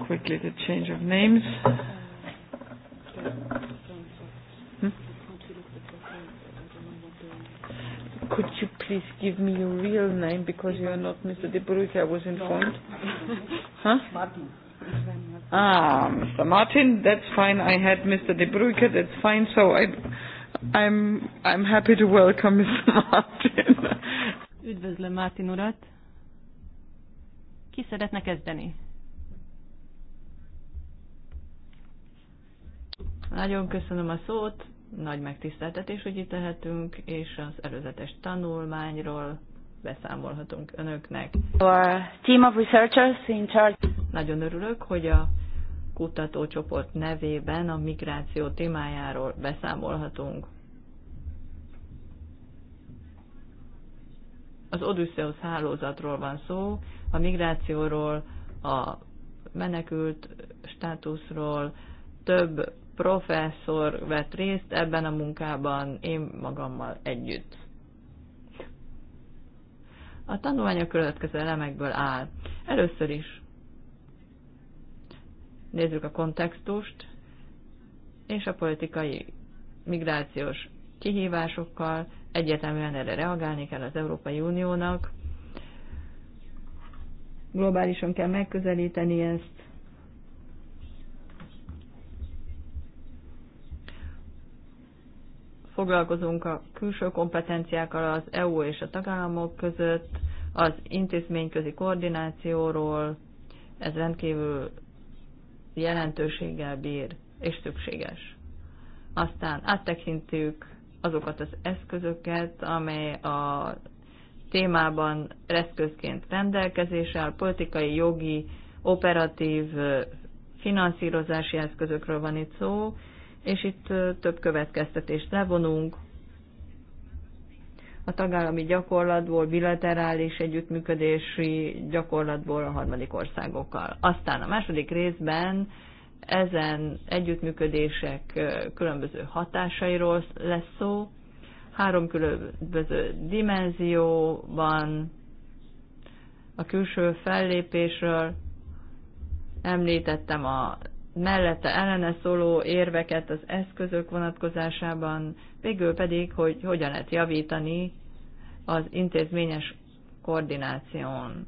Quickly the change of names. give me your real name because you are not Mr. De Bruyke, I was informed. huh? Martin. Ah, Mr. Martin, that's fine. I had Mr. De Bruyke, that's fine. So I, I'm, I'm happy to welcome Mr. Martin. Üdvözlöm Martin urat. Ki szeretne kezdeni? Nagyon köszönöm a szót nagy megtiszteltetés, hogy itt lehetünk, és az előzetes tanulmányról beszámolhatunk önöknek. Our team of researchers in charge. Nagyon örülök, hogy a kutatócsoport nevében a migráció témájáról beszámolhatunk. Az Odysseus hálózatról van szó, a migrációról, a menekült státuszról, több professzor vett részt ebben a munkában, én magammal együtt. A tanulmány a következő elemekből áll. Először is nézzük a kontextust és a politikai migrációs kihívásokkal. Egyértelműen erre reagálni kell az Európai Uniónak. Globálisan kell megközelíteni ezt, foglalkozunk a külső kompetenciákkal az EU és a tagállamok között, az intézményközi koordinációról, ez rendkívül jelentőséggel bír és szükséges. Aztán áttekintjük azokat az eszközöket, amely a témában eszközként rendelkezéssel, politikai, jogi, operatív, finanszírozási eszközökről van itt szó, és itt több következtetést levonunk. A tagállami gyakorlatból, bilaterális együttműködési gyakorlatból a harmadik országokkal. Aztán a második részben ezen együttműködések különböző hatásairól lesz szó, három különböző dimenzióban, a külső fellépésről, említettem a mellette ellene szóló érveket az eszközök vonatkozásában, végül pedig, hogy hogyan lehet javítani az intézményes koordináción.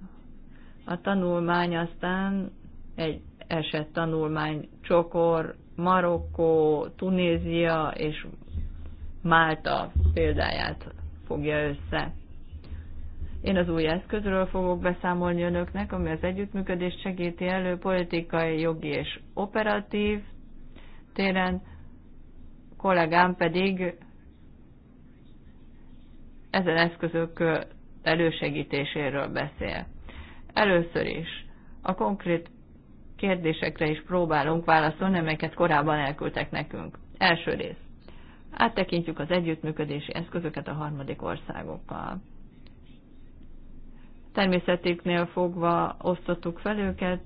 A tanulmány aztán egy esett tanulmány csokor, Marokkó, Tunézia és Málta példáját fogja össze. Én az új eszközről fogok beszámolni önöknek, ami az együttműködést segíti elő politikai, jogi és operatív téren, kollégám pedig ezen eszközök elősegítéséről beszél. Először is a konkrét kérdésekre is próbálunk válaszolni, amelyeket korábban elküldtek nekünk. Első rész. Áttekintjük az együttműködési eszközöket a harmadik országokkal természetüknél fogva osztottuk fel őket,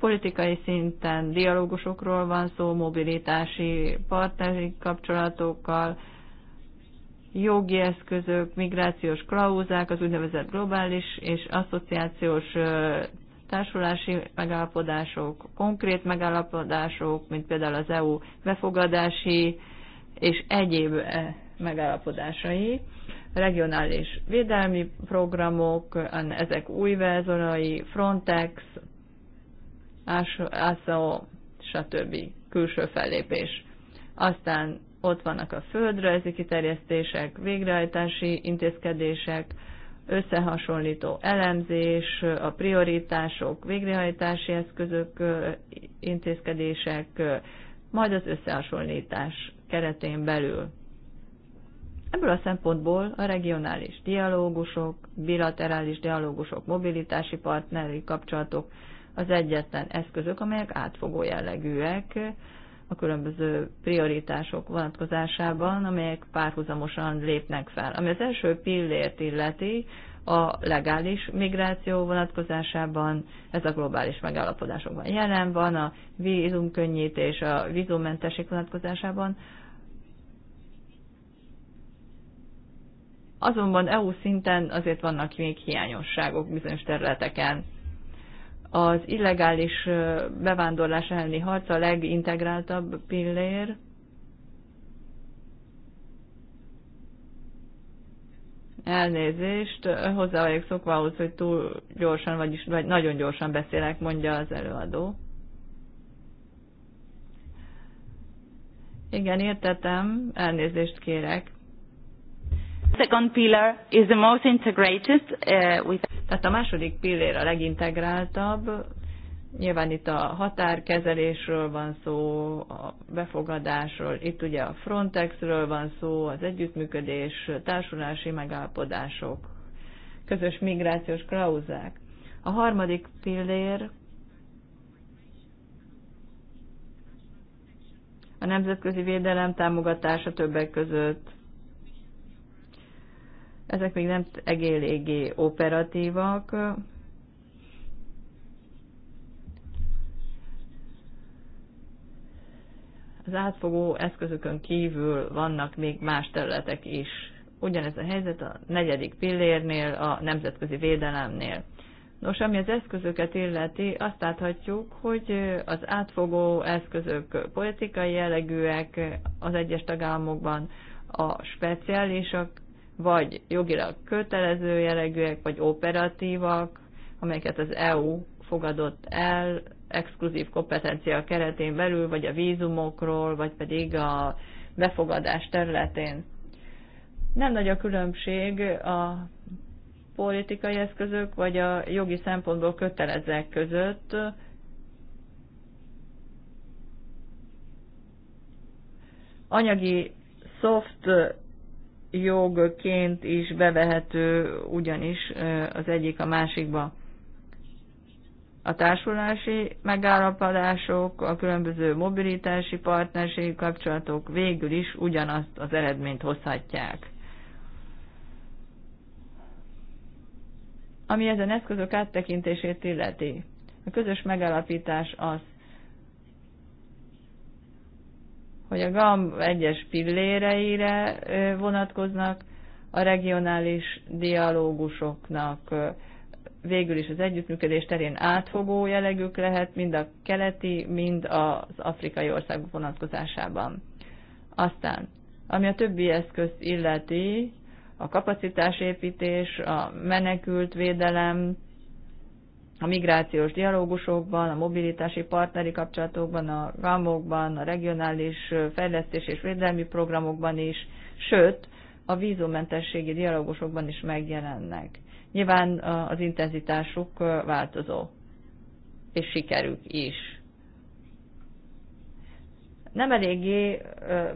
politikai szinten dialógusokról van szó, mobilitási partneri kapcsolatokkal, jogi eszközök, migrációs klauzák, az úgynevezett globális és asszociációs társulási megállapodások, konkrét megállapodások, mint például az EU befogadási és egyéb megállapodásai regionális védelmi programok, ezek új verzonai, Frontex, ASO, stb. külső fellépés. Aztán ott vannak a földrajzi kiterjesztések, végrehajtási intézkedések, összehasonlító elemzés, a prioritások, végrehajtási eszközök, intézkedések, majd az összehasonlítás keretén belül. Ebből a szempontból a regionális dialógusok, bilaterális dialógusok, mobilitási partneri kapcsolatok az egyetlen eszközök, amelyek átfogó jellegűek a különböző prioritások vonatkozásában, amelyek párhuzamosan lépnek fel. Ami az első pillért illeti, a legális migráció vonatkozásában, ez a globális megállapodásokban jelen van, a vízumkönnyítés, a vízummentesség vonatkozásában, azonban EU szinten azért vannak még hiányosságok bizonyos területeken. Az illegális bevándorlás elleni harc a legintegráltabb pillér, Elnézést, hozzá vagyok szokva ahhoz, hogy túl gyorsan, vagyis vagy nagyon gyorsan beszélek, mondja az előadó. Igen, értetem, elnézést kérek. Second pillar is the most integrated uh, with... Tehát a második pillér a legintegráltabb. Nyilván itt a határkezelésről van szó, a befogadásról, itt ugye a Frontexről van szó, az együttműködés, társulási megállapodások, közös migrációs klauzák. A harmadik pillér a nemzetközi védelem támogatása többek között ezek még nem eléggé operatívak. Az átfogó eszközökön kívül vannak még más területek is. Ugyanez a helyzet a negyedik pillérnél, a nemzetközi védelemnél. Nos, ami az eszközöket illeti, azt láthatjuk, hogy az átfogó eszközök politikai jellegűek az egyes tagállamokban, a speciálisak vagy jogilag kötelező jellegűek, vagy operatívak, amelyeket az EU fogadott el exkluzív kompetencia keretén belül, vagy a vízumokról, vagy pedig a befogadás területén. Nem nagy a különbség a politikai eszközök, vagy a jogi szempontból kötelezek között. Anyagi soft jogként is bevehető ugyanis az egyik a másikba. A társulási megállapodások, a különböző mobilitási partnerségi kapcsolatok végül is ugyanazt az eredményt hozhatják. Ami ezen eszközök áttekintését illeti, a közös megállapítás az, hogy a GAM egyes pilléreire vonatkoznak, a regionális dialógusoknak végül is az együttműködés terén átfogó jellegük lehet, mind a keleti, mind az afrikai országok vonatkozásában. Aztán, ami a többi eszközt illeti, a kapacitásépítés, a menekült védelem, a migrációs dialógusokban, a mobilitási partneri kapcsolatokban, a rámokban, a regionális fejlesztés és védelmi programokban is, sőt, a vízumentességi dialógusokban is megjelennek. Nyilván az intenzitásuk változó, és sikerük is. Nem eléggé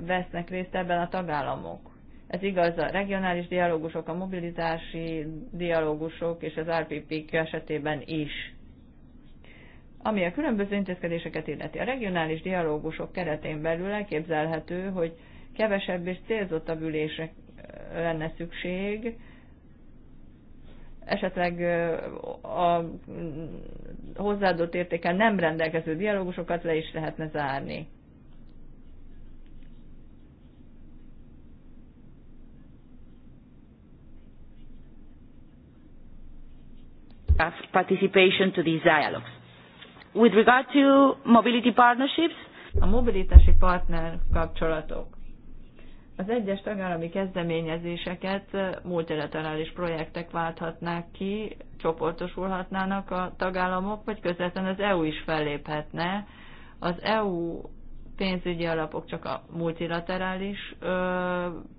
vesznek részt ebben a tagállamok. Ez igaz a regionális dialógusok, a mobilizási dialógusok és az RPP esetében is. Ami a különböző intézkedéseket illeti, a regionális dialógusok keretén belül elképzelhető, hogy kevesebb és célzottabb ülésre lenne szükség, esetleg a hozzáadott értéken nem rendelkező dialógusokat le is lehetne zárni. participation to these dialogues. With regard to mobility partnerships, a mobilitási partner kapcsolatok. Az egyes tagállami kezdeményezéseket multilaterális projektek válthatnák ki, csoportosulhatnának a tagállamok, vagy közvetlenül az EU is felléphetne. Az EU pénzügyi alapok csak a multilaterális ö,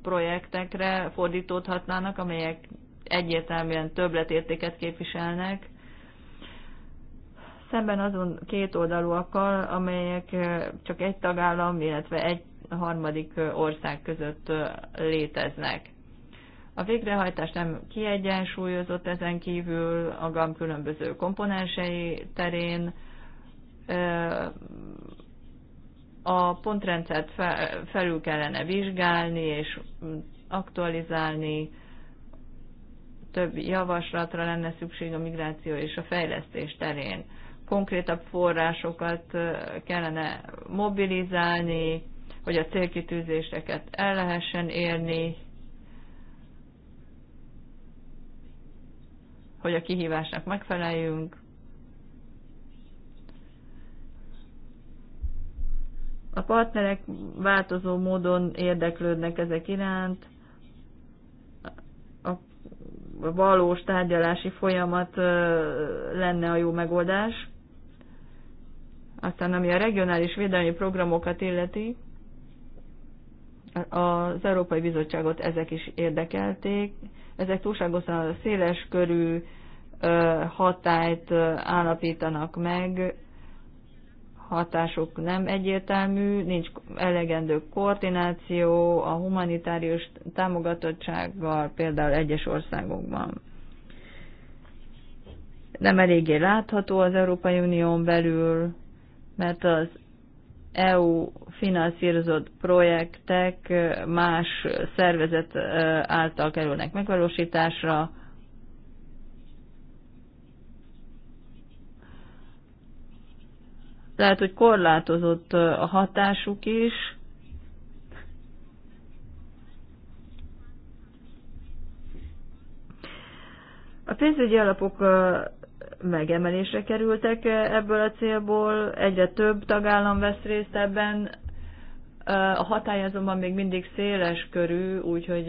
projektekre fordítódhatnának, amelyek egyértelműen többletértéket képviselnek, szemben azon két oldalúakkal, amelyek csak egy tagállam, illetve egy harmadik ország között léteznek. A végrehajtás nem kiegyensúlyozott ezen kívül a GAM különböző komponensei terén. A pontrendszert felül kellene vizsgálni és aktualizálni, több javaslatra lenne szükség a migráció és a fejlesztés terén. Konkrétabb forrásokat kellene mobilizálni, hogy a célkitűzéseket el lehessen érni, hogy a kihívásnak megfeleljünk. A partnerek változó módon érdeklődnek ezek iránt, valós tárgyalási folyamat lenne a jó megoldás. Aztán ami a regionális védelmi programokat illeti, az Európai Bizottságot ezek is érdekelték. Ezek túlságosan széles körű hatályt állapítanak meg, hatásuk nem egyértelmű, nincs elegendő koordináció a humanitárius támogatottsággal például egyes országokban. Nem eléggé látható az Európai Unión belül, mert az EU finanszírozott projektek más szervezet által kerülnek megvalósításra, tehát hogy korlátozott a hatásuk is. A pénzügyi alapok megemelésre kerültek ebből a célból, egyre több tagállam vesz részt ebben, a hatály azonban még mindig széles körű, úgyhogy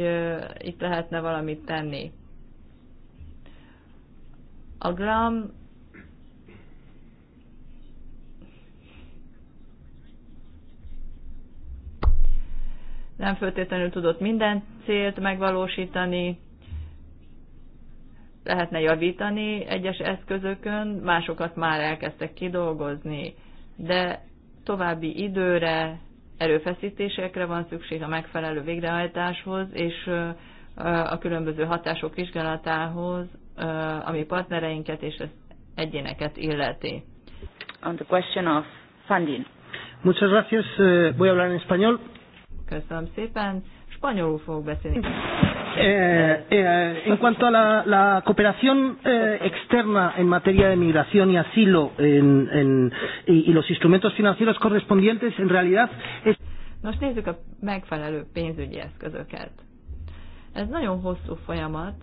itt lehetne valamit tenni. A gram nem föltétlenül tudott minden célt megvalósítani, lehetne javítani egyes eszközökön, másokat már elkezdtek kidolgozni, de további időre, erőfeszítésekre van szükség a megfelelő végrehajtáshoz, és a különböző hatások vizsgálatához, ami partnereinket és az egyéneket illeti. On the question of funding. Muchas gracias. Eh, voy a hablar en español. Köszönöm szépen. Spanyolul fogok beszélni. Eh, eh, en cuanto a la, la cooperación eh, externa en materia de migración y asilo en, en, y, y los instrumentos financieros correspondientes, en realidad es... Nos nézzük a megfelelő pénzügyi eszközöket. Ez nagyon hosszú folyamat,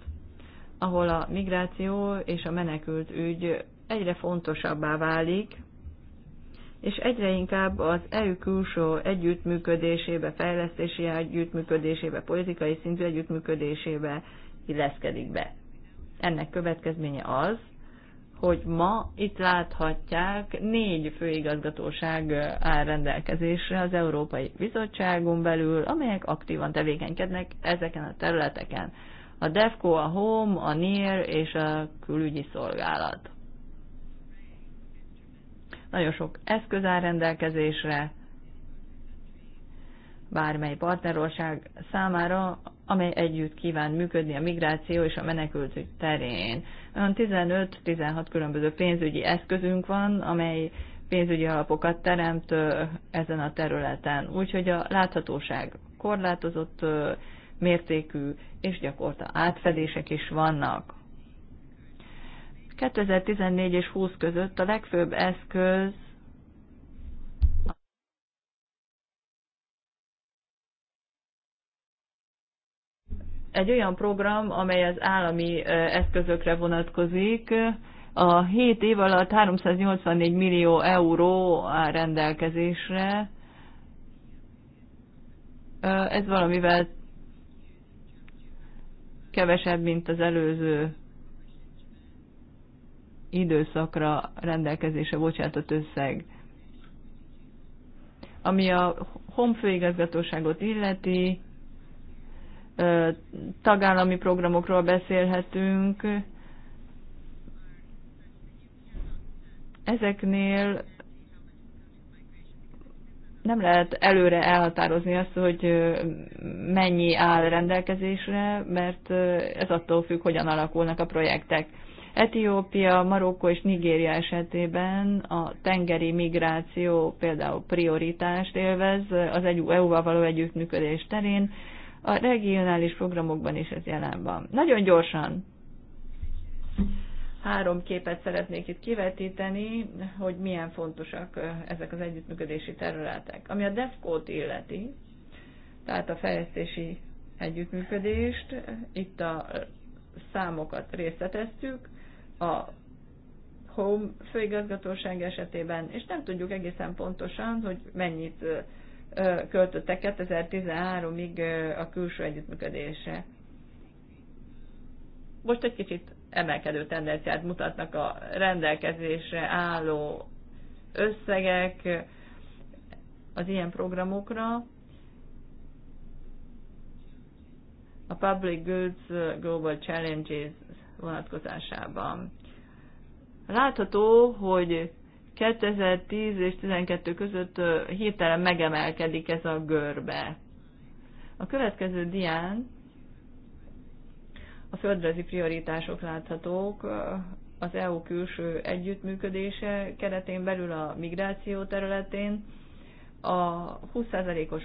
ahol a migráció és a menekült ügy egyre fontosabbá válik, és egyre inkább az EU külső együttműködésébe, fejlesztési együttműködésébe, politikai szintű együttműködésébe illeszkedik be. Ennek következménye az, hogy ma itt láthatják, négy főigazgatóság áll rendelkezésre az Európai Bizottságon belül, amelyek aktívan tevékenykednek ezeken a területeken. A DEFCO, a HOME, a NIR és a külügyi szolgálat. Nagyon sok eszköz áll rendelkezésre, bármely partnerország számára, amely együtt kíván működni a migráció és a menekültügy terén. Olyan 15-16 különböző pénzügyi eszközünk van, amely pénzügyi alapokat teremt ezen a területen. Úgyhogy a láthatóság korlátozott mértékű, és gyakorta átfedések is vannak. 2014 és 20 között a legfőbb eszköz egy olyan program, amely az állami eszközökre vonatkozik. A 7 év alatt 384 millió euró áll rendelkezésre. Ez valamivel kevesebb, mint az előző időszakra rendelkezése bocsátott összeg. Ami a honfőigazgatóságot illeti, tagállami programokról beszélhetünk. Ezeknél nem lehet előre elhatározni azt, hogy mennyi áll rendelkezésre, mert ez attól függ, hogyan alakulnak a projektek. Etiópia, Marokkó és Nigéria esetében a tengeri migráció például prioritást élvez az EU-val való együttműködés terén, a regionális programokban is ez jelen van. Nagyon gyorsan három képet szeretnék itt kivetíteni, hogy milyen fontosak ezek az együttműködési területek. Ami a DEFCO-t illeti, tehát a fejlesztési együttműködést, itt a számokat részleteztük, a Home főigazgatóság esetében, és nem tudjuk egészen pontosan, hogy mennyit költöttek 2013-ig a külső együttműködése. Most egy kicsit emelkedő tendenciát mutatnak a rendelkezésre álló összegek az ilyen programokra. A Public Goods Global Challenges vonatkozásában. Látható, hogy 2010 és 12 között hirtelen megemelkedik ez a görbe. A következő dián a földrajzi prioritások láthatók, az EU külső együttműködése keretén belül a migráció területén, a 20%-os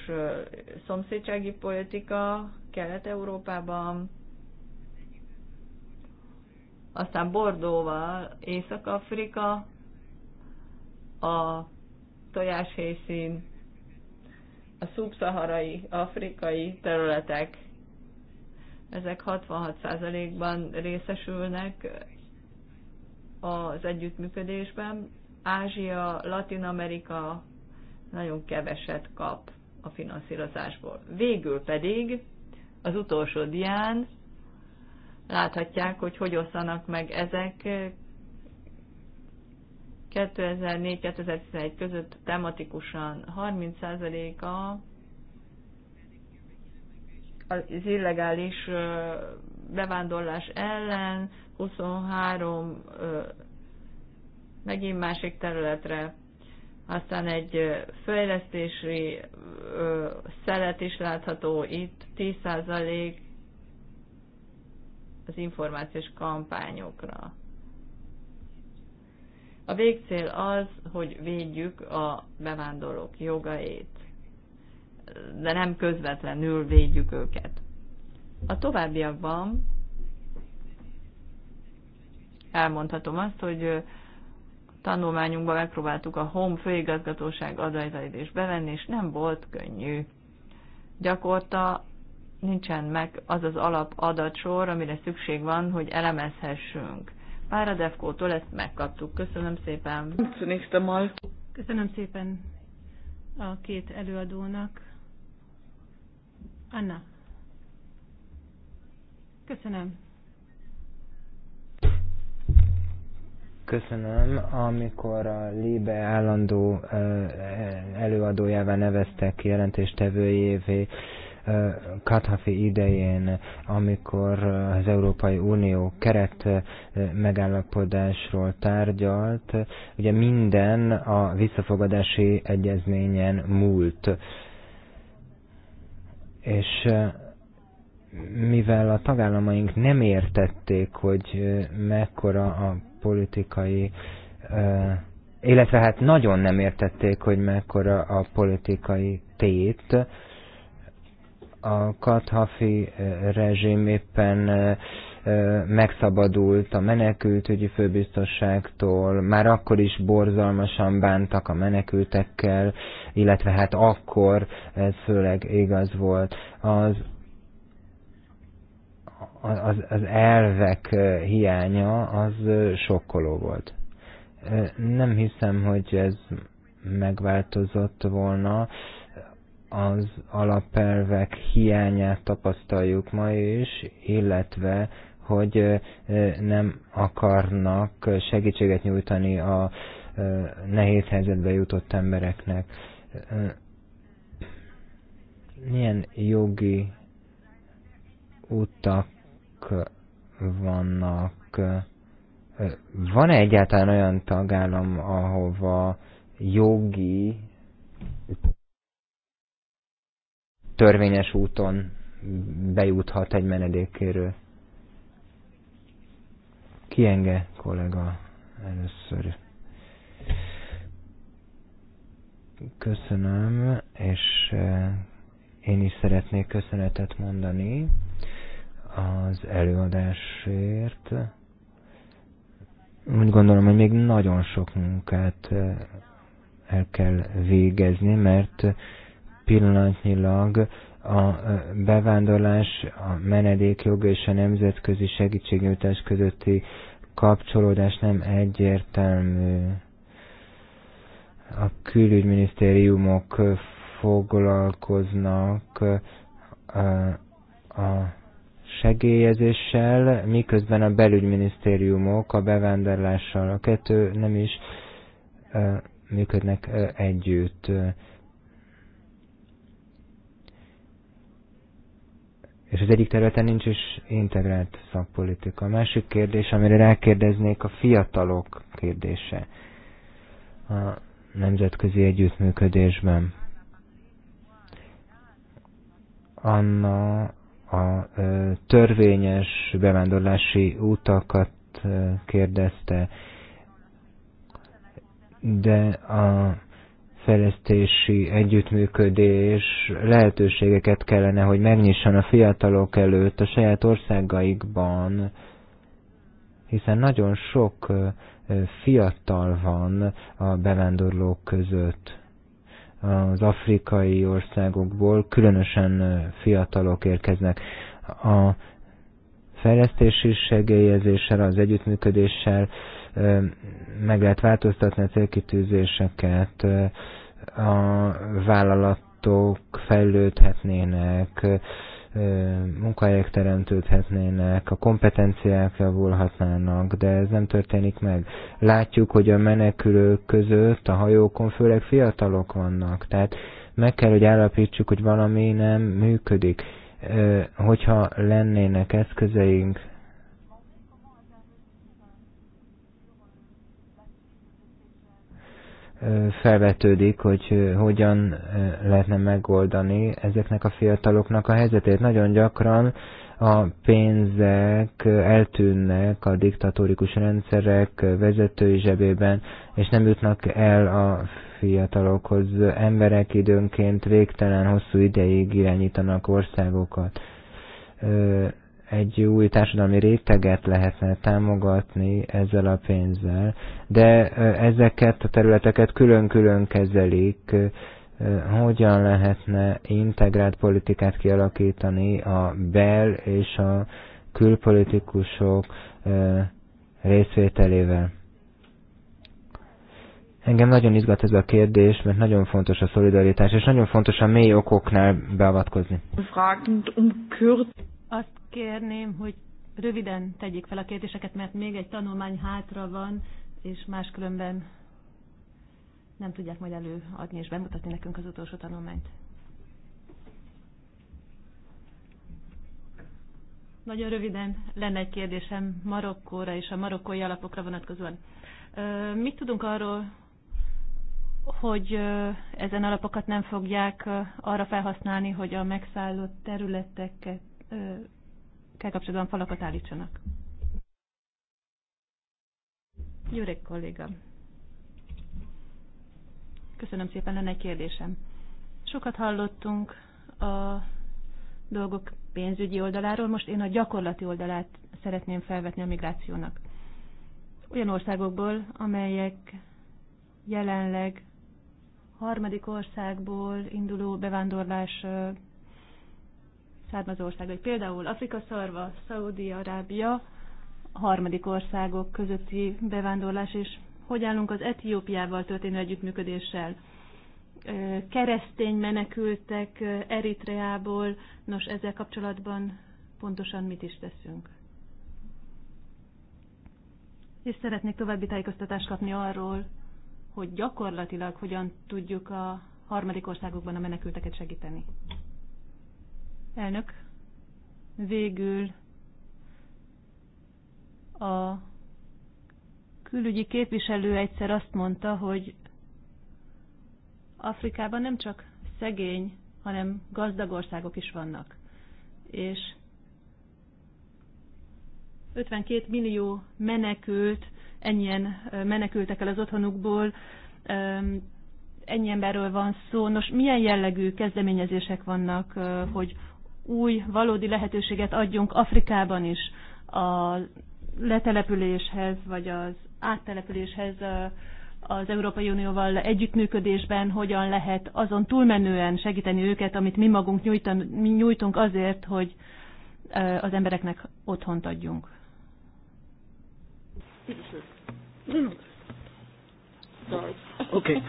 szomszédsági politika Kelet-Európában, aztán Bordóval Észak-Afrika, a tojáshészín, a szubszaharai afrikai területek, ezek 66%-ban részesülnek az együttműködésben. Ázsia, Latin Amerika nagyon keveset kap a finanszírozásból. Végül pedig az utolsó dián láthatják, hogy hogy oszlanak meg ezek 2004-2011 között tematikusan 30%-a az illegális bevándorlás ellen, 23 megint másik területre, aztán egy fejlesztési szelet is látható itt, 10% az információs kampányokra. A végcél az, hogy védjük a bevándorlók jogait, de nem közvetlenül védjük őket. A továbbiakban elmondhatom azt, hogy tanulmányunkban megpróbáltuk a HOME főigazgatóság adatait is bevenni, és nem volt könnyű. Gyakorta nincsen meg az az alapadatsor, amire szükség van, hogy elemezhessünk. Defkótól ezt megkaptuk. Köszönöm szépen. Köszönöm szépen a két előadónak. Anna. Köszönöm. Köszönöm. Amikor a Libe állandó előadójává neveztek jelentéstevőjévé, Kadhafi idején, amikor az Európai Unió keret megállapodásról tárgyalt, ugye minden a visszafogadási egyezményen múlt. És mivel a tagállamaink nem értették, hogy mekkora a politikai illetve hát nagyon nem értették, hogy mekkora a politikai tét, a Kadhafi eh, rezsim éppen eh, eh, megszabadult a menekültügyi főbiztosságtól, már akkor is borzalmasan bántak a menekültekkel, illetve hát akkor ez főleg igaz volt. Az az, az elvek hiánya az sokkoló volt. Nem hiszem, hogy ez megváltozott volna az alapelvek hiányát tapasztaljuk ma is, illetve hogy nem akarnak segítséget nyújtani a nehéz helyzetbe jutott embereknek. Milyen jogi utak vannak? Van-e egyáltalán olyan tagállam, ahova jogi törvényes úton bejuthat egy menedékkérő. Kienge kollega először. Köszönöm, és eh, én is szeretnék köszönetet mondani az előadásért. Úgy gondolom, hogy még nagyon sok munkát eh, el kell végezni, mert Pillanatnyilag a bevándorlás, a menedékjog és a nemzetközi segítségnyújtás közötti kapcsolódás nem egyértelmű. A külügyminisztériumok foglalkoznak a segélyezéssel, miközben a belügyminisztériumok a bevándorlással. A kettő nem is működnek együtt. és az egyik területen nincs is integrált szakpolitika. A másik kérdés, amire rákérdeznék, a fiatalok kérdése a nemzetközi együttműködésben. Anna a ö, törvényes bevándorlási útakat ö, kérdezte, de a fejlesztési együttműködés lehetőségeket kellene, hogy megnyisson a fiatalok előtt a saját országaikban, hiszen nagyon sok fiatal van a bevándorlók között az afrikai országokból, különösen fiatalok érkeznek. A fejlesztési segélyezéssel, az együttműködéssel meg lehet változtatni a célkitűzéseket, a vállalatok fejlődhetnének, munkahelyek teremtődhetnének, a kompetenciák javulhatnának, de ez nem történik meg. Látjuk, hogy a menekülők között a hajókon főleg fiatalok vannak, tehát meg kell, hogy állapítsuk, hogy valami nem működik. Hogyha lennének eszközeink felvetődik, hogy hogyan lehetne megoldani ezeknek a fiataloknak a helyzetét. Nagyon gyakran a pénzek eltűnnek a diktatórikus rendszerek vezetői zsebében, és nem jutnak el a fiatalokhoz. Emberek időnként végtelen hosszú ideig irányítanak országokat egy új társadalmi réteget lehetne támogatni ezzel a pénzzel, de ezeket a területeket külön-külön kezelik, hogyan lehetne integrált politikát kialakítani a bel és a külpolitikusok részvételével. Engem nagyon izgat ez a kérdés, mert nagyon fontos a szolidaritás, és nagyon fontos a mély okoknál beavatkozni. Um Azt kérném, hogy röviden tegyék fel a kérdéseket, mert még egy tanulmány hátra van, és máskülönben nem tudják majd előadni és bemutatni nekünk az utolsó tanulmányt. Nagyon röviden lenne egy kérdésem Marokkóra és a marokkói alapokra vonatkozóan. Mit tudunk arról, hogy ezen alapokat nem fogják arra felhasználni, hogy a megszállott területeket kapcsolatban falakat állítsanak. Gyurek kolléga. Köszönöm szépen, lenne egy kérdésem. Sokat hallottunk a dolgok pénzügyi oldaláról, most én a gyakorlati oldalát szeretném felvetni a migrációnak. Olyan országokból, amelyek jelenleg harmadik országból induló bevándorlás származó országok, például Afrika szarva, Szaudi-Arábia, harmadik országok közötti bevándorlás, és hogy állunk az Etiópiával történő együttműködéssel. Keresztény menekültek Eritreából, nos ezzel kapcsolatban pontosan mit is teszünk. És szeretnék további tájékoztatást kapni arról, hogy gyakorlatilag hogyan tudjuk a harmadik országokban a menekülteket segíteni. Elnök, végül a külügyi képviselő egyszer azt mondta, hogy Afrikában nem csak szegény, hanem gazdag országok is vannak. És 52 millió menekült, ennyien menekültek el az otthonukból, ennyi emberről van szó. Nos, milyen jellegű kezdeményezések vannak, hogy új, valódi lehetőséget adjunk Afrikában is a letelepüléshez, vagy az áttelepüléshez az Európai Unióval együttműködésben hogyan lehet azon túlmenően segíteni őket, amit mi magunk nyújtunk azért, hogy az embereknek otthont adjunk. Okay.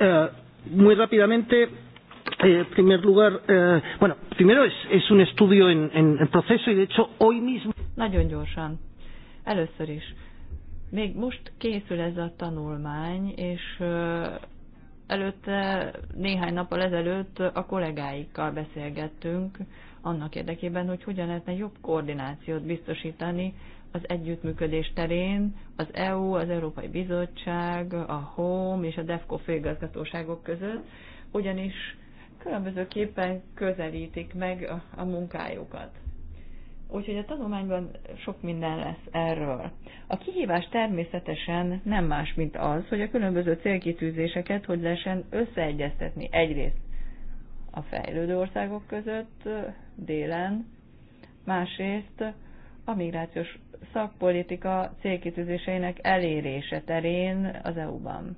Uh, muy rápidamente, En eh, primer lugar, eh, bueno, primero es, es un estudio en, en, en proceso y de hecho hoy mismo. Nagyon gyorsan. Először is. Még most készül ez a tanulmány, és uh, előtte néhány nappal ezelőtt a kollégáikkal beszélgettünk annak érdekében, hogy hogyan lehetne jobb koordinációt biztosítani az együttműködés terén az EU, az Európai Bizottság, a HOME és a DEFCO főigazgatóságok között, ugyanis különbözőképpen közelítik meg a munkájukat. Úgyhogy a tanulmányban sok minden lesz erről. A kihívás természetesen nem más, mint az, hogy a különböző célkitűzéseket hogy lehessen összeegyeztetni egyrészt a fejlődő országok között délen, másrészt a migrációs szakpolitika célkitűzéseinek elérése terén az EU-ban.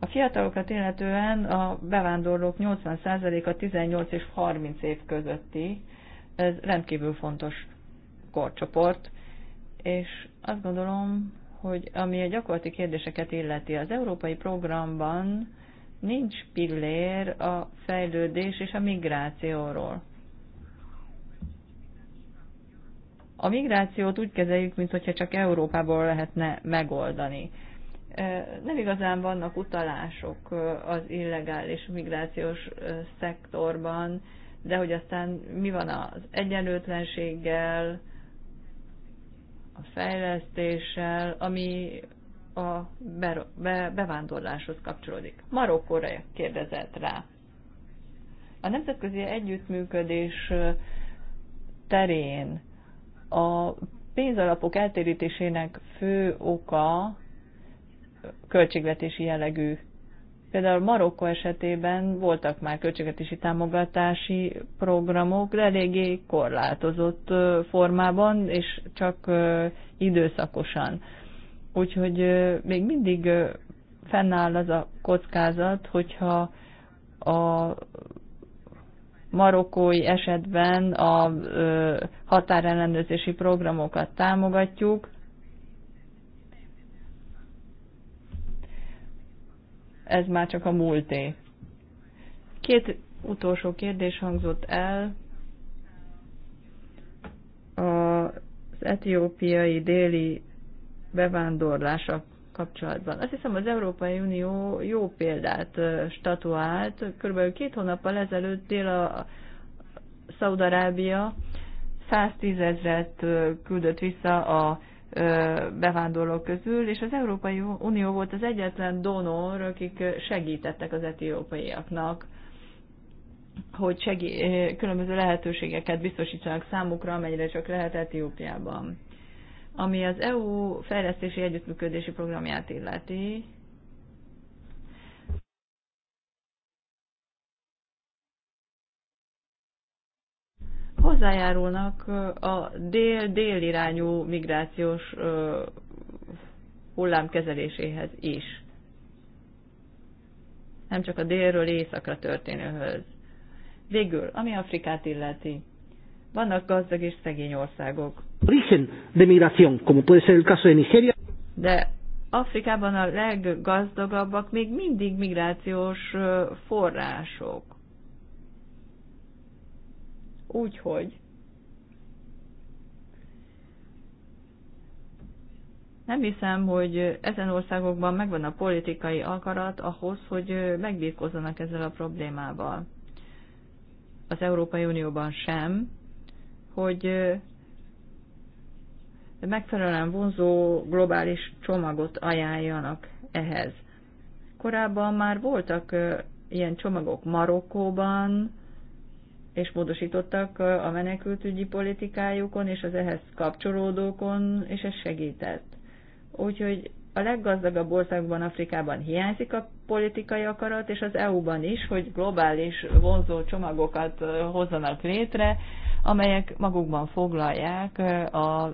A fiatalokat illetően a bevándorlók 80%-a 18 és 30 év közötti, ez rendkívül fontos korcsoport, és azt gondolom, hogy ami a gyakorlati kérdéseket illeti, az európai programban nincs pillér a fejlődés és a migrációról. A migrációt úgy kezeljük, mintha csak Európából lehetne megoldani nem igazán vannak utalások az illegális migrációs szektorban, de hogy aztán mi van az egyenlőtlenséggel, a fejlesztéssel, ami a bevándorláshoz kapcsolódik. Marokkóra kérdezett rá. A nemzetközi együttműködés terén a pénzalapok eltérítésének fő oka költségvetési jellegű. Például Marokko esetében voltak már költségvetési támogatási programok, de eléggé korlátozott formában, és csak időszakosan. Úgyhogy még mindig fennáll az a kockázat, hogyha a marokkói esetben a határellenőrzési programokat támogatjuk, ez már csak a múlté. Két utolsó kérdés hangzott el. Az etiópiai déli bevándorlása kapcsolatban. Azt hiszem az Európai Unió jó példát statuált. Körülbelül két hónappal ezelőtt dél a Szaudarábia 110 ezret küldött vissza a bevándorlók közül, és az Európai Unió volt az egyetlen donor, akik segítettek az etiópaiaknak, hogy segí- különböző lehetőségeket biztosítsanak számukra, amennyire csak lehet Etiópiában. Ami az EU fejlesztési együttműködési programját illeti, hozzájárulnak a dél-dél irányú migrációs hullám kezeléséhez is. Nem csak a délről északra történőhöz. Végül, ami Afrikát illeti. Vannak gazdag és szegény országok. Origen de migración, como puede ser el caso de Nigeria. De Afrikában a leggazdagabbak még mindig migrációs források Úgyhogy nem hiszem, hogy ezen országokban megvan a politikai akarat ahhoz, hogy megbírkozzanak ezzel a problémával. Az Európai Unióban sem, hogy megfelelően vonzó globális csomagot ajánljanak ehhez. Korábban már voltak ilyen csomagok Marokkóban, és módosítottak a menekültügyi politikájukon és az ehhez kapcsolódókon, és ez segített. Úgyhogy a leggazdagabb országban, Afrikában hiányzik a politikai akarat, és az EU-ban is, hogy globális vonzó csomagokat hozzanak létre, amelyek magukban foglalják a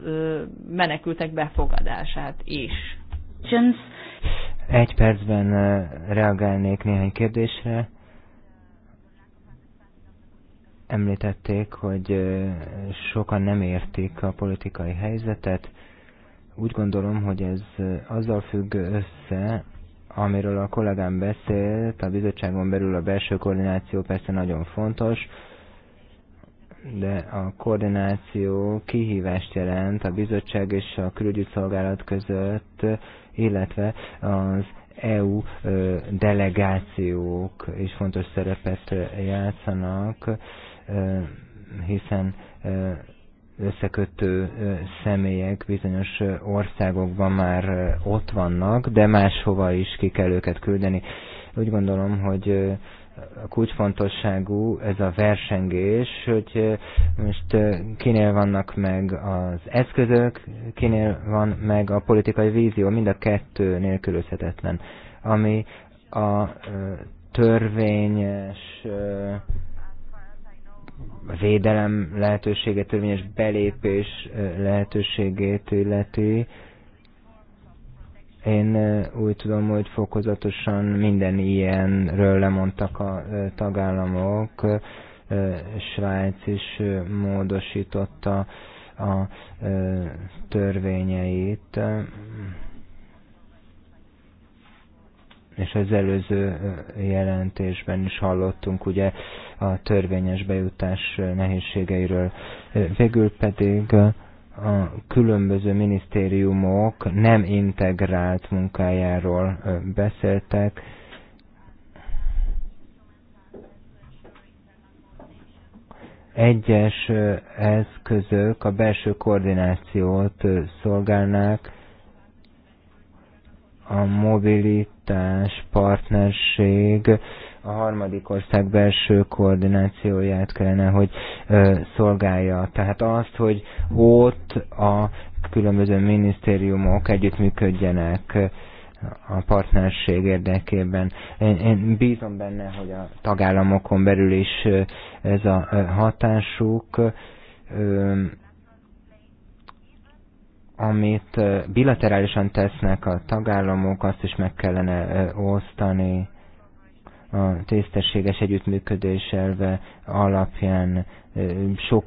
menekültek befogadását is. Egy percben reagálnék néhány kérdésre. Említették, hogy sokan nem értik a politikai helyzetet. Úgy gondolom, hogy ez azzal függ össze, amiről a kollégám beszélt, a bizottságon belül a belső koordináció persze nagyon fontos, de a koordináció kihívást jelent a bizottság és a szolgálat között, illetve az EU delegációk is fontos szerepet játszanak hiszen összekötő személyek bizonyos országokban már ott vannak, de máshova is ki kell őket küldeni. Úgy gondolom, hogy kulcsfontosságú ez a versengés, hogy most kinél vannak meg az eszközök, kinél van meg a politikai vízió, mind a kettő nélkülözhetetlen, ami a törvényes védelem lehetőséget, törvényes belépés lehetőségét illeti, én úgy tudom, hogy fokozatosan minden ilyenről lemondtak a tagállamok. Svájc is módosította a törvényeit és az előző jelentésben is hallottunk ugye a törvényes bejutás nehézségeiről. Végül pedig a különböző minisztériumok nem integrált munkájáról beszéltek, egyes eszközök a belső koordinációt szolgálnák, a mobilitás, partnerség, a harmadik ország belső koordinációját kellene, hogy ö, szolgálja. Tehát azt, hogy ott a különböző minisztériumok együttműködjenek a partnerség érdekében. Én, én bízom benne, hogy a tagállamokon belül is ez a hatásuk. Ö, amit bilaterálisan tesznek a tagállamok, azt is meg kellene osztani a tisztességes együttműködés elve alapján sok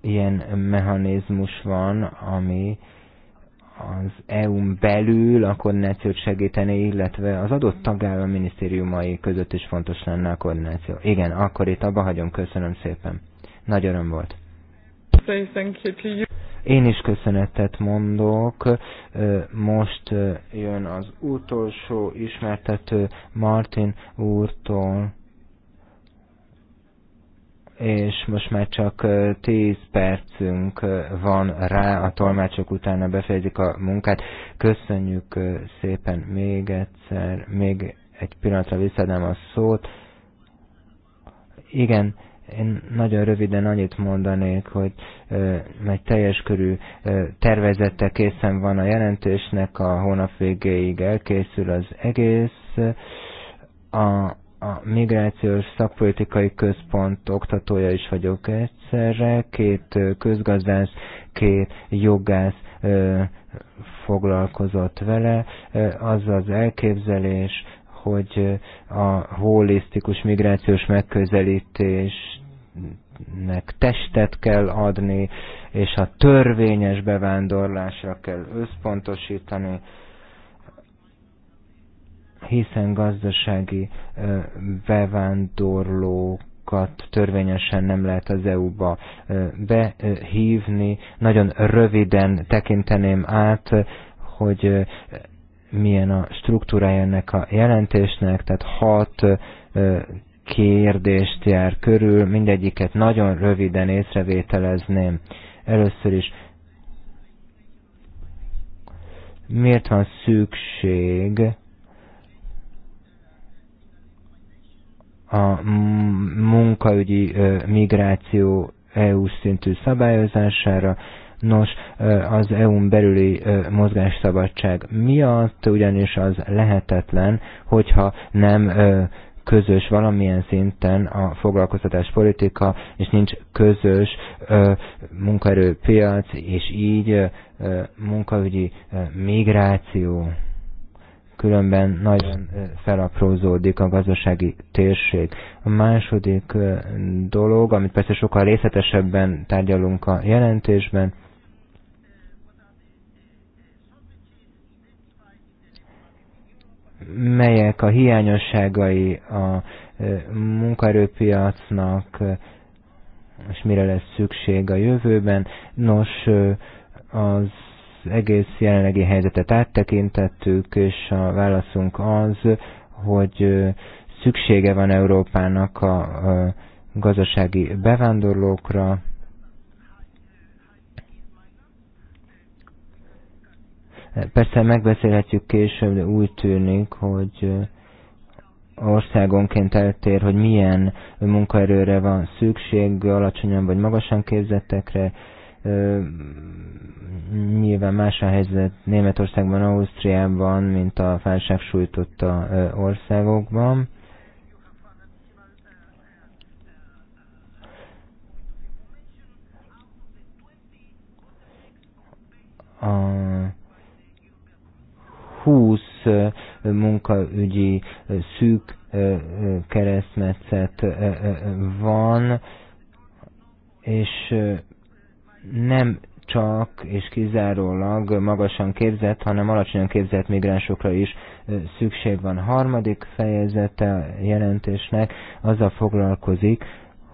ilyen mechanizmus van, ami az EU-n belül a koordinációt segíteni, illetve az adott tagállam minisztériumai között is fontos lenne a koordináció. Igen, akkor itt abba hagyom, köszönöm szépen. Nagy öröm volt say thank you to you. Én is köszönetet mondok. Most jön az utolsó ismertető Martin úrtól és most már csak 10 percünk van rá, a tolmácsok utána befejezik a munkát. Köszönjük szépen még egyszer, még egy pillanatra visszadám a szót. Igen, én nagyon röviden annyit mondanék, hogy egy teljes körű tervezette készen van a jelentésnek, a hónap végéig elkészül az egész. A, a Migrációs Szakpolitikai Központ oktatója is vagyok egyszerre, két közgazdász, két jogász foglalkozott vele. Az az elképzelés, hogy a holisztikus migrációs megközelítésnek testet kell adni, és a törvényes bevándorlásra kell összpontosítani, hiszen gazdasági bevándorlók törvényesen nem lehet az EU-ba behívni. Nagyon röviden tekinteném át, hogy milyen a struktúrája ennek a jelentésnek, tehát hat kérdést jár körül, mindegyiket nagyon röviden észrevételezném. Először is, miért van szükség a munkaügyi migráció EU szintű szabályozására, Nos, az EU-n belüli mozgásszabadság miatt ugyanis az lehetetlen, hogyha nem közös valamilyen szinten a foglalkoztatás politika, és nincs közös ö, munkaerőpiac, és így ö, munkaügyi ö, migráció. Különben nagyon felaprózódik a gazdasági térség. A második dolog, amit persze sokkal részletesebben tárgyalunk a jelentésben, melyek a hiányosságai a e, munkaerőpiacnak, e, és mire lesz szükség a jövőben. Nos, e, az egész jelenlegi helyzetet áttekintettük, és a válaszunk az, hogy szüksége van Európának a gazdasági bevándorlókra, Persze megbeszélhetjük később, de úgy tűnik, hogy országonként eltér, hogy milyen munkaerőre van szükség, alacsonyan vagy magasan képzettekre. Nyilván más a helyzet Németországban, Ausztriában, mint a felsőbb sújtotta országokban. 20 munkaügyi szűk keresztmetszet van, és nem csak és kizárólag magasan képzett, hanem alacsonyan képzett migránsokra is szükség van. Harmadik fejezete jelentésnek azzal foglalkozik,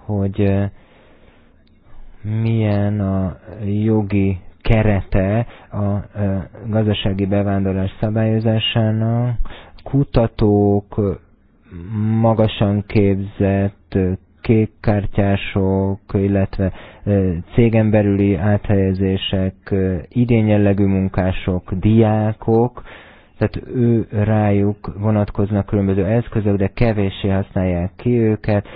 hogy milyen a jogi kerete a gazdasági bevándorlás szabályozásának, kutatók, magasan képzett kékkártyások, illetve cégen belüli áthelyezések, idényellegű munkások, diákok, tehát ő rájuk vonatkoznak különböző eszközök, de kevéssé használják ki őket,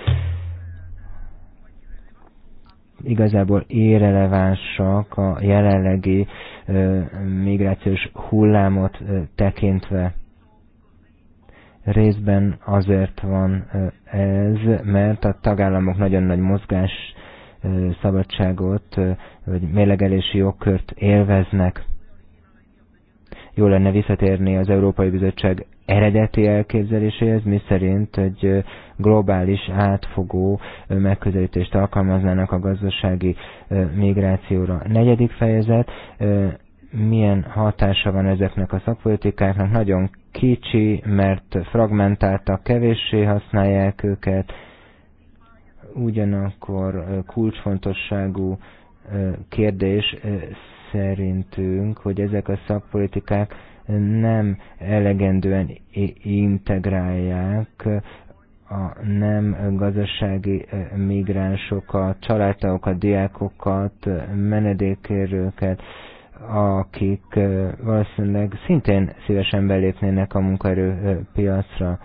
igazából irrelevánsak a jelenlegi migrációs hullámot tekintve. Részben azért van ez, mert a tagállamok nagyon nagy mozgás szabadságot, vagy mélegelési jogkört élveznek. Jó lenne visszatérni az Európai Bizottság eredeti elképzeléséhez, mi szerint egy globális átfogó megközelítést alkalmaznának a gazdasági migrációra. Negyedik fejezet, milyen hatása van ezeknek a szakpolitikáknak? Nagyon kicsi, mert fragmentáltak, kevéssé használják őket, ugyanakkor kulcsfontosságú kérdés szerintünk, hogy ezek a szakpolitikák nem elegendően integrálják a nem gazdasági eh, migránsokat, családtagokat, diákokat, menedékérőket, akik eh, valószínűleg szintén szívesen belépnének a munkaerőpiacra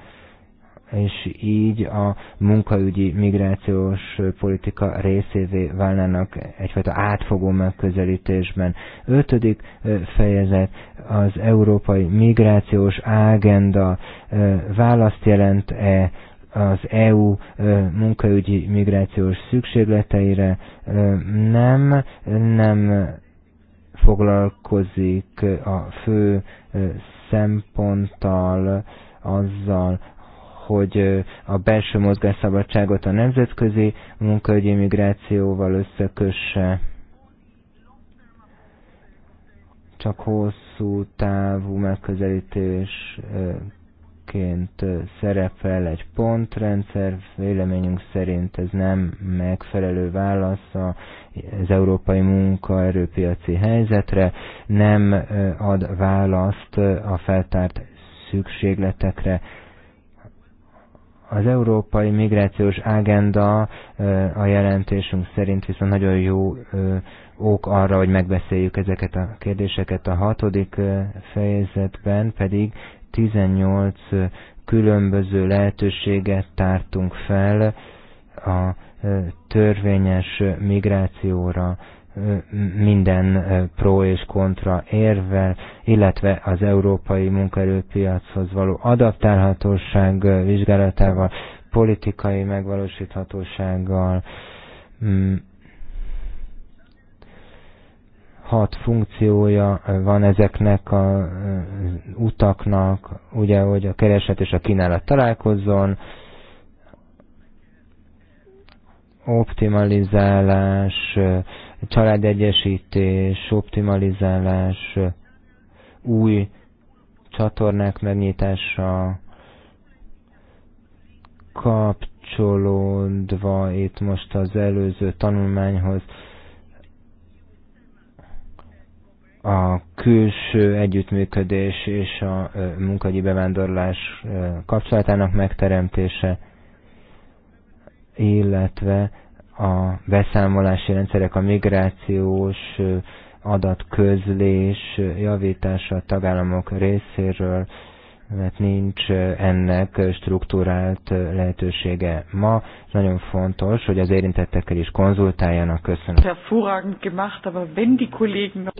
és így a munkaügyi migrációs politika részévé válnának egyfajta átfogó megközelítésben. Ötödik fejezet az európai migrációs ágenda választ jelent-e az EU munkaügyi migrációs szükségleteire nem, nem foglalkozik a fő szemponttal, azzal, hogy a belső mozgásszabadságot a nemzetközi munkaügyi migrációval összekösse. Csak hosszú távú megközelítésként szerepel egy pontrendszer. Véleményünk szerint ez nem megfelelő válasz az európai munkaerőpiaci helyzetre, nem ad választ a feltárt szükségletekre az európai migrációs ágenda a jelentésünk szerint viszont nagyon jó ok arra, hogy megbeszéljük ezeket a kérdéseket. A hatodik fejezetben pedig 18 különböző lehetőséget tártunk fel a törvényes migrációra minden pro és kontra érvel, illetve az európai munkaerőpiachoz való adaptálhatóság vizsgálatával, politikai megvalósíthatósággal, mm. hat funkciója van ezeknek a utaknak, ugye, hogy a kereset és a kínálat találkozzon, optimalizálás, családegyesítés, optimalizálás, új csatornák megnyitása, kapcsolódva itt most az előző tanulmányhoz, a külső együttműködés és a munkagyi bevándorlás kapcsolatának megteremtése, illetve a beszámolási rendszerek, a migrációs adatközlés javítása a tagállamok részéről, mert nincs ennek struktúrált lehetősége ma. Nagyon fontos, hogy az érintettekkel is konzultáljanak. Köszönöm.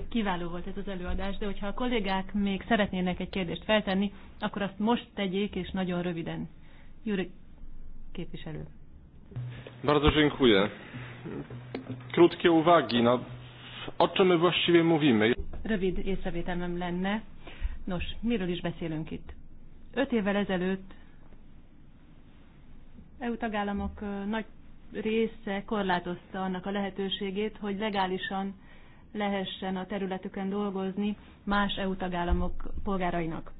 Kiváló volt ez az előadás, de hogyha a kollégák még szeretnének egy kérdést feltenni, akkor azt most tegyék, és nagyon röviden. Júri képviselő. Bardzo dziękuję. Krótkie uwagi. na o czym my właściwie mówimy? Rövid észrevételmem lenne. Nos, miről is beszélünk itt? Öt évvel ezelőtt EU tagállamok nagy része korlátozta annak a lehetőségét, hogy legálisan lehessen a területüken dolgozni más EU tagállamok polgárainak.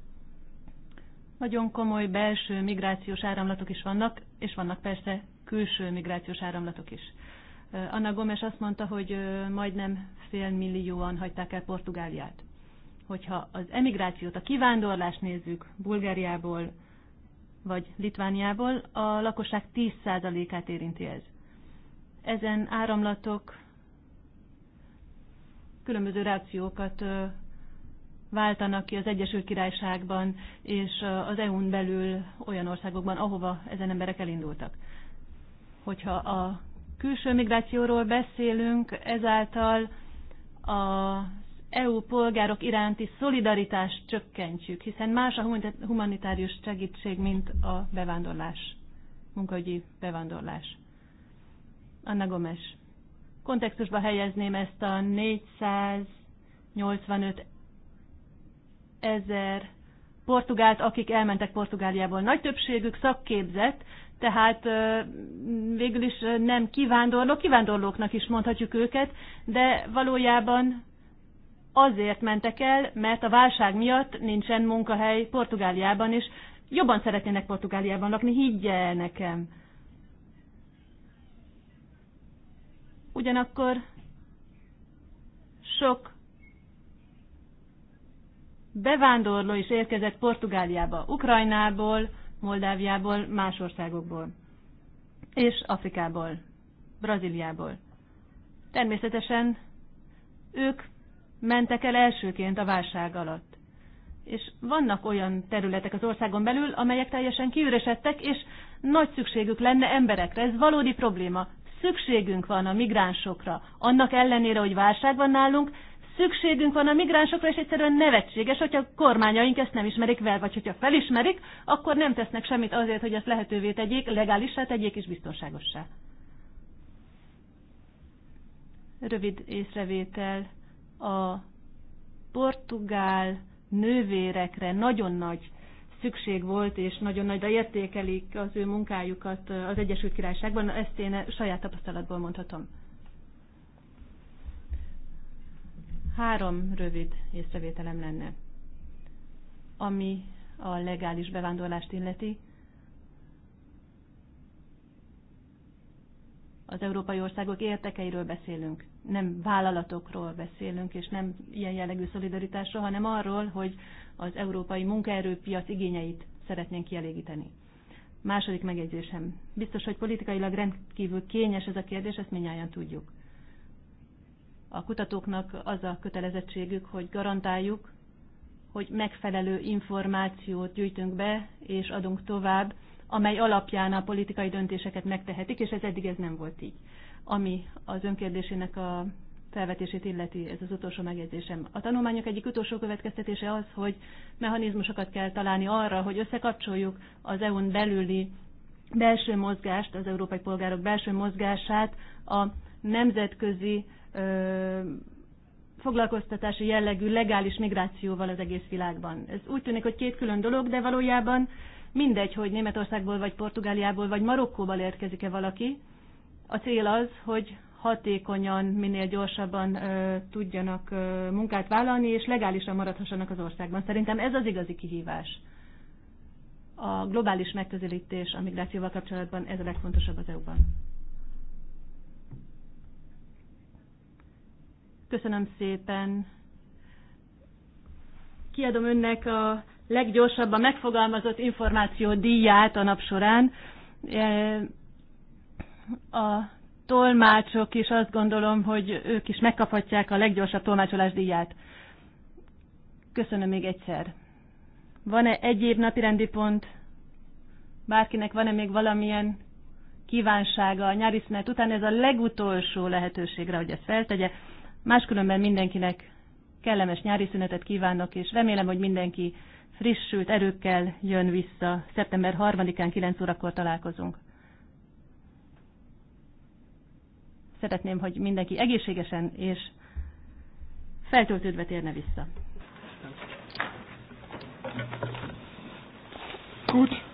Nagyon komoly belső migrációs áramlatok is vannak, és vannak persze külső migrációs áramlatok is. Anna Gomes azt mondta, hogy majdnem félmillióan hagyták el Portugáliát. Hogyha az emigrációt, a kivándorlást nézzük Bulgáriából vagy Litvániából, a lakosság 10%-át érinti ez. Ezen áramlatok különböző reakciókat váltanak ki az Egyesült Királyságban és az EU-n belül olyan országokban, ahova ezen emberek elindultak. Hogyha a külső migrációról beszélünk, ezáltal a EU polgárok iránti szolidaritást csökkentjük, hiszen más a humanitárius segítség, mint a bevándorlás, munkahogyi bevándorlás. Anna Gomes. Kontextusba helyezném ezt a 485 ezer portugált, akik elmentek Portugáliából. Nagy többségük szakképzett, tehát végül is nem kivándorlók, kivándorlóknak is mondhatjuk őket, de valójában azért mentek el, mert a válság miatt nincsen munkahely Portugáliában, és jobban szeretnének Portugáliában lakni, higgye el nekem. Ugyanakkor sok bevándorló is érkezett Portugáliába, Ukrajnából, Moldáviából, más országokból, és Afrikából, Brazíliából. Természetesen ők mentek el elsőként a válság alatt. És vannak olyan területek az országon belül, amelyek teljesen kiüresedtek, és nagy szükségük lenne emberekre. Ez valódi probléma. Szükségünk van a migránsokra. Annak ellenére, hogy válság van nálunk, szükségünk van a migránsokra, és egyszerűen nevetséges, hogyha a kormányaink ezt nem ismerik fel, vagy hogyha felismerik, akkor nem tesznek semmit azért, hogy ezt lehetővé tegyék, legálisra tegyék és biztonságossá. Rövid észrevétel a portugál nővérekre nagyon nagy szükség volt, és nagyon nagyra értékelik az ő munkájukat az Egyesült Királyságban. Ezt én saját tapasztalatból mondhatom. Három rövid észrevételem lenne. Ami a legális bevándorlást illeti, az európai országok értekeiről beszélünk, nem vállalatokról beszélünk, és nem ilyen jellegű szolidaritásról, hanem arról, hogy az európai munkaerőpiac igényeit szeretnénk kielégíteni. Második megjegyzésem. Biztos, hogy politikailag rendkívül kényes ez a kérdés, ezt minnyáján tudjuk. A kutatóknak az a kötelezettségük, hogy garantáljuk, hogy megfelelő információt gyűjtünk be és adunk tovább, amely alapján a politikai döntéseket megtehetik, és ez eddig ez nem volt így. Ami az önkérdésének a felvetését illeti, ez az utolsó megjegyzésem. A tanulmányok egyik utolsó következtetése az, hogy mechanizmusokat kell találni arra, hogy összekapcsoljuk az EU-n belüli belső mozgást, az európai polgárok belső mozgását a nemzetközi foglalkoztatási jellegű legális migrációval az egész világban. Ez úgy tűnik, hogy két külön dolog, de valójában mindegy, hogy Németországból, vagy Portugáliából, vagy Marokkóból érkezik-e valaki. A cél az, hogy hatékonyan, minél gyorsabban ö, tudjanak ö, munkát vállalni, és legálisan maradhassanak az országban. Szerintem ez az igazi kihívás. A globális megközelítés a migrációval kapcsolatban ez a legfontosabb az EU-ban. Köszönöm szépen. Kiadom önnek a leggyorsabban megfogalmazott információ díját a nap során. E, a tolmácsok is azt gondolom, hogy ők is megkaphatják a leggyorsabb tolmácsolás díját. Köszönöm még egyszer. Van-e egyéb napirendi pont? Bárkinek van-e még valamilyen kívánsága a nyári szünet után? Ez a legutolsó lehetőségre, hogy ezt feltegye. Máskülönben mindenkinek kellemes nyári szünetet kívánok, és remélem, hogy mindenki frissült erőkkel jön vissza. Szeptember 3-án 9 órakor találkozunk. Szeretném, hogy mindenki egészségesen és feltöltődve térne vissza. Gut.